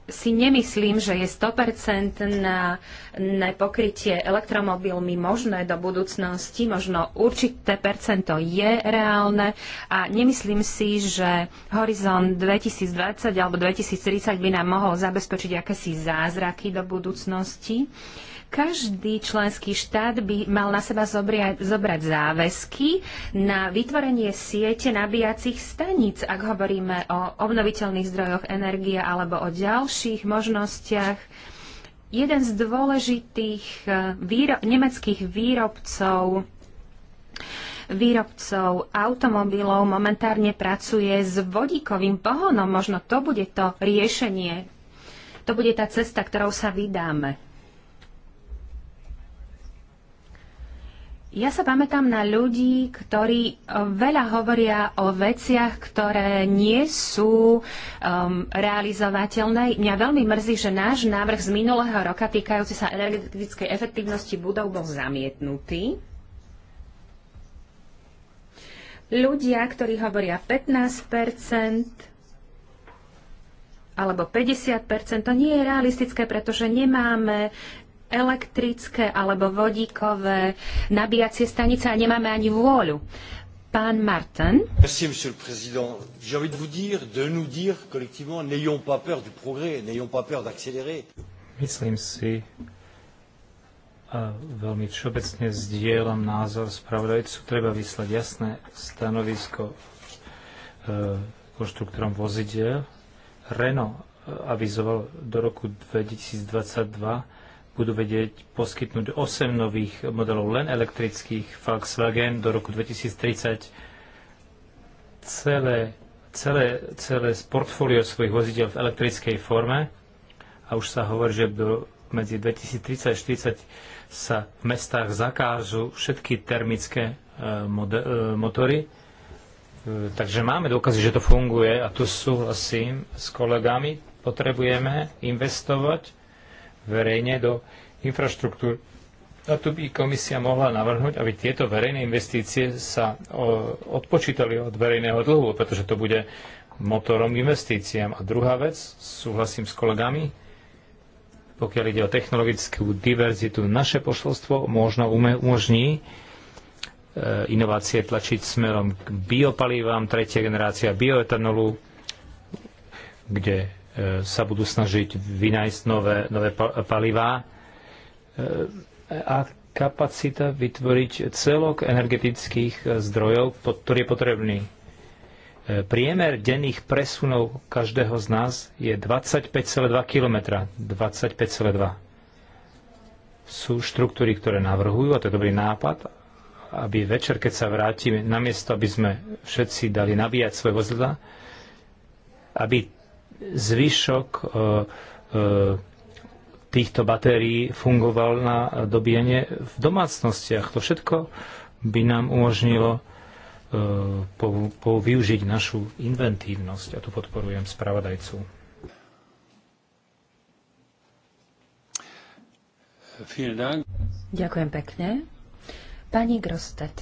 si nemyslím, že je 100% na, na pokrytie elektromobilmi možné do budúcnosti. Možno určité percento je reálne a nemyslím si, že horizont 2020 alebo 2030 by nám mohol zabezpečiť akési zázraky do budúcnosti. Uh, každý členský štát by mal na seba zobrať, zobrať záväzky na vytvorenie siete nabíjacích staníc, ak hovoríme o obnoviteľných zdrojoch energie alebo o ďalších možnostiach. Jeden z dôležitých eh, výro- nemeckých výrobcov výrobcov automobilov momentárne pracuje s vodíkovým pohonom. Možno to bude to riešenie. To bude tá cesta, ktorou sa vydáme. Ja sa pamätám na ľudí, ktorí e, veľa hovoria o veciach, ktoré nie sú um, realizovateľné. Mňa veľmi mrzí, že náš návrh z minulého roka týkajúci sa energetickej efektívnosti budov bol zamietnutý. Ľudia, ktorí hovoria 15 alebo 50 to nie je realistické, pretože nemáme elektrické alebo vodíkové nabíjacie stanice a nemáme ani vôľu. Pán Martin. Merci, monsieur le président. J'ai envie de vous dire, de nous dire collectivement, n'ayons pas peur du progrès, n'ayons pas peur d'accélérer. Myslím si, a veľmi všeobecne zdieľam názor spravodajcu, treba vyslať jasné stanovisko e, konštruktorom vozidel. Renault e, avizoval do roku 2022 budú vedieť poskytnúť 8 nových modelov len elektrických Volkswagen do roku 2030. Celé, celé, celé portfólio svojich vozidel v elektrickej forme a už sa hovorí, že do, medzi 2030 a 40 sa v mestách zakážu všetky termické e, e motory. E, takže máme dôkazy, že to funguje a tu súhlasím s kolegami. Potrebujeme investovať verejne do infraštruktúr. A tu by komisia mohla navrhnúť, aby tieto verejné investície sa odpočítali od verejného dlhu, pretože to bude motorom investíciám. A druhá vec, súhlasím s kolegami, pokiaľ ide o technologickú diverzitu, naše posolstvo možno umožní e, inovácie tlačiť smerom k biopalívam tretia generácia bioetanolu, kde E, sa budú snažiť vynájsť nové, nové palivá e, a kapacita vytvoriť celok energetických e, zdrojov, ktorý je potrebný. Priemer denných presunov každého z nás je 25,2 km. 25,2. Sú štruktúry, ktoré navrhujú, a to je dobrý nápad, aby večer, keď sa vrátime, namiesto, aby sme všetci dali nabíjať svoje vozidla, aby zvyšok e, e, týchto batérií fungoval na dobíjanie v domácnostiach. To všetko by nám umožnilo e, po, po využiť našu inventívnosť a tu podporujem spravodajcu. Ďakujem pekne. Pani Grostet.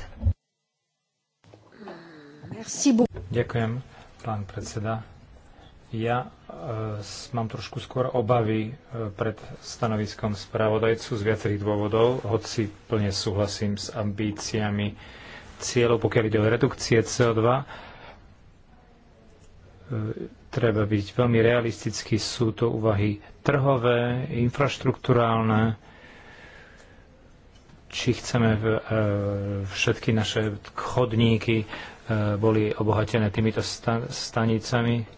Ďakujem, pán predseda. Ja e, mám trošku skôr obavy e, pred stanoviskom spravodajcu z viacerých dôvodov, hoci plne súhlasím s ambíciami cieľov, pokiaľ ide o redukcie CO2. E, treba byť veľmi realistický, sú to úvahy trhové, infraštruktúrálne, či chceme v, e, všetky naše chodníky e, boli obohatené týmito stanicami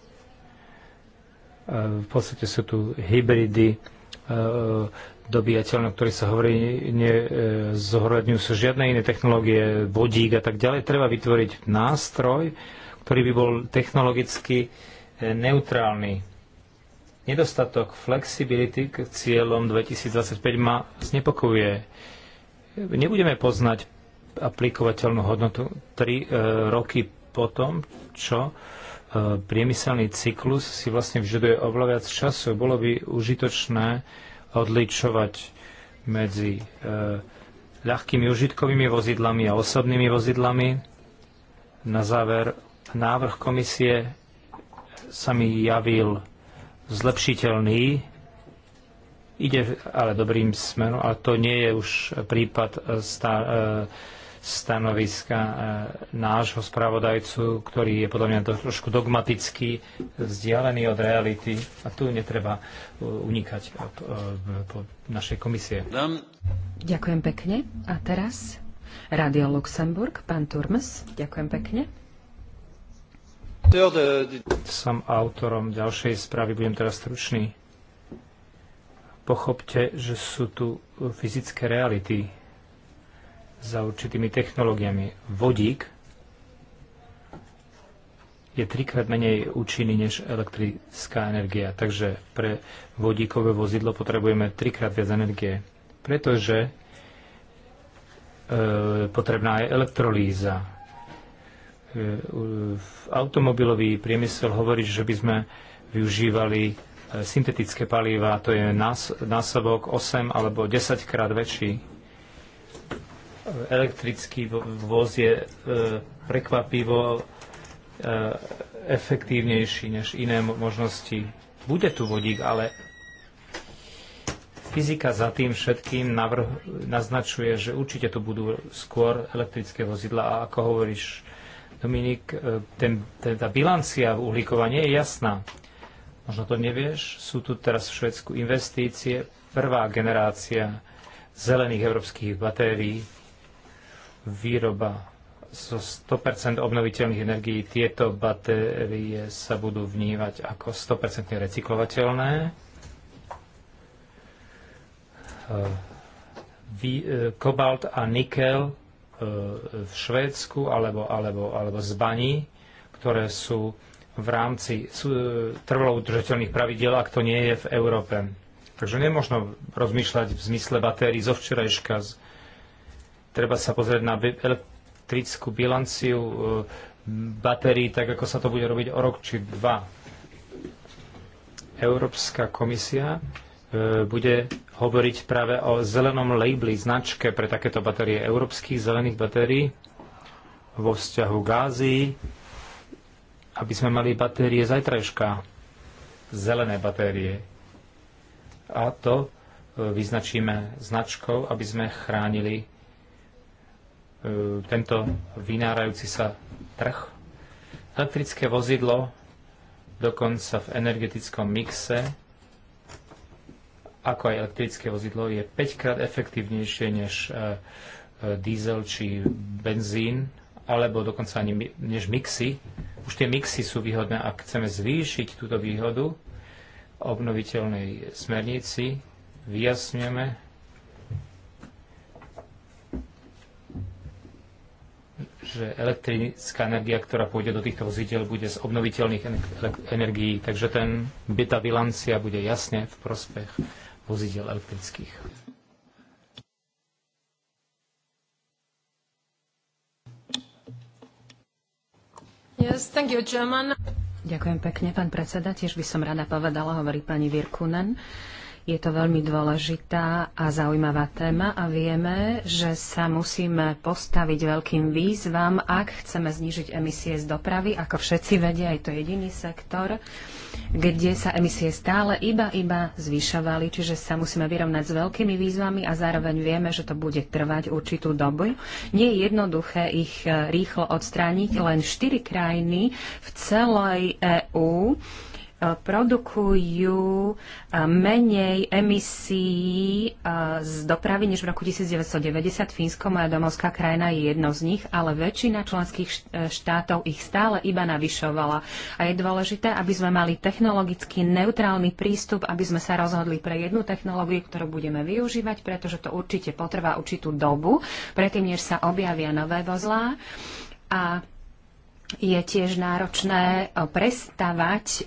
v podstate sú tu hybridy e, o ktorých sa hovorí, nezohľadňujú e, sa žiadne iné technológie, vodík a tak ďalej. Treba vytvoriť nástroj, ktorý by bol technologicky e, neutrálny. Nedostatok flexibility k cieľom 2025 ma znepokojuje. Nebudeme poznať aplikovateľnú hodnotu 3 e, roky po tom, čo e, E, priemyselný cyklus si vlastne vyžaduje oveľa viac času. Bolo by užitočné odličovať medzi e, ľahkými užitkovými vozidlami a osobnými vozidlami. Na záver, návrh komisie sa mi javil zlepšiteľný, ide ale dobrým smerom, ale to nie je už prípad stále. e, e stanoviska e, nášho spravodajcu, ktorý je podľa mňa trošku dogmatický, vzdialený od reality a tu netreba e, unikať e, od, od našej komisie. Ďakujem pekne. A teraz Radio Luxemburg, pán Turmes. Ďakujem pekne. Som autorom ďalšej správy, budem teraz stručný. Pochopte, že sú tu fyzické reality, za určitými technológiami. Vodík je trikrát menej účinný než elektrická energia. Takže pre vodíkové vozidlo potrebujeme trikrát viac energie, pretože e, potrebná je elektrolíza. E, v automobilový priemysel hovorí, že by sme využívali e, syntetické paliva, to je násobok 8 alebo 10 krát väčší elektrický voz je e, prekvapivo e, efektívnejší než iné možnosti. Bude tu vodík, ale fyzika za tým všetkým navrh, naznačuje, že určite tu budú skôr elektrické vozidla a ako hovoríš, Dominik, e, ten, ten, tá bilancia uhlíková nie je jasná. Možno to nevieš, sú tu teraz v Švedsku investície, prvá generácia zelených európskych batérií, výroba zo so 100% obnoviteľných energií tieto batérie sa budú vnívať ako 100% recyklovateľné. E, e, kobalt a nikel e, v Švédsku alebo, alebo, alebo z baní, ktoré sú v rámci trvalo udržateľných pravidel, ak to nie je v Európe. Takže nemôžno rozmýšľať v zmysle batérií zo včerajška, Treba sa pozrieť na elektrickú bilanciu e, batérií, tak ako sa to bude robiť o rok či dva. Európska komisia e, bude hovoriť práve o zelenom labeli, značke pre takéto batérie, európskych zelených batérií vo vzťahu k Ázii, aby sme mali batérie zajtrajška, zelené batérie. A to e, vyznačíme značkou, aby sme chránili E, tento vynárajúci sa trh. Elektrické vozidlo dokonca v energetickom mixe, ako aj elektrické vozidlo, je 5 krát efektívnejšie než e, e, diesel či benzín, alebo dokonca ani než mixy. Už tie mixy sú výhodné, ak chceme zvýšiť túto výhodu obnoviteľnej smernici, vyjasňujeme že elektrická energia, ktorá pôjde do týchto vozidel, bude z obnoviteľných energií, takže ten, tá bilancia bude jasne v prospech vozidel elektrických. Yes, thank you, Ďakujem pekne, pán predseda. Tiež by som rada povedala, hovorí pani Virkunen je to veľmi dôležitá a zaujímavá téma a vieme, že sa musíme postaviť veľkým výzvam, ak chceme znížiť emisie z dopravy. Ako všetci vedia, je to jediný sektor, kde sa emisie stále iba, iba zvyšovali, čiže sa musíme vyrovnať s veľkými výzvami a zároveň vieme, že to bude trvať určitú dobu. Nie je jednoduché ich eh, rýchlo odstrániť, len štyri krajiny v celej EÚ E, produkujú e, menej emisí e, z dopravy než v roku 1990. Fínsko, moja domovská krajina, je jednou z nich, ale väčšina členských štátov ich stále iba navyšovala. A je dôležité, aby sme mali technologicky neutrálny prístup, aby sme sa rozhodli pre jednu technológiu, ktorú budeme využívať, pretože to určite potrvá určitú dobu, predtým, než sa objavia nové vozlá. A je tiež náročné eh, prestavať eh,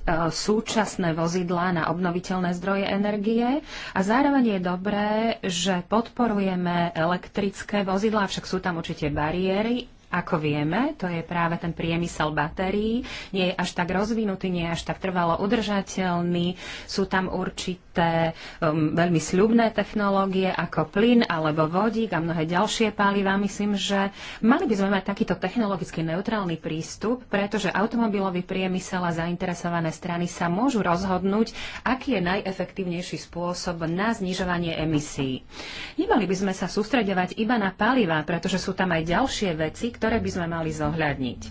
súčasné vozidlá na obnoviteľné zdroje energie a zároveň je dobré, že podporujeme elektrické vozidlá, však sú tam určite bariéry ako vieme, to je práve ten priemysel batérií. Nie je až tak rozvinutý, nie je až tak trvalo udržateľný. Sú tam určité um, veľmi sľubné technológie ako plyn alebo vodík a mnohé ďalšie paliva. Myslím, že mali by sme mať takýto technologicky neutrálny prístup, pretože automobilový priemysel a zainteresované strany sa môžu rozhodnúť, aký je najefektívnejší spôsob na znižovanie emisí. Nemali by sme sa sústredovať iba na paliva, pretože sú tam aj ďalšie veci, ktoré by sme mali zohľadniť.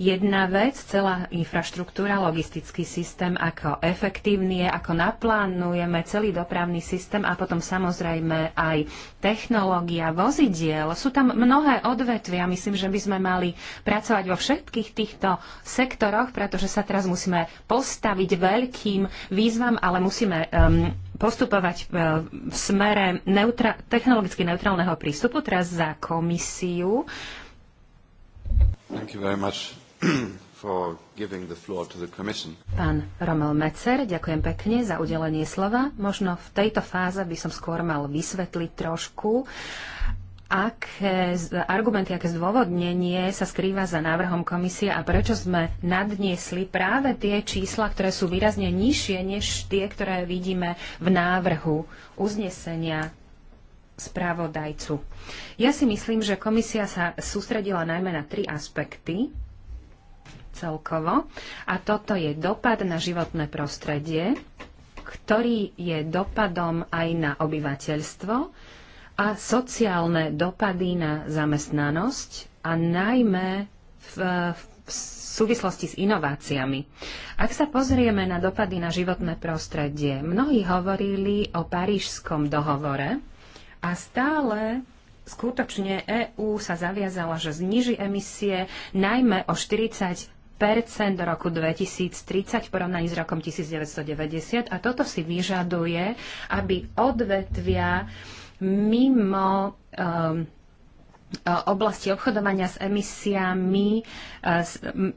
Jedna vec, celá infraštruktúra, logistický systém, ako efektívny je, ako naplánujeme celý dopravný systém a potom samozrejme aj technológia vozidiel. Sú tam mnohé odvetvia, myslím, že by sme mali pracovať vo všetkých týchto sektoroch, pretože sa teraz musíme postaviť veľkým výzvam, ale musíme um, postupovať uh, v smere neutra- technologicky neutrálneho prístupu, teraz za komisiu. [CLEARS THROAT] Pán Romel Mecer, ďakujem pekne za udelenie slova. Možno v tejto fáze by som skôr mal vysvetliť trošku, aké argumenty, aké zdôvodnenie sa skrýva za návrhom komisie a prečo sme nadniesli práve tie čísla, ktoré sú výrazne nižšie než tie, ktoré vidíme v návrhu uznesenia spravodajcu. Ja si myslím, že komisia sa sústredila najmä na tri aspekty celkovo a toto je dopad na životné prostredie, ktorý je dopadom aj na obyvateľstvo a sociálne dopady na zamestnanosť a najmä v, v súvislosti s inováciami. Ak sa pozrieme na dopady na životné prostredie, mnohí hovorili o Parížskom dohovore, a stále skutočne EÚ sa zaviazala, že zniží emisie najmä o 40 percent do roku 2030 v porovnaní s rokom 1990 a toto si vyžaduje, aby odvetvia mimo um, oblasti obchodovania s emisiami e,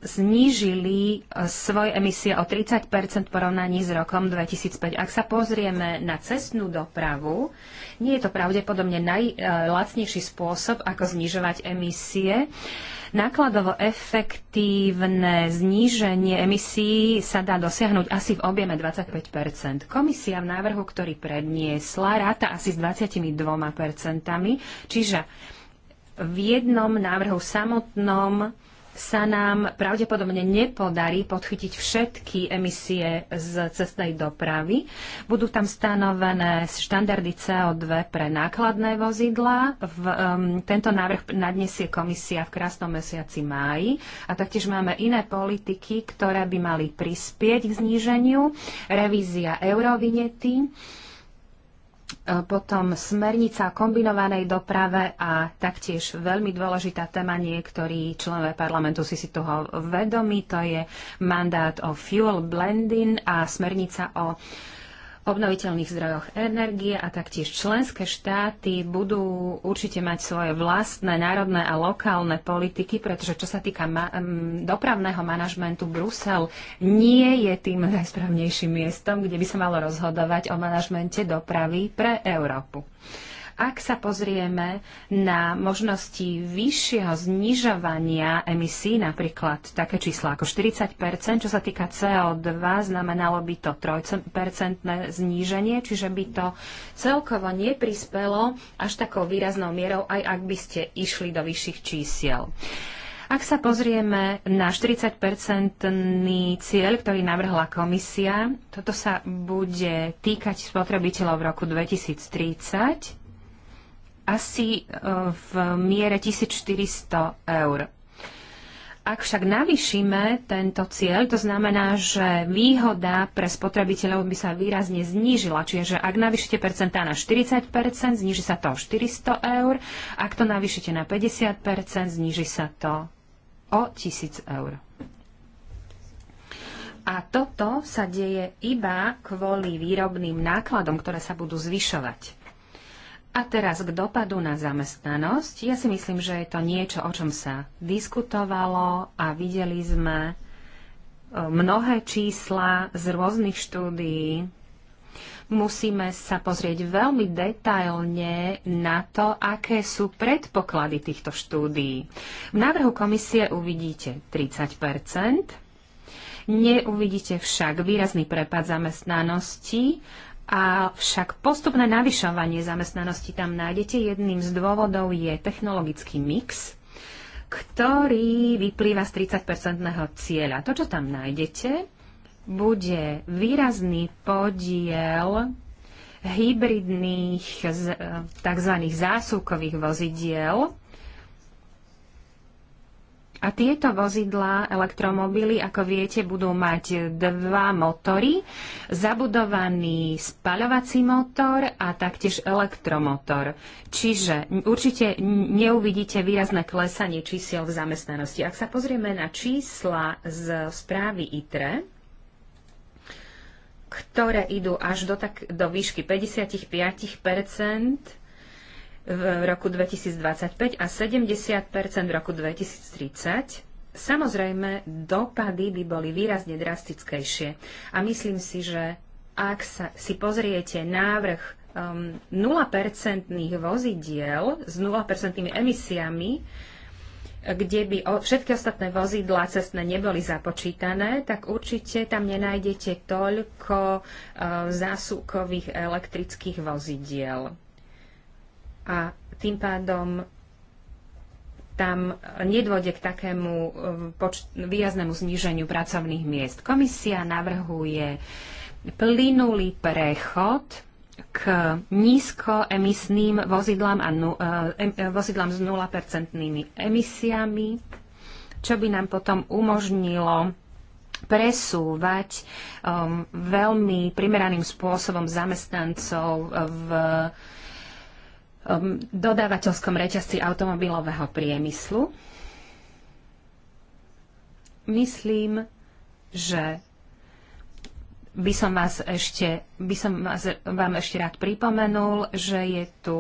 znížili e, svoje emisie o 30 v porovnaní s rokom 2005. Ak sa pozrieme na cestnú dopravu, nie je to pravdepodobne najlacnejší spôsob, ako znižovať emisie. Nákladovo efektívne zníženie emisí sa dá dosiahnuť asi v objeme 25 Komisia v návrhu, ktorý predniesla, ráta asi s 22 čiže v jednom návrhu samotnom sa nám pravdepodobne nepodarí podchytiť všetky emisie z cestnej dopravy. Budú tam stanovené štandardy CO2 pre nákladné vozidlá. V, um, tento návrh nadnesie komisia v krásnom mesiaci máji. A taktiež máme iné politiky, ktoré by mali prispieť k zníženiu. Revízia eurovinety E, potom smernica kombinovanej doprave a taktiež veľmi dôležitá téma, niektorí členové parlamentu si si toho vedomi, to je mandát o fuel blending a smernica o obnoviteľných zdrojoch energie a taktiež členské štáty budú určite mať svoje vlastné národné a lokálne politiky, pretože čo sa týka ma- dopravného manažmentu, Brusel nie je tým [LAUGHS] najsprávnejším miestom, kde by sa malo rozhodovať o manažmente dopravy pre Európu. Ak sa pozrieme na možnosti vyššieho znižovania emisí, napríklad také čísla ako 40 čo sa týka CO2, znamenalo by to 3 zníženie, čiže by to celkovo neprispelo až takou výraznou mierou, aj ak by ste išli do vyšších čísiel. Ak sa pozrieme na 40-percentný cieľ, ktorý navrhla komisia, toto sa bude týkať spotrebiteľov v roku 2030 asi e, v miere 1400 eur. Ak však navýšime tento cieľ, to znamená, že výhoda pre spotrebiteľov by sa výrazne znížila. Čiže ak navýšite percentá na 40%, zníži sa to o 400 eur. Ak to navýšite na 50%, zníži sa to o 1000 eur. A toto sa deje iba kvôli výrobným nákladom, ktoré sa budú zvyšovať. A teraz k dopadu na zamestnanosť. Ja si myslím, že je to niečo, o čom sa diskutovalo a videli sme e, mnohé čísla z rôznych štúdií. Musíme sa pozrieť veľmi detailne na to, aké sú predpoklady týchto štúdií. V návrhu komisie uvidíte 30 Neuvidíte však výrazný prepad zamestnanosti a však postupné navyšovanie zamestnanosti tam nájdete. Jedným z dôvodov je technologický mix, ktorý vyplýva z 30-percentného cieľa. To, čo tam nájdete, bude výrazný podiel hybridných eh, tzv. zásuvkových vozidiel, a tieto vozidlá, elektromobily, ako viete, budú mať dva motory, zabudovaný spaľovací motor a taktiež elektromotor. Čiže určite neuvidíte výrazné klesanie čísiel v zamestnanosti. Ak sa pozrieme na čísla z správy ITRE, ktoré idú až do, tak, do výšky 55 v roku 2025 a 70 v roku 2030. Samozrejme, dopady by boli výrazne drastickejšie. A myslím si, že ak sa, si pozriete návrh um, 0% vozidiel s 0% emisiami, kde by o, všetky ostatné vozidlá cestné neboli započítané, tak určite tam nenájdete toľko uh, zásuvkových elektrických vozidiel a tým pádom tam nedôjde k takému um, výraznému zníženiu pracovných miest. Komisia navrhuje plynulý prechod k nízkoemisným vozidlám a nu, uh, em- uh, vozidlám s 0% emisiami, čo by nám potom umožnilo presúvať um, veľmi primeraným spôsobom zamestnancov v uh, Um, dodávateľskom reťazci automobilového priemyslu. Myslím, že by som, vás ešte, by som vás, vám ešte rád pripomenul, že je tu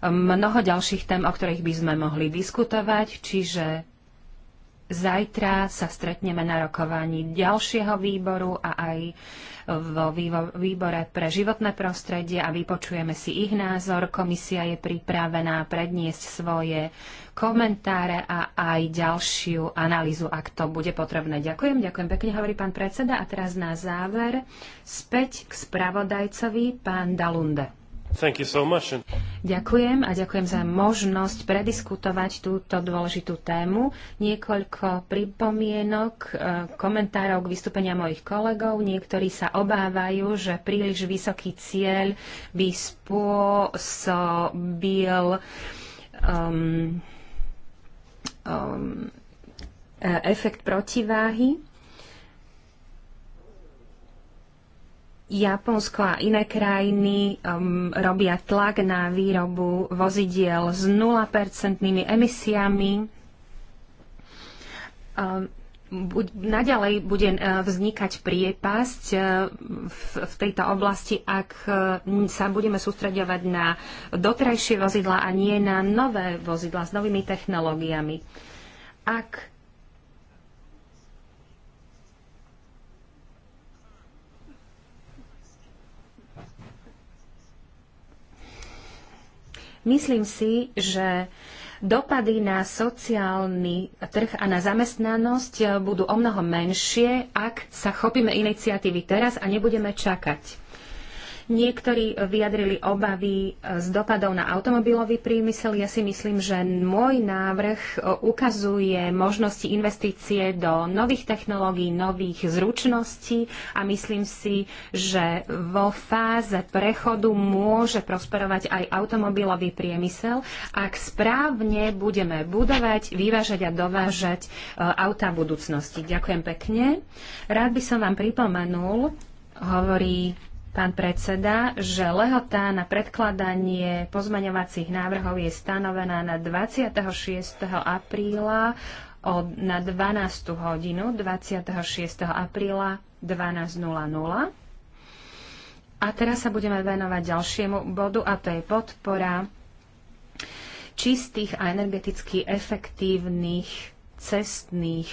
mnoho ďalších tém, o ktorých by sme mohli diskutovať, čiže Zajtra sa stretneme na rokovaní ďalšieho výboru a aj vo výbore pre životné prostredie a vypočujeme si ich názor. Komisia je pripravená predniesť svoje komentáre a aj ďalšiu analýzu, ak to bude potrebné. Ďakujem, ďakujem pekne, hovorí pán predseda. A teraz na záver späť k spravodajcovi, pán Dalunde. So ďakujem a ďakujem za možnosť prediskutovať túto dôležitú tému. Niekoľko pripomienok, e, komentárov k vystúpenia mojich kolegov. Niektorí sa obávajú, že príliš vysoký cieľ by spôsobil um, um, e, efekt protiváhy Japonsko a iné krajiny um, robia tlak na výrobu vozidiel s 0% emisiami. Um, buď, naďalej bude uh, vznikať priepasť uh, v, v tejto oblasti, ak uh, sa budeme sústreďovať na doterajšie vozidla a nie na nové vozidla s novými technológiami. Ak Myslím si, že dopady na sociálny trh a na zamestnanosť eh, budú o mnoho menšie, ak sa chopíme iniciatívy teraz a nebudeme čakať. Niektorí vyjadrili obavy e, z dopadov na automobilový priemysel. Ja si myslím, že môj návrh e, ukazuje možnosti investície do nových technológií, nových zručností a myslím si, že vo fáze prechodu môže prosperovať aj automobilový priemysel, ak správne budeme budovať, vyvážať a dovážať e, auta budúcnosti. Ďakujem pekne. Rád by som vám pripomenul, hovorí pán predseda, že lehota na predkladanie pozmaňovacích návrhov je stanovená na 26. apríla od, na 12. hodinu 26. apríla 12.00. A teraz sa budeme venovať ďalšiemu bodu a to je podpora čistých a energeticky efektívnych cestných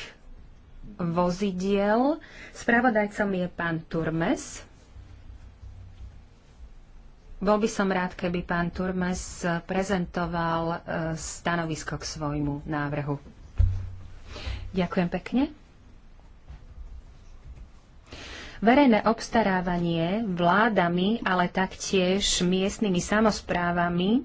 vozidiel. Spravodajcom je pán Turmes. Bol by som rád, keby pán Turmes prezentoval e, stanovisko k svojmu návrhu. Ďakujem pekne. Verejné obstarávanie vládami, ale taktiež miestnymi samozprávami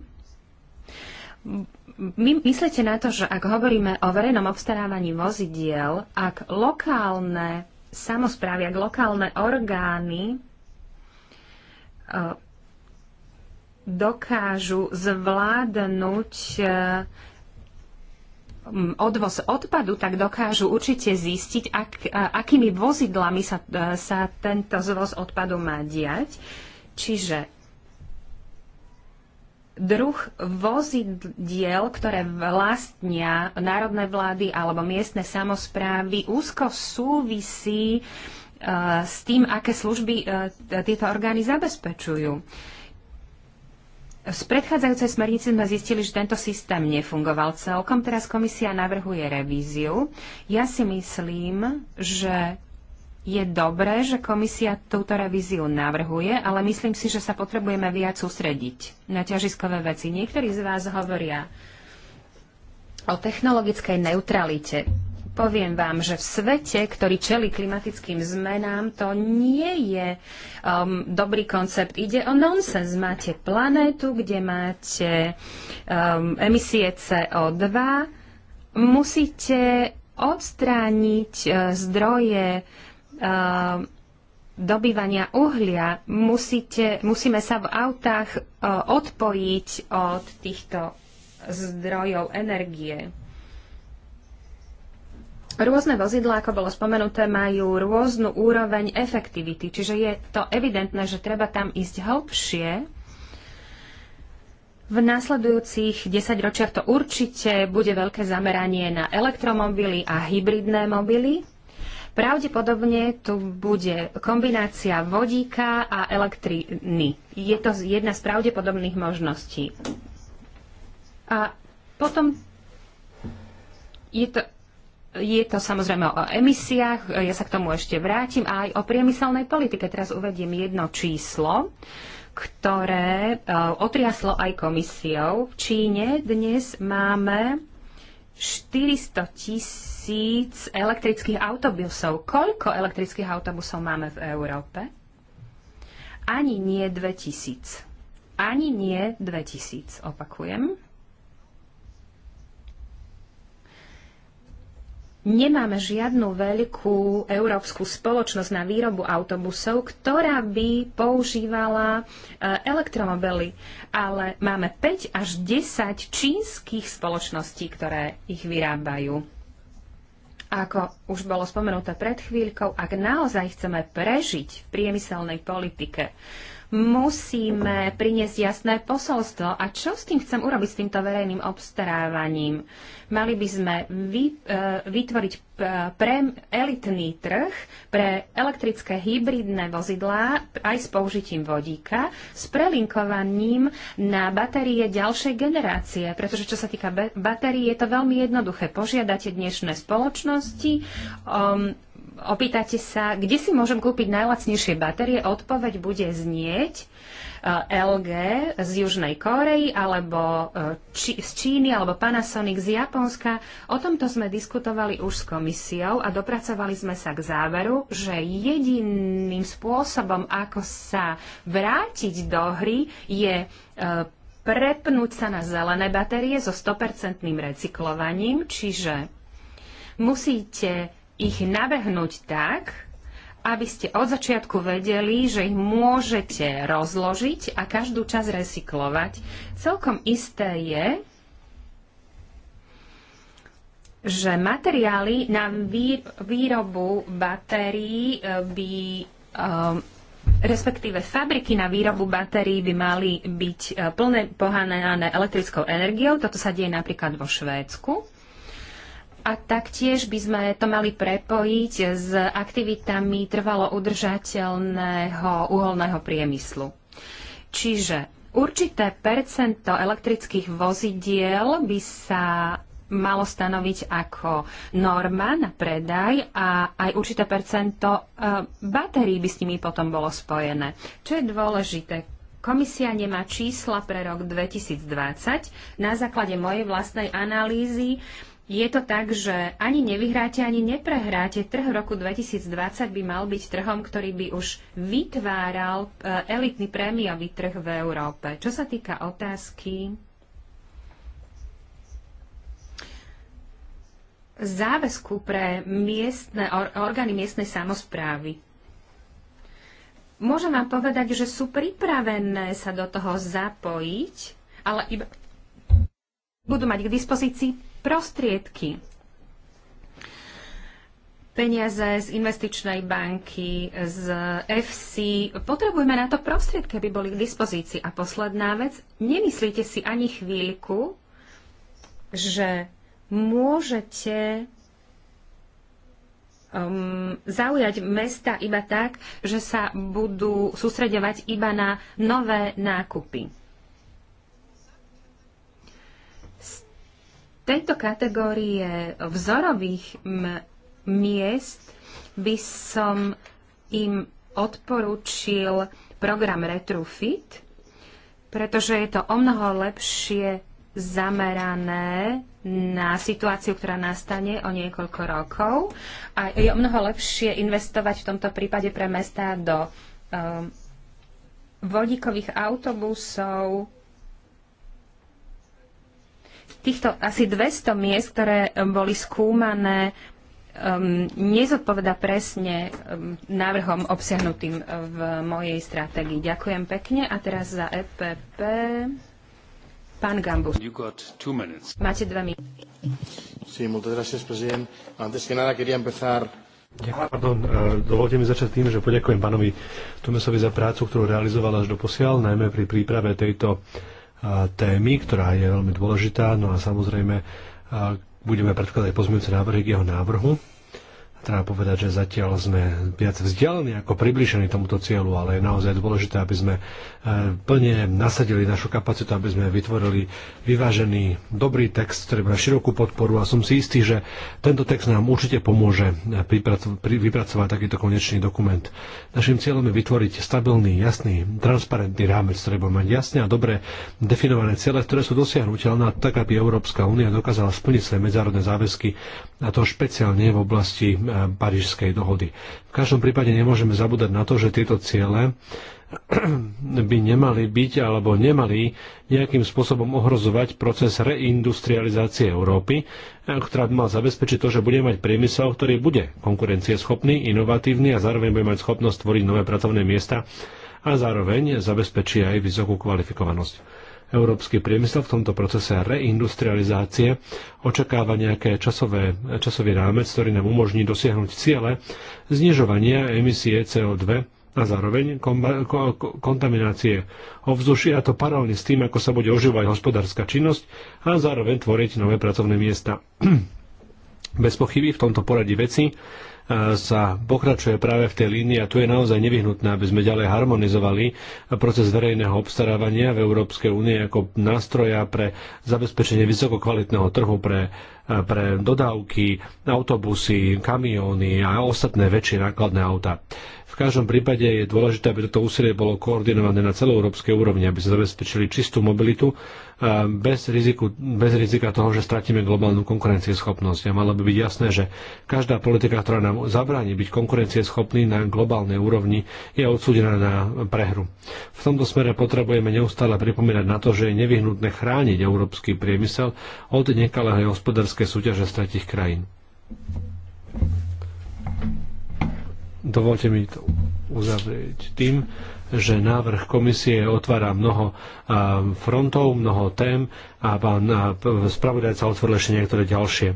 my myslíte na to, že ak hovoríme o verejnom obstarávaní vozidiel, ak lokálne samozprávy, ak lokálne orgány e, dokážu zvládnuť e, odvoz odpadu, tak dokážu určite zistiť, ak, e, akými vozidlami sa, e, sa tento zvoz odpadu má diať. Čiže druh vozidiel, ktoré vlastnia národné vlády alebo miestne samozprávy, úzko súvisí uh, s tým, aké služby uh, tieto orgány zabezpečujú. Uh, z predchádzajúcej smernice sme zistili, že tento systém nefungoval celkom. Teraz komisia navrhuje revíziu. Ja si myslím, že je dobré, že komisia túto revíziu navrhuje, ale myslím si, že sa potrebujeme viac sústrediť na ťažiskové veci. Niektorí z vás hovoria o technologickej neutralite Poviem vám, že v svete, ktorý čeli klimatickým zmenám, to nie je um, dobrý koncept. Ide o nonsens. Máte planétu, kde máte um, emisie CO2, musíte odstrániť uh, zdroje uh, dobývania uhlia, musíte, musíme sa v autách uh, odpojiť od týchto zdrojov energie. Rôzne vozidlá, ako bolo spomenuté, majú rôznu úroveň efektivity, čiže je to evidentné, že treba tam ísť hlbšie. V následujúcich 10 ročiach to určite bude veľké zameranie na elektromobily a hybridné mobily. Pravdepodobne tu bude kombinácia vodíka a elektriny. Je to jedna z pravdepodobných možností. A potom je to je to samozrejme o emisiách, ja sa k tomu ešte vrátim, a aj o priemyselnej politike. Teraz uvediem jedno číslo ktoré e, otriaslo aj komisiou. V Číne dnes máme 400 tisíc elektrických autobusov. Koľko elektrických autobusov máme v Európe? Ani nie 2000. Ani nie 2000, opakujem. nemáme žiadnu veľkú európsku spoločnosť na výrobu autobusov, ktorá by používala eh, elektromobily. Ale máme 5 až 10 čínskych spoločností, ktoré ich vyrábajú. Ako už bolo spomenuté pred chvíľkou, ak naozaj chceme prežiť v priemyselnej politike, musíme priniesť jasné posolstvo. A čo s tým chcem urobiť, s týmto verejným obstarávaním? Mali by sme vy, e, vytvoriť e, pre elitný trh pre elektrické hybridné vozidlá aj s použitím vodíka s prelinkovaním na batérie ďalšej generácie. Pretože čo sa týka batérií, je to veľmi jednoduché. Požiadate dnešné spoločnosti um, opýtate sa, kde si môžem kúpiť najlacnejšie batérie, odpoveď bude znieť eh, LG z Južnej Korei alebo eh, či, z Číny alebo Panasonic z Japonska. O tomto sme diskutovali už s komisiou a dopracovali sme sa k záveru, že jediným spôsobom, ako sa vrátiť do hry, je eh, prepnúť sa na zelené batérie so 100% recyklovaním, čiže musíte ich nabehnúť tak, aby ste od začiatku vedeli, že ich môžete rozložiť a každú čas recyklovať. Celkom isté je, že materiály na výrobu batérií eh, by, eh, respektíve fabriky na výrobu batérií by mali byť eh, plne pohánené elektrickou energiou. Toto sa deje napríklad vo Švédsku. A taktiež by sme to mali prepojiť s aktivitami trvalo udržateľného uholného priemyslu. Čiže určité percento elektrických vozidiel by sa malo stanoviť ako norma na predaj a aj určité percento e, batérií by s nimi potom bolo spojené. Čo je dôležité, Komisia nemá čísla pre rok 2020. Na základe mojej vlastnej analýzy je to tak, že ani nevyhráte, ani neprehráte. Trh roku 2020 by mal byť trhom, ktorý by už vytváral eh, elitný prémiový trh v Európe. Čo sa týka otázky záväzku pre miestne, or, orgány miestnej samozprávy. Môžem vám povedať, že sú pripravené sa do toho zapojiť, ale iba budú mať k dispozícii prostriedky peniaze z investičnej banky, z FC. Potrebujeme na to prostriedky, aby boli k dispozícii. A posledná vec, nemyslíte si ani chvíľku, že môžete um, zaujať mesta iba tak, že sa budú sústredovať iba na nové nákupy. tejto kategórie vzorových miest by som im odporúčil program Retrofit, pretože je to o mnoho lepšie zamerané na situáciu, ktorá nastane o niekoľko rokov a je o mnoho lepšie investovať v tomto prípade pre mestá do um, vodíkových autobusov, Týchto asi 200 miest, ktoré eh, boli skúmané, um, nezodpoveda presne um, návrhom obsiahnutým eh, v mojej stratégii. Ďakujem pekne a teraz za EPP pán Gambus. Máte dva minúty. Pardon, eh, dovolte mi začať tým, že poďakujem pánovi Tomesovi za prácu, ktorú realizoval až do posiaľ, najmä pri príprave tejto témy, ktorá je veľmi dôležitá. No a samozrejme budeme predkladať pozmeňujúce návrhy k jeho návrhu Treba povedať, že zatiaľ sme viac vzdialení ako približení tomuto cieľu, ale je naozaj dôležité, aby sme e, plne nasadili našu kapacitu, aby sme vytvorili vyvážený, dobrý text, ktorý má širokú podporu a som si istý, že tento text nám určite pomôže e, vypracovať takýto konečný dokument. Našim cieľom je vytvoriť stabilný, jasný, transparentný rámec, ktorý bude mať jasne a dobre definované ciele, ktoré sú dosiahnuteľné, tak aby Európska únia dokázala splniť svoje medzárodné záväzky a to špeciálne v oblasti E, Parížskej dohody. V každom prípade nemôžeme zabúdať na to, že tieto ciele [CLEARS THROAT] by nemali byť alebo nemali nejakým spôsobom ohrozovať proces reindustrializácie Európy, e, ktorá by mala zabezpečiť to, že bude mať priemysel, ktorý bude konkurencieschopný, inovatívny a zároveň bude mať schopnosť tvoriť nové pracovné miesta a zároveň zabezpečí aj vysokú kvalifikovanosť európsky priemysel v tomto procese reindustrializácie očakáva nejaké časové, časový rámec, ktorý nám umožní dosiahnuť ciele znižovania emisie CO2 a zároveň kontaminácie ovzdušia, a to paralelne s tým, ako sa bude ožívať hospodárska činnosť a zároveň tvoriť nové pracovné miesta. [CLEARS THROAT] Bez pochyby v tomto poradí veci E, sa pokračuje práve v tej línii a tu je naozaj nevyhnutné, aby sme ďalej harmonizovali proces verejného obstarávania v Európskej únie ako nástroja pre zabezpečenie vysokokvalitného trhu pre, e, pre dodávky, autobusy, kamióny a ostatné väčšie nákladné auta. V každom prípade je dôležité, aby toto úsilie bolo koordinované na celoeurópskej úrovni, aby sme zabezpečili čistú mobilitu bez, riziku, bez rizika toho, že stratíme globálnu konkurencieschopnosť. A malo by byť jasné, že každá politika, ktorá nám zabráni byť konkurencieschopný na globálnej úrovni, je odsúdená na prehru. V tomto smere potrebujeme neustále pripomínať na to, že je nevyhnutné chrániť európsky priemysel od nekalého hospodárskej súťaže z tretich krajín. Dovolte mi to uzavrieť tým, že návrh komisie otvára mnoho frontov, mnoho tém a pán spravodajca otvoril ešte niektoré ďalšie.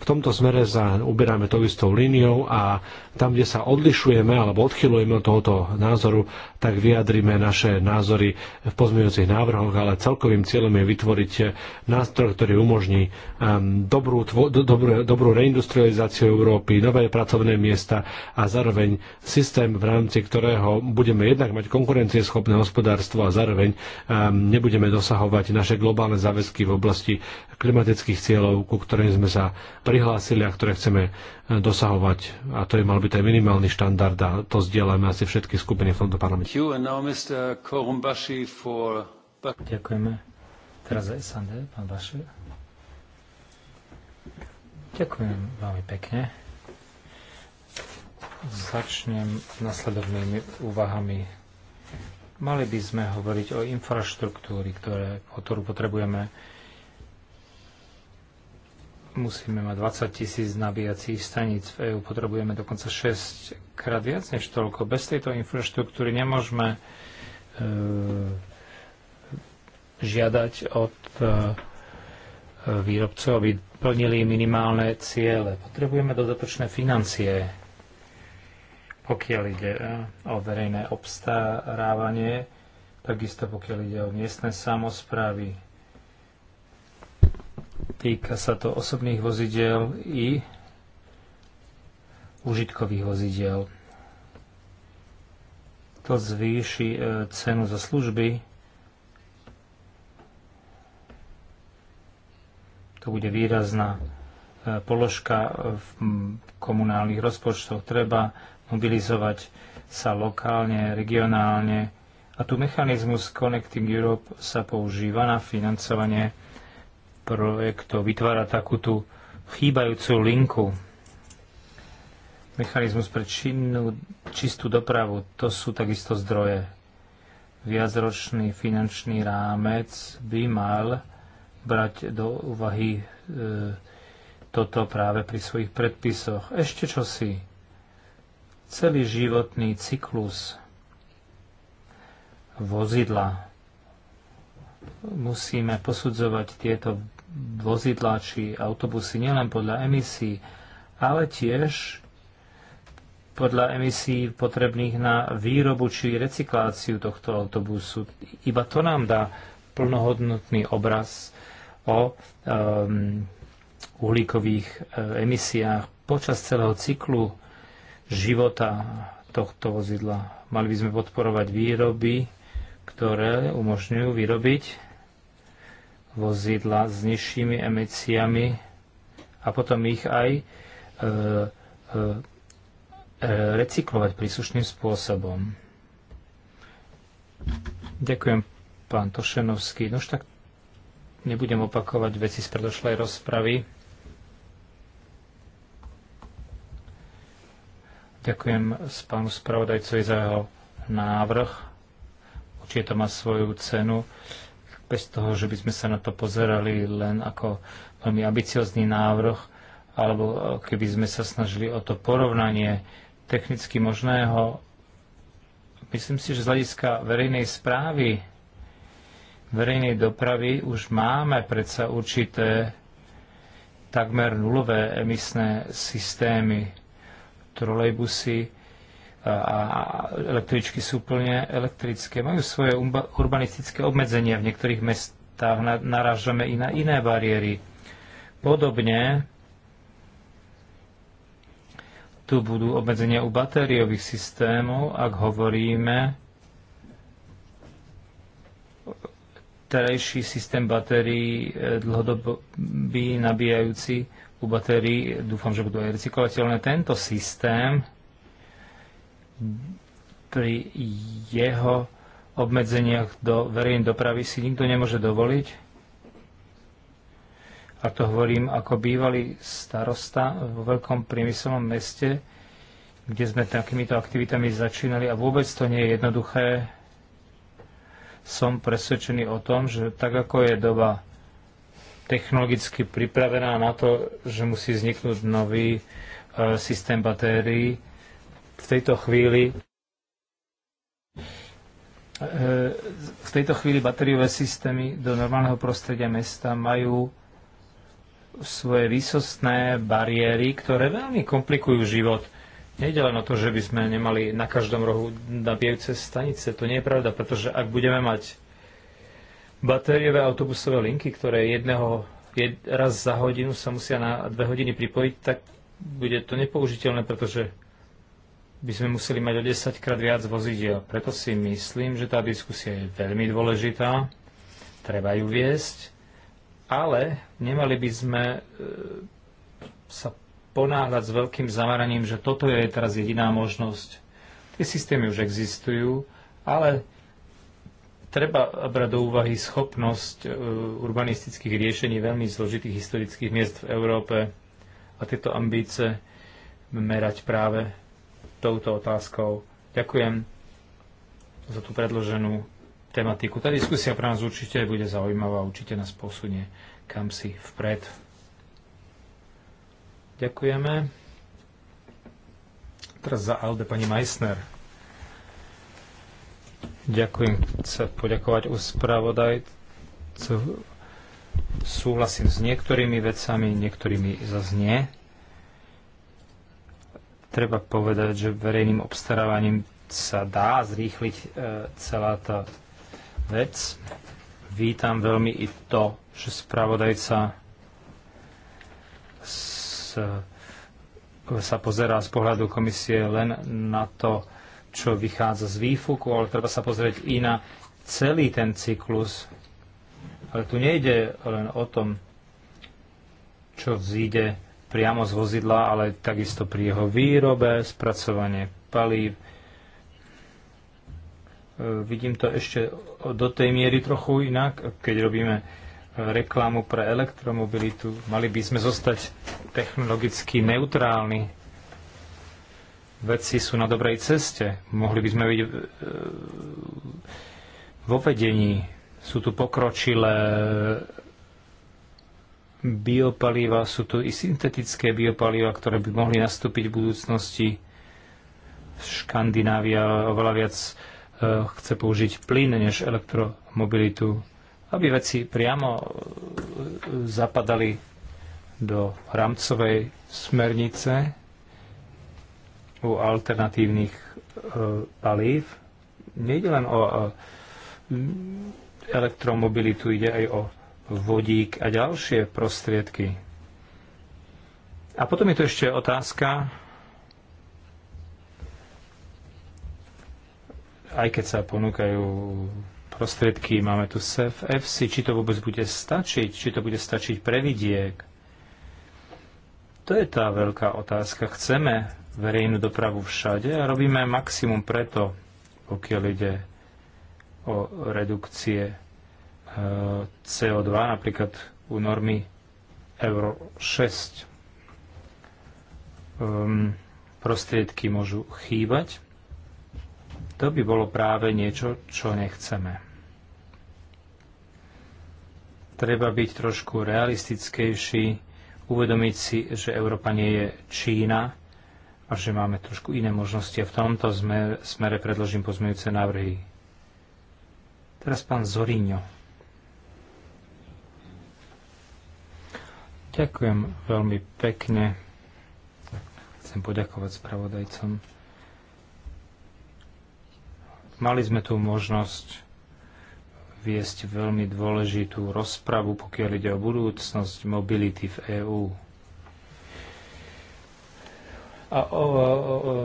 V tomto smere sa uberáme tou istou líniou a tam, kde sa odlišujeme alebo odchylujeme od tohoto názoru, tak vyjadrime naše názory v pozmeňujúcich návrhoch, ale celkovým cieľom je vytvoriť eh, nástroj, ktorý umožní ehm, dobrú, tvo, dobrú, dobrú reindustrializáciu Európy, nové pracovné miesta a zároveň systém, v rámci ktorého budeme jednak mať konkurencieschopné hospodárstvo a zároveň ehm, nebudeme dosahovať naše globálne záväzky v oblasti klimatických cieľov, ku ktorým sme sa prihlásili a ktoré chceme eh, dosahovať. A to je mal byť aby to minimálny štandard a to zdieľame asi všetky skupiny v tomto parlamente. Ďakujeme. Teraz aj Sande, pán Baši. Ďakujem veľmi pekne. Začnem nasledovnými úvahami. Mali by sme hovoriť o infraštruktúri, ktoré, ktorú potrebujeme musíme mať 20 tisíc nabíjacích staníc v EÚ, potrebujeme dokonca 6 krát viac než toľko. Bez tejto infraštruktúry nemôžeme e, žiadať od e, výrobcov, aby plnili minimálne ciele. Potrebujeme dodatočné financie, pokiaľ ide e, o verejné obstarávanie, takisto pokiaľ ide o miestne samozprávy, Týka sa to osobných vozidiel i užitkových vozidiel. To zvýši e, cenu za služby. To bude výrazná e, položka v komunálnych rozpočtoch. Treba mobilizovať sa lokálne, regionálne. A tu mechanizmus Connecting Europe sa používa na financovanie projektov vytvára takú tú chýbajúcu linku. Mechanizmus pre činnú, čistú dopravu, to sú takisto zdroje. Viacročný finančný rámec by mal brať do úvahy e, toto práve pri svojich predpisoch. Ešte čosi. Celý životný cyklus vozidla musíme posudzovať tieto vozidlá či autobusy nielen podľa emisí, ale tiež podľa emisí potrebných na výrobu či recikláciu tohto autobusu. Iba to nám dá plnohodnotný obraz o um, uhlíkových e, emisiách počas celého cyklu života tohto vozidla. Mali by sme podporovať výroby, ktoré umožňujú vyrobiť vozidla s nižšími emisiami a potom ich aj e, e, e, recyklovať príslušným spôsobom. Ďakujem, pán Tošenovský. No už tak nebudem opakovať veci z predošlej rozpravy. Ďakujem pánu spravodajcovi za jeho návrh. Určite to má svoju cenu. E, bez toho, že by sme sa na to pozerali len ako veľmi ambiciozný návrh, alebo e, keby sme sa snažili o to porovnanie technicky možného. Myslím si, že z hľadiska verejnej správy, verejnej dopravy už máme predsa určité takmer nulové emisné systémy, trolejbusy, a električky sú plne elektrické. Majú svoje urbanistické obmedzenia. V niektorých mestách narážame i na iné bariéry. Podobne tu budú obmedzenia u batériových systémov, ak hovoríme terajší systém batérií e, dlhodobý nabíjajúci u batérií, dúfam, že budú aj recyklovateľné. Tento systém pri jeho obmedzeniach do verejnej dopravy si nikto nemôže dovoliť. A to hovorím ako bývalý starosta vo veľkom priemyselnom meste, kde sme takýmito aktivitami začínali a vôbec to nie je jednoduché. Som presvedčený o tom, že tak ako je doba technologicky pripravená na to, že musí vzniknúť nový e, systém batérií, v tejto chvíli v tejto chvíli batériové systémy do normálneho prostredia mesta majú svoje výsostné bariéry, ktoré veľmi komplikujú život. Nejde len o to, že by sme nemali na každom rohu nabijajúce stanice. To nie je pravda, pretože ak budeme mať batériové autobusové linky, ktoré jedného jed, raz za hodinu sa musia na dve hodiny pripojiť, tak bude to nepoužiteľné, pretože by sme museli mať o 10 krát viac vozidiel. Preto si myslím, že tá diskusia je veľmi dôležitá, treba ju viesť, ale nemali by sme e, sa ponáhľať s veľkým zameraním, že toto je teraz jediná možnosť. Tie systémy už existujú, ale treba brať do úvahy schopnosť e, urbanistických riešení veľmi zložitých historických miest v Európe a tieto ambíce merať práve touto otázkou. Ďakujem za tú predloženú tematiku. Tá diskusia pre nás určite bude zaujímavá, určite nás posunie kam si vpred. Ďakujeme. Teraz za Alde pani Meissner. Ďakujem. Chcem poďakovať u spravodajcu. Súhlasím s niektorými vecami, niektorými zase nie treba povedať, že verejným obstarávaním sa dá zrýchliť e, celá tá vec. Vítam veľmi i to, že spravodajca s, e, sa pozerá z pohľadu komisie len na to, čo vychádza z výfuku, ale treba sa pozrieť i na celý ten cyklus. Ale tu nejde len o tom, čo vzíde priamo z vozidla, ale takisto pri jeho výrobe, spracovanie palív. E, vidím to ešte do tej miery trochu inak, keď robíme e, reklamu pre elektromobilitu. Mali by sme zostať technologicky neutrálni. Veci sú na dobrej ceste. Mohli by sme byť e, vo vedení. Sú tu pokročilé biopalíva, sú tu i syntetické biopalíva, ktoré by mohli nastúpiť v budúcnosti. Škandinávia oveľa viac e, chce použiť plyn než elektromobilitu, aby veci priamo e, zapadali do rámcovej smernice u alternatívnych e, palív. Nejde len o elektromobilitu, ide aj o vodík a ďalšie prostriedky. A potom je tu ešte otázka, aj keď sa ponúkajú prostriedky, máme tu SEF, či to vôbec bude stačiť, či to bude stačiť pre vidiek. To je tá veľká otázka. Chceme verejnú dopravu všade a robíme maximum preto, pokiaľ ide o redukcie CO2, napríklad u normy Euro 6. Ehm, prostriedky môžu chýbať. To by bolo práve niečo, čo nechceme. Treba byť trošku realistickejší, uvedomiť si, že Európa nie je Čína a že máme trošku iné možnosti. A v tomto smere predložím pozmejúce návrhy. Teraz pán Zoríňo. Ďakujem veľmi pekne. Chcem poďakovať spravodajcom. Mali sme tu možnosť viesť veľmi dôležitú rozpravu, pokiaľ ide o budúcnosť mobility v EÚ. A o, o, o,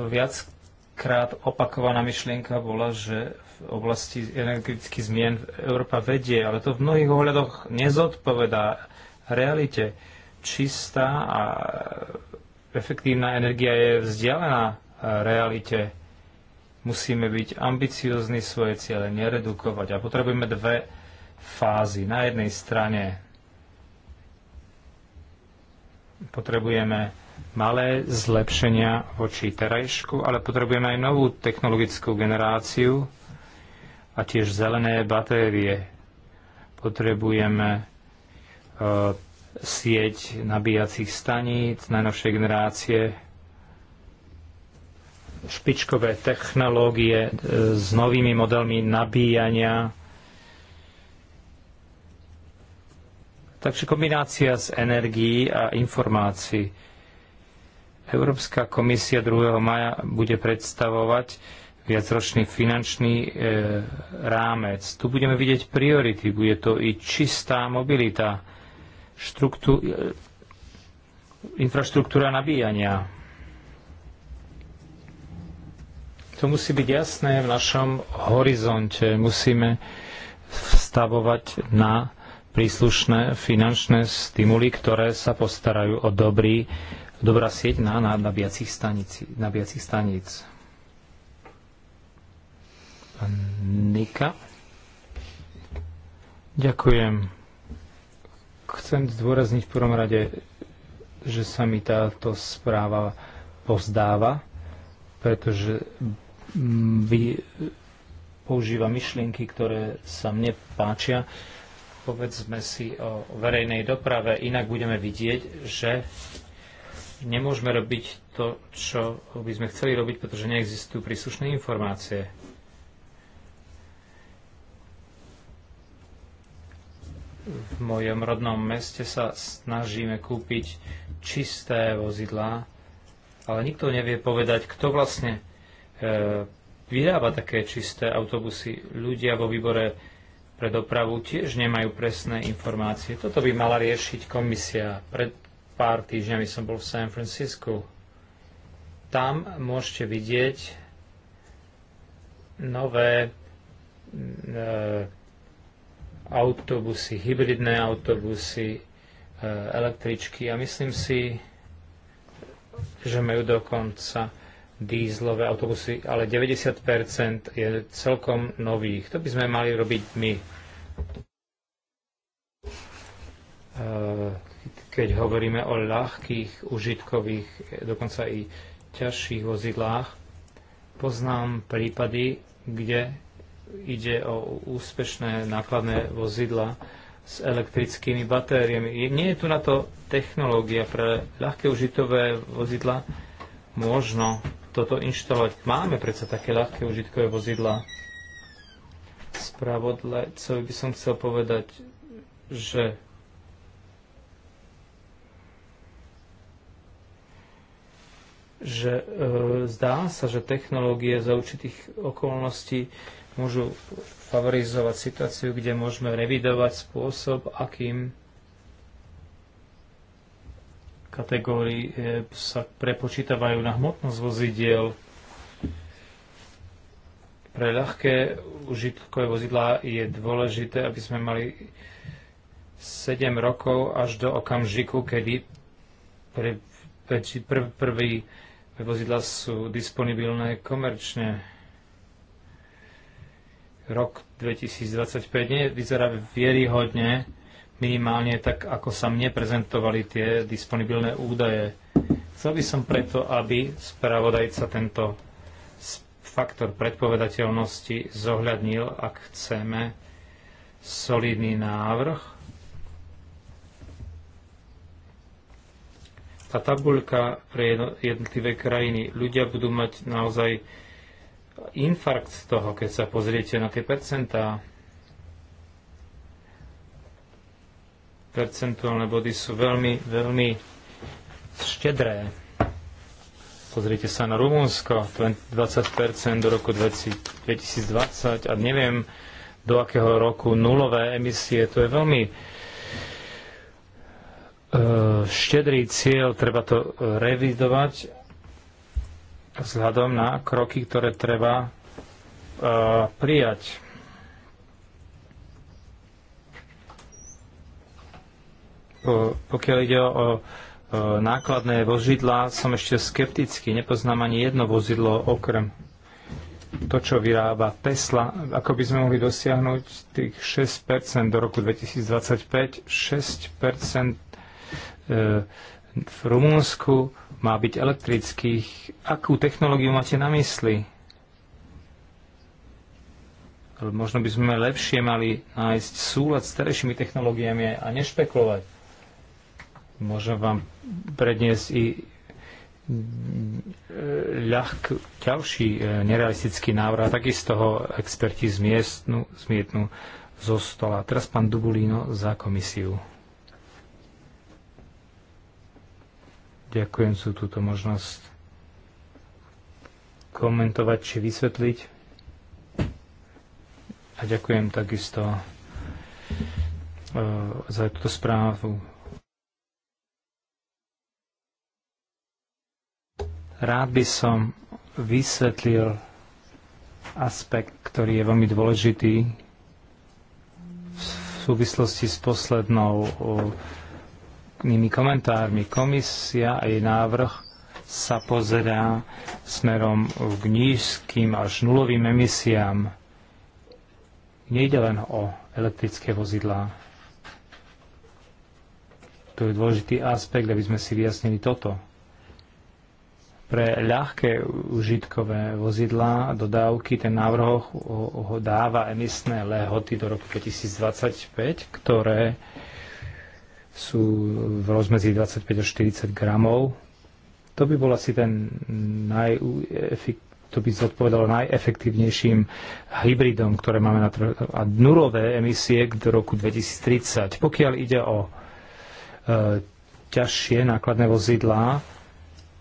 viackrát opakovaná myšlienka bola, že v oblasti energetických zmien Európa vedie, ale to v mnohých ohľadoch nezodpovedá realite čistá a efektívna energia je vzdialená e, realite. Musíme byť ambiciozni, svoje ciele neredukovať a potrebujeme dve fázy. Na jednej strane potrebujeme malé zlepšenia voči terajšku, ale potrebujeme aj novú technologickú generáciu a tiež zelené batérie. Potrebujeme e, sieť nabíjacích staníc najnovšej generácie, špičkové technológie e, s novými modelmi nabíjania. Takže kombinácia z energií a informácií. Európska komisia 2. maja bude predstavovať viacročný finančný e, rámec. Tu budeme vidieť priority. Bude to i čistá mobilita, štruktú, e, infraštruktúra nabíjania. To musí byť jasné v našom horizonte. Musíme vstavovať na príslušné finančné stimuly, ktoré sa postarajú o dobrý, dobrá sieť na, nabíjacích, stanici, nabíjacích staníc. Nika. Ďakujem Chcem zdôrazniť v prvom rade, že sa mi táto správa pozdáva, pretože mm, vy používa myšlienky, ktoré sa mne páčia. Povedzme si o verejnej doprave, inak budeme vidieť, že nemôžeme robiť to, čo by sme chceli robiť, pretože neexistujú príslušné informácie. v mojom rodnom meste sa snažíme kúpiť čisté vozidlá, ale nikto nevie povedať, kto vlastne e, vyrába také čisté autobusy. Ľudia vo výbore pre dopravu tiež nemajú presné informácie. Toto by mala riešiť komisia. Pred pár týždňami som bol v San Francisco. Tam môžete vidieť nové e, autobusy, hybridné autobusy, e, električky a myslím si, že majú dokonca dízlové autobusy, ale 90% je celkom nových. To by sme mali robiť my. E, keď hovoríme o ľahkých, užitkových, dokonca i ťažších vozidlách, poznám prípady, kde ide o úspešné nákladné vozidla s elektrickými batériami. Nie je tu na to technológia pre ľahké užitové vozidla. Možno toto inštalovať. Máme predsa také ľahké užitkové vozidla. Spravodajcovi by som chcel povedať, že že e, zdá sa, že technológie za určitých okolností môžu favorizovať situáciu, kde môžeme revidovať spôsob, akým kategórii e, sa prepočítavajú na hmotnosť vozidiel. Pre ľahké užitkové vozidlá je dôležité, aby sme mali 7 rokov až do okamžiku, kedy pre, pre, prvý vozidla sú disponibilné komerčne rok 2025 nevyzerá vieryhodne, minimálne tak, ako sa mne prezentovali tie disponibilné údaje. Chcel by som preto, aby spravodajca tento faktor predpovedateľnosti zohľadnil, ak chceme solidný návrh. Tá tabuľka pre jednotlivé krajiny. Ľudia budú mať naozaj infarkt z toho, keď sa pozriete na tie percentá. Percentuálne body sú veľmi, veľmi štedré. Pozrite sa na Rumunsko, 20% do roku 2020 a neviem do akého roku nulové emisie. To je veľmi e, štedrý cieľ, treba to revidovať vzhľadom na kroky, ktoré treba e, prijať. Po, pokiaľ ide o, o nákladné vozidlá, som ešte skeptický. Nepoznám ani jedno vozidlo okrem to, čo vyrába Tesla. Ako by sme mohli dosiahnuť tých 6% do roku 2025, 6% e, v Rumúnsku, má byť elektrických. Akú technológiu máte na mysli? Možno by sme lepšie mali nájsť súlad s terejšími technológiami a nešpekulovať. Môžem vám predniesť i e, ľahk, ďalší e, nerealistický návrh a takisto ho experti zmietnú zo stola. Teraz pán Dubulíno za komisiu. Ďakujem za túto možnosť komentovať či vysvetliť. A ďakujem takisto e, za túto správu. Rád by som vysvetlil aspekt, ktorý je veľmi dôležitý v súvislosti s poslednou mými komentármi. Komisia a jej návrh sa pozerá smerom k nízkym až nulovým emisiám. Nejde len o elektrické vozidlá. To je dôležitý aspekt, aby sme si vyjasnili toto. Pre ľahké užitkové vozidlá dodávky ten návrh dáva emisné lehoty do roku 2025, ktoré sú v rozmedzi 25 až 40 gramov. To by bol asi ten najefektívnejší to by zodpovedalo najefektívnejším hybridom, ktoré máme na trhu. A nulové emisie do roku 2030. Pokiaľ ide o e, ťažšie nákladné vozidlá,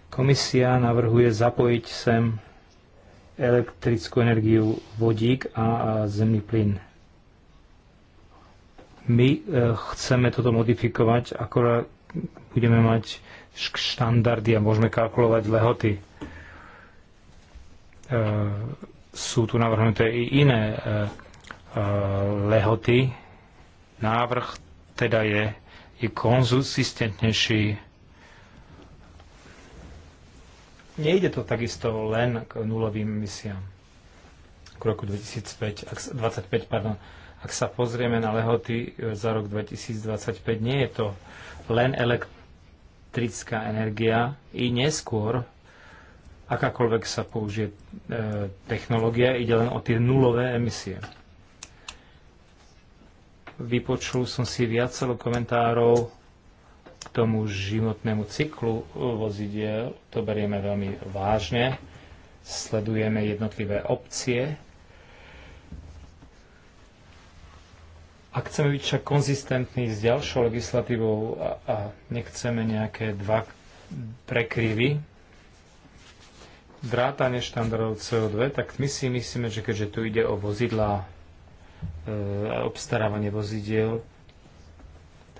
komisia navrhuje zapojiť sem elektrickú energiu, vodík a, a zemný plyn. My e, chceme toto modifikovať, akorát budeme mať štandardy a môžeme kalkulovať lehoty. E, sú tu navrhnuté i iné e, lehoty. Návrh teda je, i konzistentnejší. Nejde to takisto len k nulovým emisiám k roku 2005, 25, pardon, ak sa pozrieme na lehoty e, za rok 2025, nie je to len elektrická energia, i neskôr akákoľvek sa použije e, technológia, ide len o tie nulové emisie. Vypočul som si viac komentárov k tomu životnému cyklu vozidiel. To berieme veľmi vážne. Sledujeme jednotlivé opcie Ak chceme byť však konzistentní s ďalšou legislatívou a, a nechceme nejaké dva prekryvy, vrátanie štandardov CO2, tak my si myslíme, že keďže tu ide o vozidlá e, a obstarávanie vozidiel,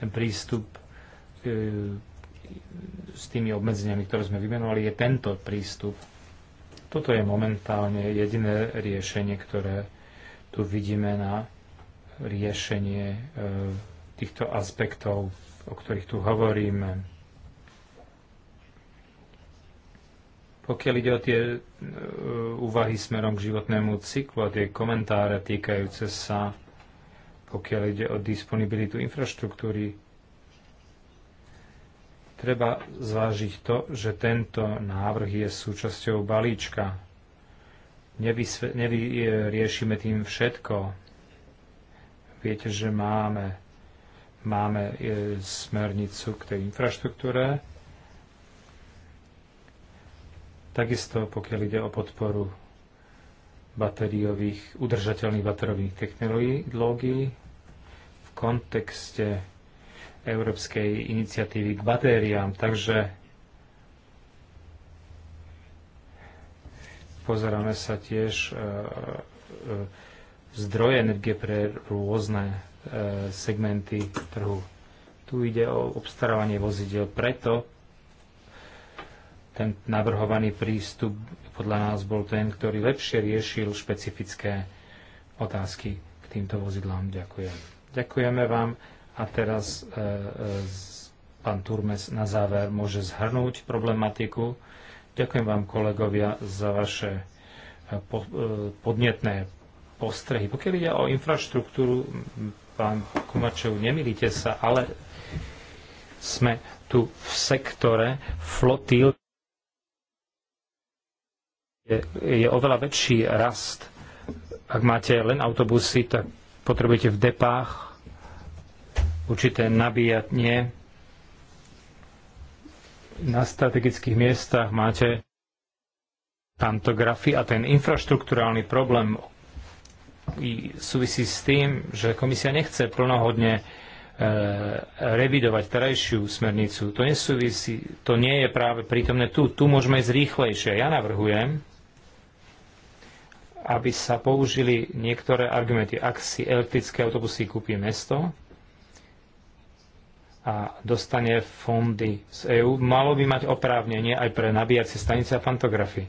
ten prístup e, s tými obmedzeniami, ktoré sme vymenovali, je tento prístup. Toto je momentálne jediné riešenie, ktoré tu vidíme na riešenie e, týchto aspektov, o ktorých tu hovoríme. Pokiaľ ide o tie e, úvahy smerom k životnému cyklu a tie komentáre týkajúce sa, pokiaľ ide o disponibilitu infraštruktúry, treba zvážiť to, že tento návrh je súčasťou balíčka. Nevysve, nevyriešime tým všetko. Viete, že máme, máme e, smernicu k tej infraštruktúre. Takisto, pokiaľ ide o podporu batériových, udržateľných batériových technológií v kontexte Európskej iniciatívy k batériám. Takže pozeráme sa tiež e, e, zdroje energie pre rôzne e, segmenty trhu. Tu ide o obstarávanie vozidel, preto ten navrhovaný prístup podľa nás bol ten, ktorý lepšie riešil špecifické otázky k týmto vozidlám. Ďakujem. Ďakujeme vám a teraz e, e, pán Turmes na záver môže zhrnúť problematiku. Ďakujem vám kolegovia za vaše e, e, podnetné postrehy. Pokiaľ ide o infraštruktúru, pán Kumačev, nemilíte sa, ale sme tu v sektore flotil je, je oveľa väčší rast. Ak máte len autobusy, tak potrebujete v depách určité nabíjanie. Na strategických miestach máte pantografy a ten infraštruktúrálny problém, súvisí s tým, že komisia nechce plnohodne e, revidovať terajšiu smernicu. To nesúvisí, to nie je práve prítomné tu. Tu môžeme ísť rýchlejšie. Ja navrhujem, aby sa použili niektoré argumenty. Ak si elektrické autobusy kúpi mesto a dostane fondy z EÚ, malo by mať oprávnenie aj pre nabíjacie stanice a pantografy.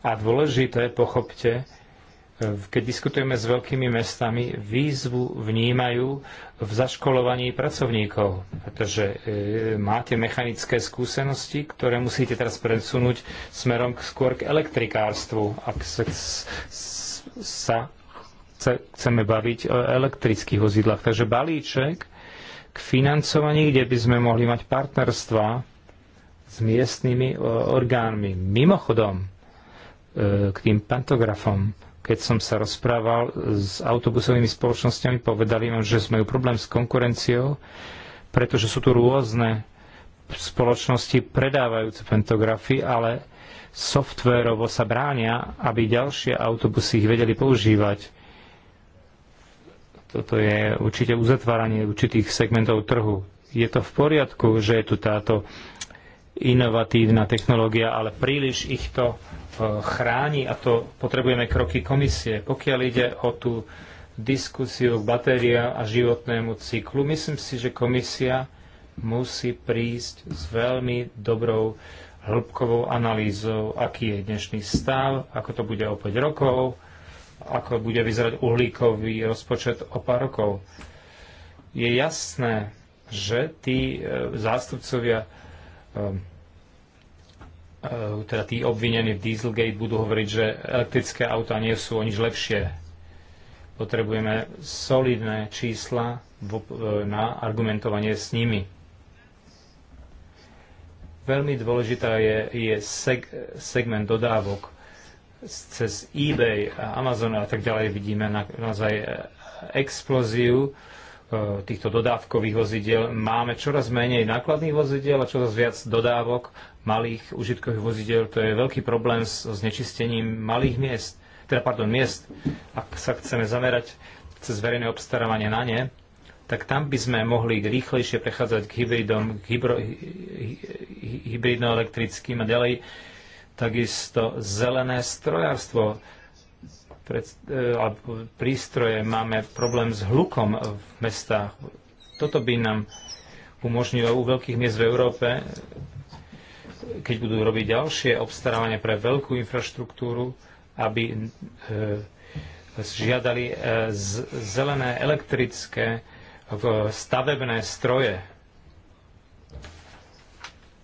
A dôležité, pochopte, keď diskutujeme s veľkými mestami, výzvu vnímajú v zaškolovaní pracovníkov, pretože e, máte mechanické skúsenosti, ktoré musíte teraz presunúť smerom skôr k elektrikárstvu, ak sa, sa chceme baviť o elektrických vozidlách. Takže balíček k financovaní, kde by sme mohli mať partnerstva s miestnymi orgánmi. Mimochodom, e, k tým pantografom, keď som sa rozprával s autobusovými spoločnosťami, povedali nám, že majú problém s konkurenciou, pretože sú tu rôzne spoločnosti predávajúce pentografy, ale softvérovo sa bránia, aby ďalšie autobusy ich vedeli používať. Toto je určite uzatváranie určitých segmentov trhu. Je to v poriadku, že je tu táto inovatívna technológia, ale príliš ich to chráni a to potrebujeme kroky komisie. Pokiaľ ide o tú diskusiu batéria a životnému cyklu, myslím si, že komisia musí prísť s veľmi dobrou hĺbkovou analýzou, aký je dnešný stav, ako to bude o 5 rokov, ako bude vyzerať uhlíkový rozpočet o pár rokov. Je jasné, že tí e, zástupcovia e, E, teda tí obvinení v Dieselgate budú hovoriť, že elektrické autá nie sú o nič lepšie. Potrebujeme solidné čísla e, na argumentovanie s nimi. Veľmi dôležitá je, je seg, segment dodávok. Cez eBay, a Amazon a tak ďalej vidíme na, naozaj e, explóziu týchto dodávkových vozidel. Máme čoraz menej nákladných vozidel a čoraz viac dodávok malých užitkových vozidel, to je veľký problém s znečistením malých miest, teda pardon, miest, ak sa chceme zamerať cez verejné obstarávanie na ne, tak tam by sme mohli rýchlejšie prechádzať k hybridom, k hybro, hybridno-elektrickým a ďalej. Takisto zelené strojárstvo, pred, e, alebo prístroje, máme problém s hlukom v mestách. Toto by nám umožnilo u veľkých miest v Európe keď budú robiť ďalšie obstarávanie pre veľkú infraštruktúru, aby e, žiadali e, zelené elektrické e, stavebné stroje.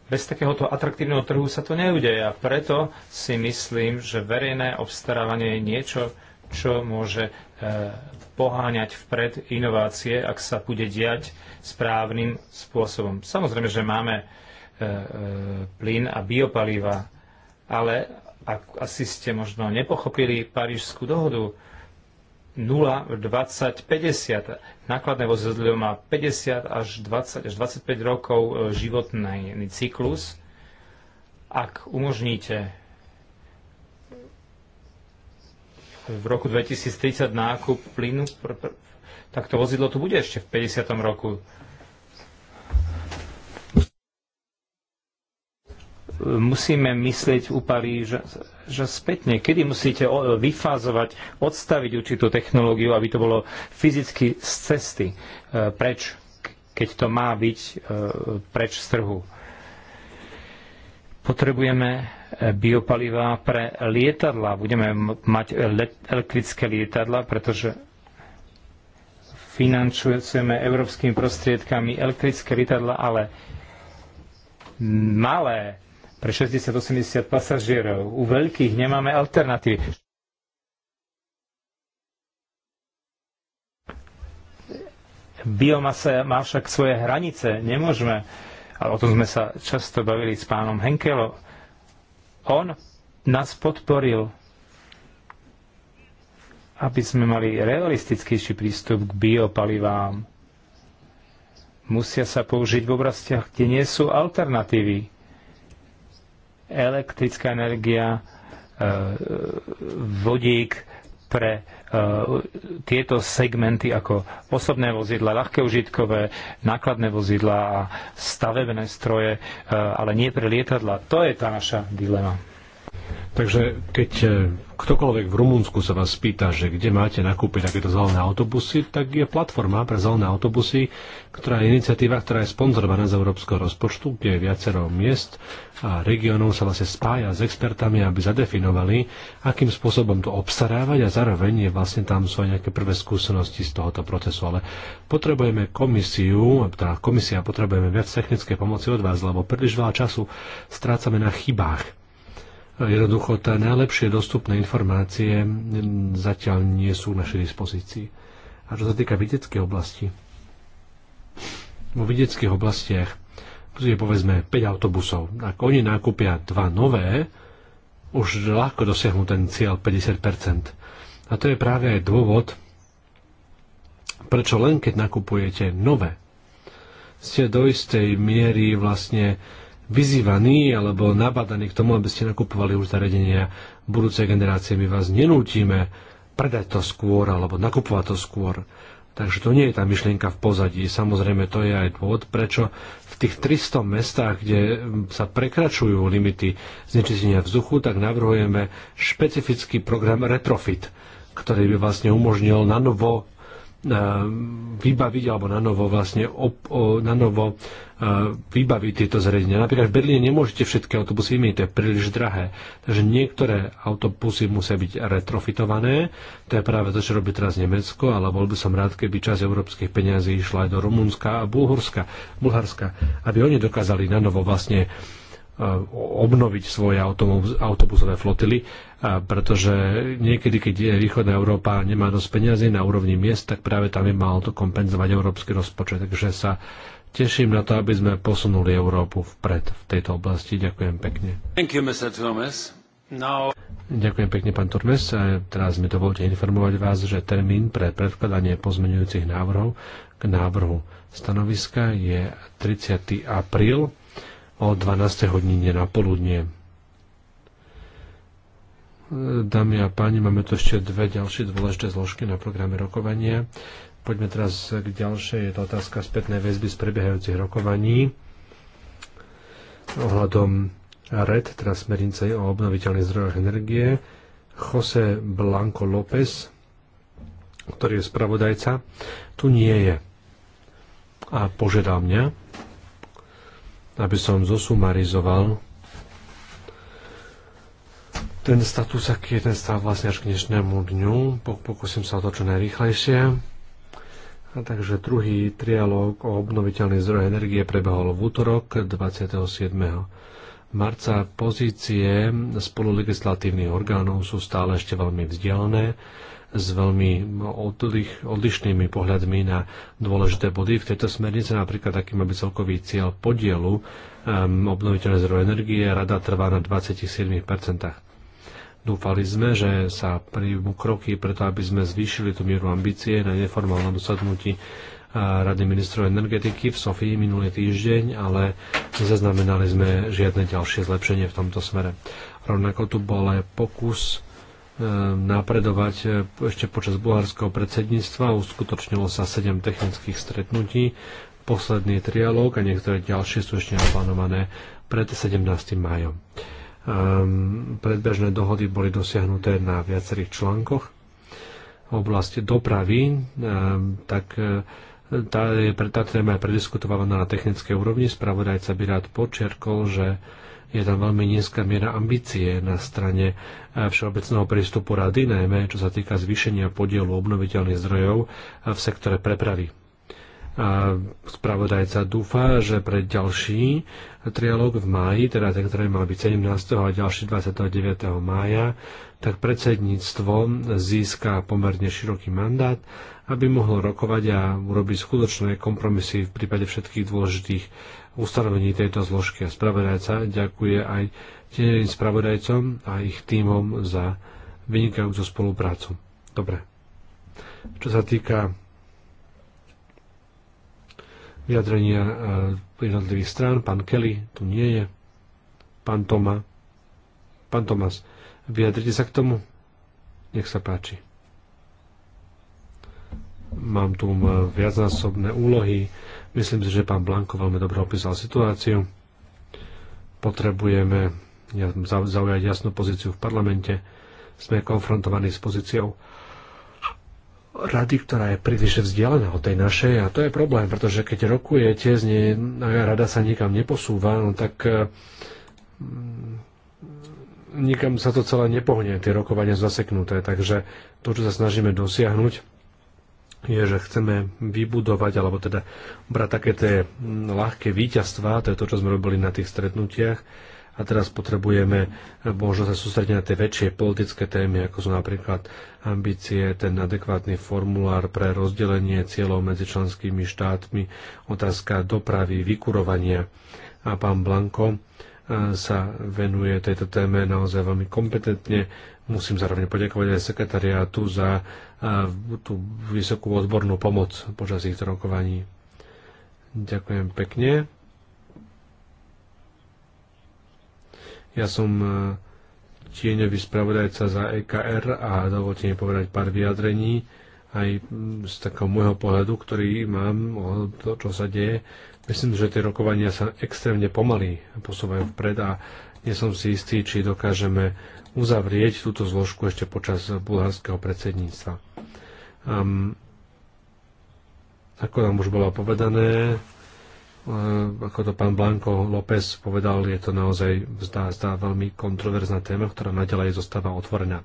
Bez takéhoto atraktívneho trhu sa to neudeje a preto si myslím, že verejné obstarávanie je niečo, čo môže poháňať vpred inovácie, ak sa bude diať správnym spôsobom. Samozrejme, že máme E, e, plyn a biopalíva. Ale ak asi ste možno nepochopili Parížskú dohodu, 0, 20, 50. Nákladné vozidlo má 50 až 20 až 25 rokov e, životný cyklus. Ak umožníte v roku 2030 nákup plynu, tak to vozidlo tu bude ešte v 50. roku. musíme myslieť u Paríža že spätne, kedy musíte vyfázovať, odstaviť určitú technológiu, aby to bolo fyzicky z cesty e, preč, keď to má byť e, preč z trhu. Potrebujeme e, biopalivá pre lietadla. Budeme mať elektrické lietadla, pretože financujeme európskymi prostriedkami elektrické lietadla, ale malé pre 60-80 pasažierov. U veľkých nemáme alternatívy. Biomasa má však svoje hranice. Nemôžeme, ale o tom sme sa často bavili s pánom Henkelo. on nás podporil, aby sme mali realistickejší prístup k biopalivám. Musia sa použiť v oblastiach, kde nie sú alternatívy elektrická energia, e, vodík pre e, tieto segmenty ako osobné vozidla, ľahké užitkové, nákladné vozidla a stavebné stroje, e, ale nie pre lietadla. To je tá naša dilema. Takže keď e, ktokoľvek v Rumunsku sa vás spýta, že kde máte nakúpiť takéto zelené autobusy, tak je platforma pre zelené autobusy, ktorá je iniciatíva, ktorá je sponzorovaná z európskeho rozpočtu, kde je viacero miest a regiónov sa vlastne spája s expertami, aby zadefinovali, akým spôsobom to obstarávať a zároveň je vlastne tam sú aj nejaké prvé skúsenosti z tohoto procesu. Ale potrebujeme komisiu, teda komisia potrebujeme viac technické pomoci od vás, lebo príliš veľa času strácame na chybách Jednoducho tá najlepšie dostupné informácie zatiaľ nie sú v našej dispozícii. A čo sa týka vidieckej oblasti, vo vidieckých oblastiach je povedzme 5 autobusov. Ak oni nakúpia dva nové, už ľahko dosiahnu ten cieľ 50%. A to je práve aj dôvod, prečo len keď nakupujete nové, ste do istej miery vlastne vyzývaní alebo nabadaní k tomu, aby ste nakupovali už zariadenia budúcej generácie. My vás nenútime predať to skôr alebo nakupovať to skôr. Takže to nie je tá myšlienka v pozadí. Samozrejme, to je aj dôvod, prečo v tých 300 mestách, kde sa prekračujú limity znečistenia vzduchu, tak navrhujeme špecifický program Retrofit, ktorý by vlastne umožnil na novo vybaviť alebo na novo vlastne op, o, na novo e, vybaviť tieto zariadenia. Napríklad v Berlíne nemôžete všetky autobusy vymeniť, to je príliš drahé. Takže niektoré autobusy musia byť retrofitované. To je práve to, čo robí teraz Nemecko, ale bol by som rád, keby časť európskych peňazí išla aj do Rumunska a Bulhurska Bulharska, aby oni dokázali na novo vlastne e, obnoviť svoje autobusové flotily pretože niekedy, keď východná Európa nemá dosť peniazy na úrovni miest, tak práve tam by mal to kompenzovať európsky rozpočet. Takže sa teším na to, aby sme posunuli Európu vpred v tejto oblasti. Ďakujem pekne. Thank you, Mr. Thomas. No. Ďakujem pekne, pán Turmes. Teraz mi dovolte informovať vás, že termín pre predkladanie pozmenujúcich návrhov k návrhu stanoviska je 30. apríl o 12. hodine na poludnie. Dámy a páni, máme tu ešte dve ďalšie dôležité zložky na programe rokovania. Poďme teraz k ďalšej. Je to otázka spätnej väzby z prebiehajúcich rokovaní ohľadom RED, teda smernice o obnoviteľných zdrojoch energie. Jose Blanco López, ktorý je spravodajca, tu nie je. A požiadal mňa, aby som zosumarizoval ten status, aký je ten stav vlastne až k dnešnému dňu. Pokúsim sa o to čo najrychlejšie. A takže druhý trialóg o obnoviteľných zdroje energie prebehol v útorok 27. marca. Pozície spolulegislatívnych orgánov sú stále ešte veľmi vzdialené s veľmi odlich, odlišnými pohľadmi na dôležité body. V tejto smernice napríklad, aký má byť celkový cieľ podielu um, ehm, obnoviteľných zdrojov energie, rada trvá na 27%. Dúfali sme, že sa príjmu kroky preto, aby sme zvýšili tú mieru ambície na neformálnom dosadnutí eh, Rady ministrov energetiky v Sofii minulý týždeň, ale nezaznamenali sme žiadne ďalšie zlepšenie v tomto smere. Rovnako tu bol aj pokus eh, napredovať eh, ešte počas bulharského predsedníctva. Uskutočnilo sa 7 technických stretnutí, posledný trialóg a niektoré ďalšie sú ešte naplánované pred 17. májom. Ehm, predbežné dohody boli dosiahnuté na viacerých článkoch. Oblasť dopravy, ehm, tak e, tá, je, tá téma je prediskutovaná na technickej úrovni. Spravodajca by rád počerkol, že je tam veľmi nízka miera ambície na strane e, všeobecného prístupu rady, najmä čo sa týka zvýšenia podielu obnoviteľných zdrojov e, v sektore prepravy. Spravodajca dúfa, že pre ďalší trialóg v máji, teda ten, ktorý mal byť 17. a ďalší 29. mája, tak predsedníctvo získa pomerne široký mandát, aby mohlo rokovať a urobiť skutočné kompromisy v prípade všetkých dôležitých ustanovení tejto zložky. A spravodajca ďakuje aj tým spravodajcom a ich týmom za vynikajúcu spoluprácu. Dobre. Čo sa týka vyjadrenia e, jednotlivých strán. Pán Kelly tu nie je. Pán Toma. Pán Tomas, vyjadrite sa k tomu? Nech sa páči. Mám tu e, viacnásobné úlohy. Myslím si, že pán Blanko veľmi dobre opísal situáciu. Potrebujeme zaujať jasnú pozíciu v parlamente. Sme konfrontovaní s pozíciou rady, ktorá je príliš vzdialená od tej našej a to je problém, pretože keď rokujete z nej, rada sa nikam neposúva, no tak e, mm, nikam sa to celé nepohne, tie rokovania zaseknuté. Takže to, čo sa snažíme dosiahnuť, je, že chceme vybudovať, alebo teda brať také tie mm, ľahké víťazstvá, to je to, čo sme robili na tých stretnutiach, a teraz potrebujeme možno sa sústrediť na tie väčšie politické témy, ako sú napríklad ambície, ten adekvátny formulár pre rozdelenie cieľov medzi členskými štátmi, otázka dopravy, vykurovania. A pán Blanko e, sa venuje tejto téme naozaj veľmi kompetentne. Musím zároveň poďakovať aj sekretariátu za e, tú vysokú odbornú pomoc počas ich rokovaní. Ďakujem pekne. Ja som e, tieňový spravodajca za EKR a dovolte mi povedať pár vyjadrení aj mm, z takého môjho pohľadu, ktorý mám o to, čo sa deje. Myslím, že tie rokovania sa extrémne pomaly posúvajú vpred a nie som si istý, či dokážeme uzavrieť túto zložku ešte počas bulharského predsedníctva. Um, ako nám už bolo povedané, Eh, ako to pán Blanko López povedal, je to naozaj zdá, zdá veľmi kontroverzná téma, ktorá naďalej zostáva otvorená.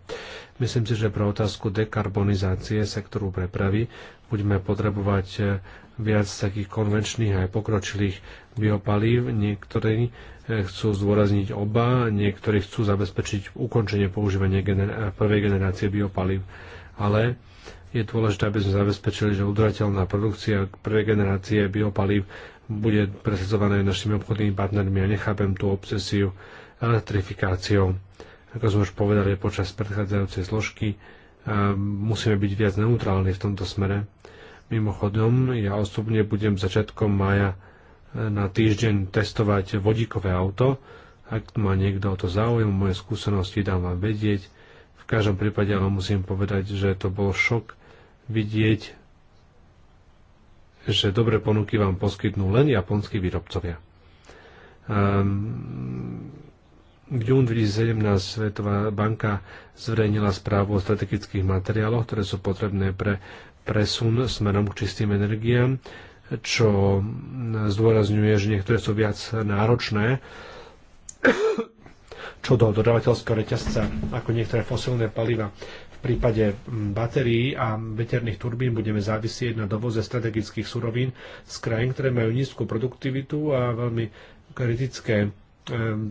Myslím si, že pre otázku dekarbonizácie sektoru prepravy budeme potrebovať eh, viac takých konvenčných aj pokročilých biopalív. Niektorí eh, chcú zdôrazniť oba, niektorí chcú zabezpečiť ukončenie používania gener- prvej generácie biopalív. Ale je dôležité, aby sme zabezpečili, že udržateľná produkcia prvej generácie biopalív bude presadzované našimi obchodnými partnermi a nechápem tú obsesiu elektrifikáciou. Ako sme už povedali počas predchádzajúcej zložky, musíme byť viac neutrálni v tomto smere. Mimochodom, ja osobne budem začiatkom mája e, na týždeň testovať vodíkové auto. Ak ma niekto o to záujem, moje skúsenosti dám vám vedieť. V každom prípade ale musím povedať, že to bol šok vidieť že dobre ponuky vám poskytnú len japonskí výrobcovia. Um, v júni 2017 Svetová banka zverejnila správu o strategických materiáloch, ktoré sú potrebné pre presun smerom k čistým energiám, čo zdôrazňuje, že niektoré sú viac náročné [COUGHS] čo do dodávateľského reťazca ako niektoré fosilné paliva prípade batérií a veterných turbín budeme závisieť na dovoze strategických surovín z krajín, ktoré majú nízku produktivitu a veľmi kritické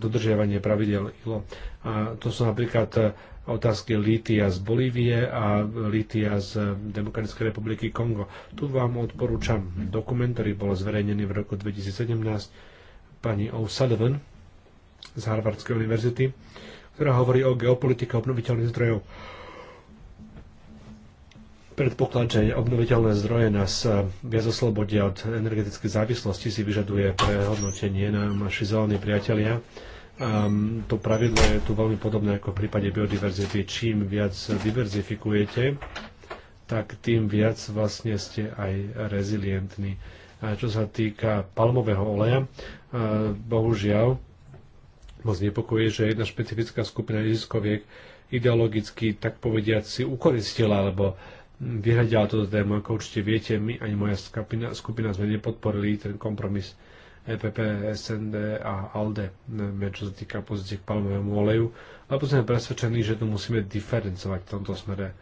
dodržiavanie pravidel ILO. A to sú napríklad e, otázky lítia z Bolívie a lítia z e, Demokratickej republiky Kongo. Tu vám odporúčam dokument, ktorý bol zverejnený v roku 2017 pani O'Sullivan z Harvardskej univerzity, ktorá hovorí o geopolitike obnoviteľných zdrojov. Predpoklad, že obnoviteľné zdroje nás eh, viac oslobodia od energetickej závislosti, si vyžaduje prehodnotenie na naši zelení priatelia. Um, to pravidlo je tu veľmi podobné ako v prípade biodiverzity. Čím viac diverzifikujete, tak tým viac vlastne ste aj rezilientní. A čo sa týka palmového oleja, eh, bohužiaľ, moc nepokojí, že jedna špecifická skupina ziskoviek ideologicky, tak povediať, si ukoristila alebo vyhľadila toto tému. Teda Ako určite viete, my ani moja skupina, skupina sme nepodporili ten kompromis EPP, SND a ALDE, neviem, čo sa týka pozície k palmovému oleju, lebo sme presvedčení, že tu musíme diferencovať v tomto smere.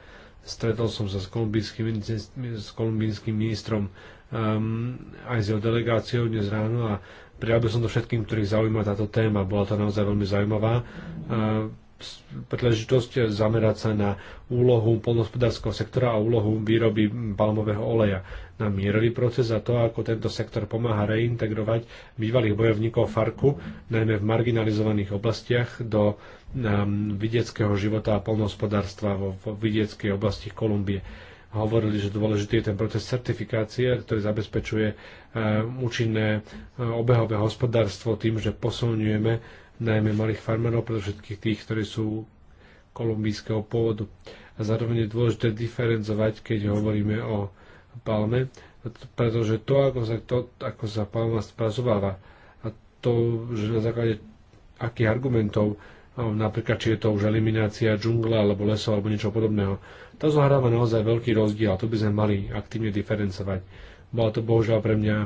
Stretol som sa s kolumbijským, s kolumbijským ministrom um, aj s jeho delegáciou dnes ráno a prijal by som to všetkým, ktorých zaujíma táto téma. Bola to naozaj veľmi zaujímavá. Uh, príležitosť zamerať sa na úlohu polnospodárskeho sektora a úlohu výroby palmového oleja na mierový proces a to, ako tento sektor pomáha reintegrovať bývalých bojovníkov Farku, najmä v marginalizovaných oblastiach, do um, vidieckého života a polnospodárstva vo vidieckej oblasti Kolumbie hovorili, že dôležitý je ten proces certifikácie, ktorý zabezpečuje um, účinné uh, obehové hospodárstvo tým, že posilňujeme najmä malých farmerov, pre všetkých tých, ktorí sú kolumbijského pôvodu. A zároveň je dôležité diferencovať, keď hovoríme o palme, pretože to, ako sa, to, ako sa palma spracováva a to, že na základe akých argumentov, napríklad či je to už eliminácia džungla alebo lesov alebo niečo podobného, to zohráva naozaj veľký rozdiel a to by sme mali aktívne diferencovať. Bola to bohužiaľ pre mňa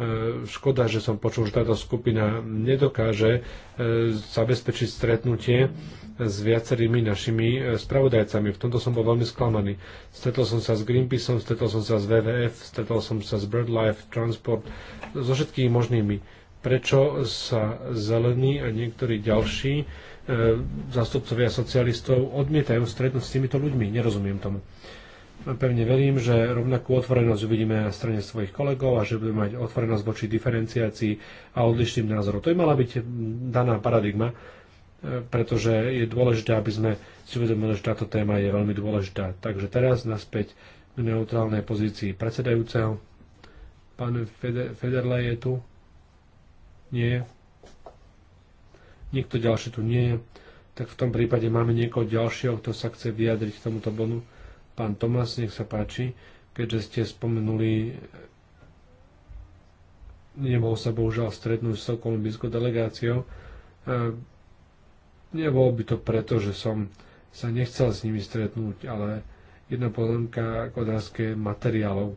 E, škoda, že som počul, že táto skupina nedokáže e, zabezpečiť stretnutie s viacerými našimi e, spravodajcami. V tomto som bol veľmi sklamaný. Stretol som sa s Greenpeaceom, stretol som sa s WWF, stretol som sa s BirdLife, Transport, so všetkými možnými. Prečo sa zelení a niektorí ďalší zástupcovia socialistov odmietajú stretnúť s týmito ľuďmi? Nerozumiem tomu. Pevne verím, že rovnakú otvorenosť uvidíme na strane svojich kolegov a že budeme mať otvorenosť voči diferenciácii a odlišným názorom. To je mala byť daná paradigma, e, pretože je dôležité, aby sme si uvedomili, že táto téma je veľmi dôležitá. Takže teraz naspäť k neutrálnej pozícii predsedajúceho. Pán Federle je tu? Nie. Nikto ďalší tu nie je. Tak v tom prípade máme niekoho ďalšieho, kto sa chce vyjadriť k tomuto bonu. Pán Tomas, nech sa páči, keďže ste spomenuli nemohol sa bohužiaľ stretnúť s kolumbijskou delegáciou. Eh, nebolo by to preto, že som sa nechcel s nimi stretnúť, ale jedna poznámka k otázke materiálov. Eh,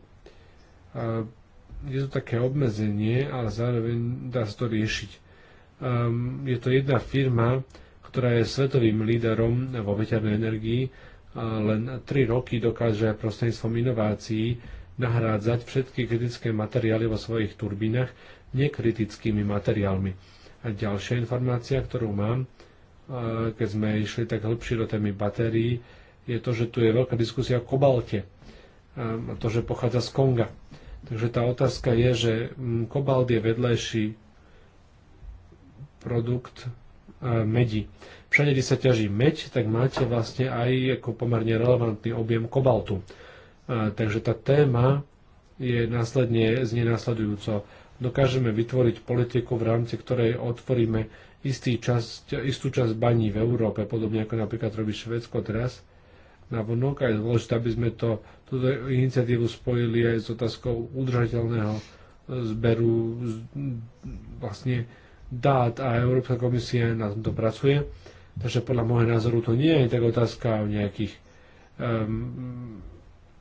je to také obmedzenie, ale zároveň dá sa to riešiť. Ehm, je to jedna firma, ktorá je svetovým líderom vo veternej energii len 3 roky dokáže prostredníctvom inovácií nahrádzať všetky kritické materiály vo svojich turbínach nekritickými materiálmi. A ďalšia informácia, ktorú mám, keď sme išli tak hĺbšie do témy batérií, je to, že tu je veľká diskusia o kobalte. A to, že pochádza z Konga. Takže tá otázka je, že mm, kobalt je vedlejší produkt medi všade, kde sa ťaží meď, tak máte vlastne aj ako pomerne relevantný objem kobaltu. E, takže tá téma je následne, znie Dokážeme vytvoriť politiku, v rámci ktorej otvoríme istý čas, istú časť baní v Európe, podobne ako napríklad robí Švedsko teraz, na vonok a je dôležité, aby sme to, túto iniciatívu spojili aj s otázkou udržateľného zberu vlastne dát a Európska komisia na tomto pracuje. Takže podľa môjho názoru to nie je tak otázka o nejakých um,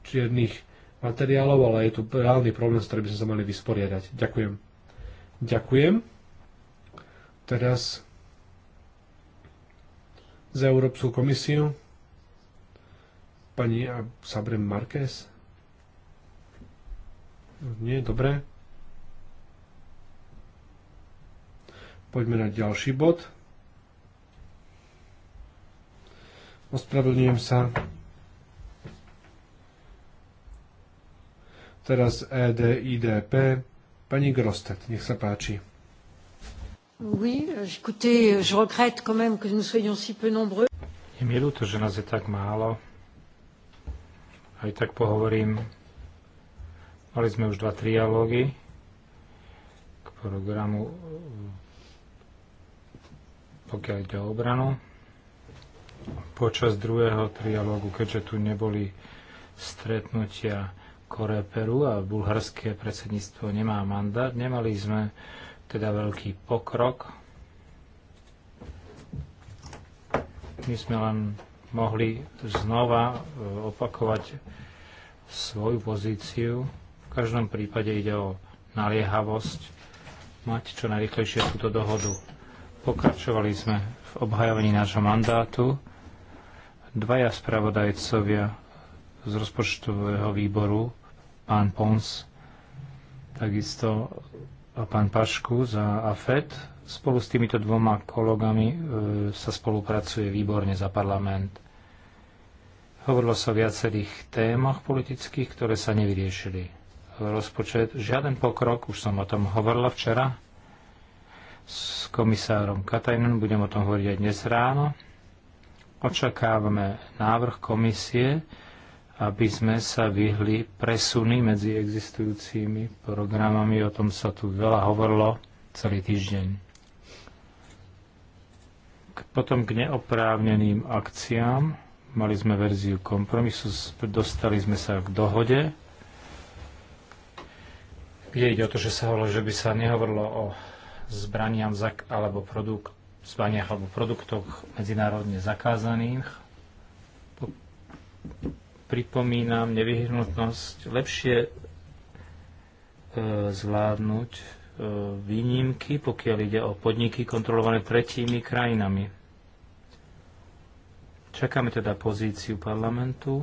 čiernych materiálov, ale je tu reálny problém, s ktorým by sme sa mali vysporiadať. Ďakujem. Ďakujem. Teraz za Európsku komisiu pani Sabrem Marquez. Nie, dobre. Poďme na ďalší bod. Ospravedlňujem sa. Teraz EDIDP. Pani Grostet, nech sa páči. Oui, écoutez, je regrette quand même que nous soyons si peu nombreux. Je mi ľúto, že nás je tak málo. Aj tak pohovorím. Mali sme už dva k programu pokiaľ ide o obranu počas druhého trialógu, keďže tu neboli stretnutia Koreperu a bulharské predsedníctvo nemá mandát, nemali sme teda veľký pokrok. My sme len mohli znova e, opakovať svoju pozíciu. V každom prípade ide o naliehavosť mať čo najrychlejšie túto dohodu. Pokračovali sme v obhajovaní nášho mandátu Dvaja spravodajcovia z rozpočtového výboru, pán Pons, takisto a pán Pašku za Afed. spolu s týmito dvoma kolegami e, sa spolupracuje výborne za parlament. Hovorilo sa o viacerých témach politických, ktoré sa nevyriešili. Rozpočet, žiaden pokrok, už som o tom hovorila včera s komisárom Katajnen, budem o tom hovoriť aj dnes ráno. Očakávame návrh komisie, aby sme sa vyhli presuny medzi existujúcimi programami. O tom sa tu veľa hovorilo celý týždeň. Potom k neoprávneným akciám. Mali sme verziu kompromisu, dostali sme sa k dohode, Je ide o to, že sa hovorilo, že by sa nehovorilo o zbraniam alebo produkt, zbaniach alebo produktoch medzinárodne zakázaných. Pripomínam nevyhnutnosť lepšie e, zvládnuť e, výnimky, pokiaľ ide o podniky kontrolované tretími krajinami. Čakáme teda pozíciu parlamentu,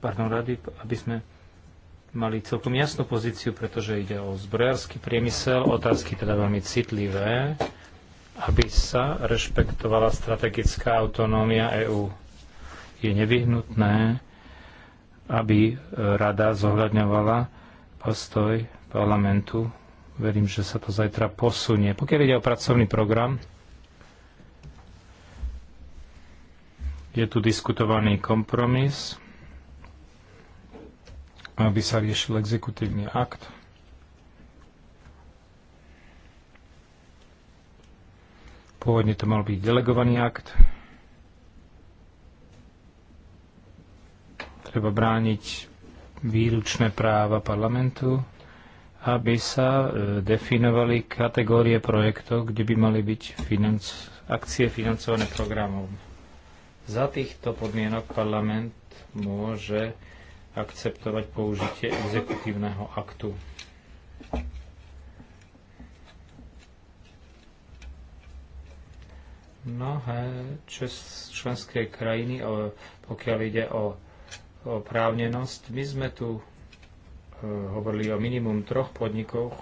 pardon, rady, aby sme mali celkom jasnú pozíciu, pretože ide o zbrojársky priemysel, otázky teda veľmi citlivé, aby sa rešpektovala strategická autonómia EÚ. Je nevyhnutné, aby e, rada zohľadňovala postoj parlamentu. Verím, že sa to zajtra posunie. Pokiaľ ide o pracovný program, je tu diskutovaný kompromis aby sa riešil exekutívny akt. Pôvodne to mal byť delegovaný akt. Treba brániť výručné práva parlamentu, aby sa e, definovali kategórie projektov, kde by mali byť financ- akcie financované programom. Za týchto podmienok parlament môže akceptovať použitie exekutívneho aktu. Mnohé členské krajiny, pokiaľ ide o oprávnenosť, my sme tu e, hovorili o minimum troch podnikoch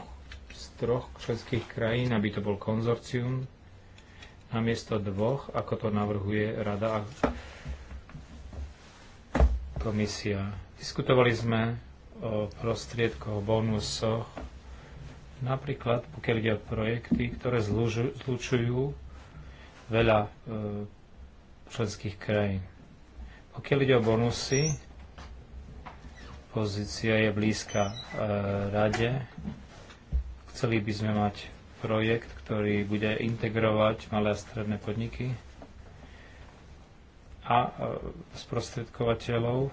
z troch členských krajín, aby to bol konzorcium namiesto dvoch, ako to navrhuje Rada a komisia. Diskutovali sme o prostriedkoch, bonusoch, napríklad pokiaľ ide o projekty, ktoré zlučujú veľa e, členských krajín. Pokiaľ ide o bonusy, pozícia je blízka e, rade. Chceli by sme mať projekt, ktorý bude integrovať malé a stredné podniky a e, sprostredkovateľov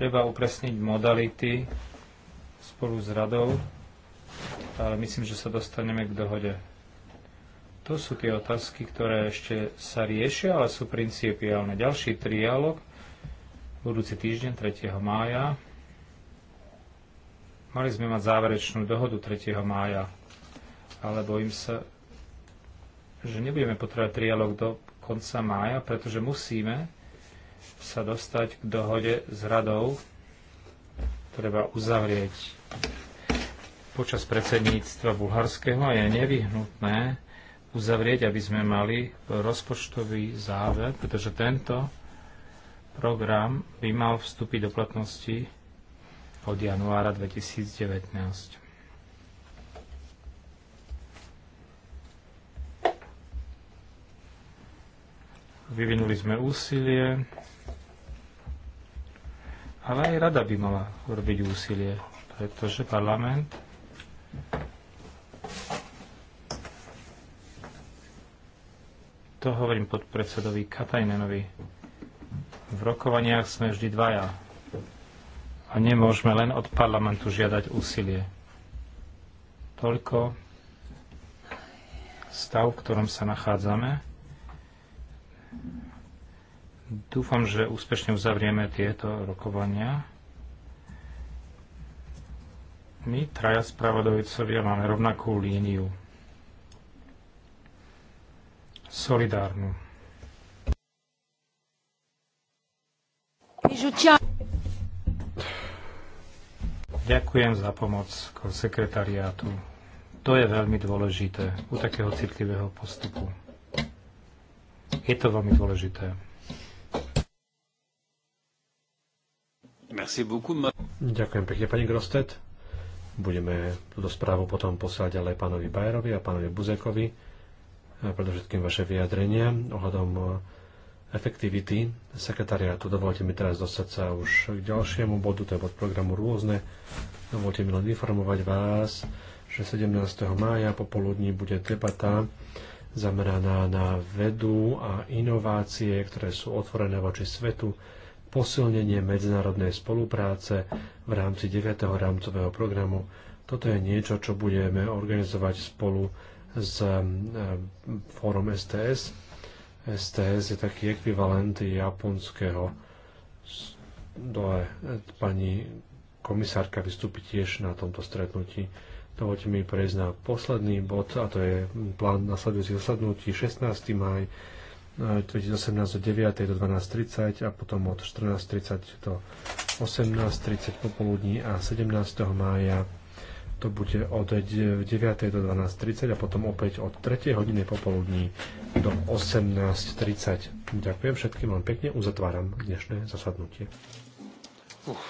Treba upresniť modality spolu s radou, ale myslím, že sa dostaneme k dohode. To sú tie otázky, ktoré ešte sa riešia, ale sú principiálne. Ďalší trialog, budúci týždeň, 3. mája. Mali sme mať záverečnú dohodu 3. mája, ale bojím sa, že nebudeme potrebovať trialog do konca mája, pretože musíme sa dostať k dohode s radou. Treba uzavrieť počas predsedníctva bulharského a je nevyhnutné uzavrieť, aby sme mali rozpočtový záver, pretože tento program by mal vstúpiť do platnosti od januára 2019. Vyvinuli sme úsilie, ale aj rada by mala robiť úsilie, pretože parlament to hovorím podpredsedovi Katajnenovi. V rokovaniach sme vždy dvaja a nemôžeme len od parlamentu žiadať úsilie. Toľko stav, v ktorom sa nachádzame. Dúfam, že úspešne uzavrieme tieto rokovania. My, traja spravodajcovia, máme rovnakú líniu. Solidárnu. Ďakujem za pomoc sekretariátu. To je veľmi dôležité u takého citlivého postupu. Je to veľmi dôležité. Ďakujem pekne, pani Grostet. Budeme túto správu potom poslať ďalej pánovi Bajerovi a pánovi Buzekovi, predovšetkým vaše vyjadrenia ohľadom e, efektivity sekretariátu. Dovolte mi teraz dostať sa už k ďalšiemu bodu, to je bod programu rôzne. Dovolte mi len informovať vás, že 17. mája popoludní bude debata zameraná na vedu a inovácie, ktoré sú otvorené voči svetu posilnenie medzinárodnej spolupráce v rámci 9. rámcového programu. Toto je niečo, čo budeme organizovať spolu s e, fórum STS. STS je taký ekvivalent japonského dole. E, pani komisárka vystúpi tiež na tomto stretnutí. Dovolte mi prejsť na posledný bod, a to je plán nasledujúcich zasadnutí 16. maj 2018 od 9. do 12.30 a potom od 14.30 do 18.30 popoludní a 17. mája to bude od 9. do 12.30 a potom opäť od 3. hodiny popoludní do 18.30. Ďakujem všetkým vám pekne, uzatváram dnešné zasadnutie. Uf.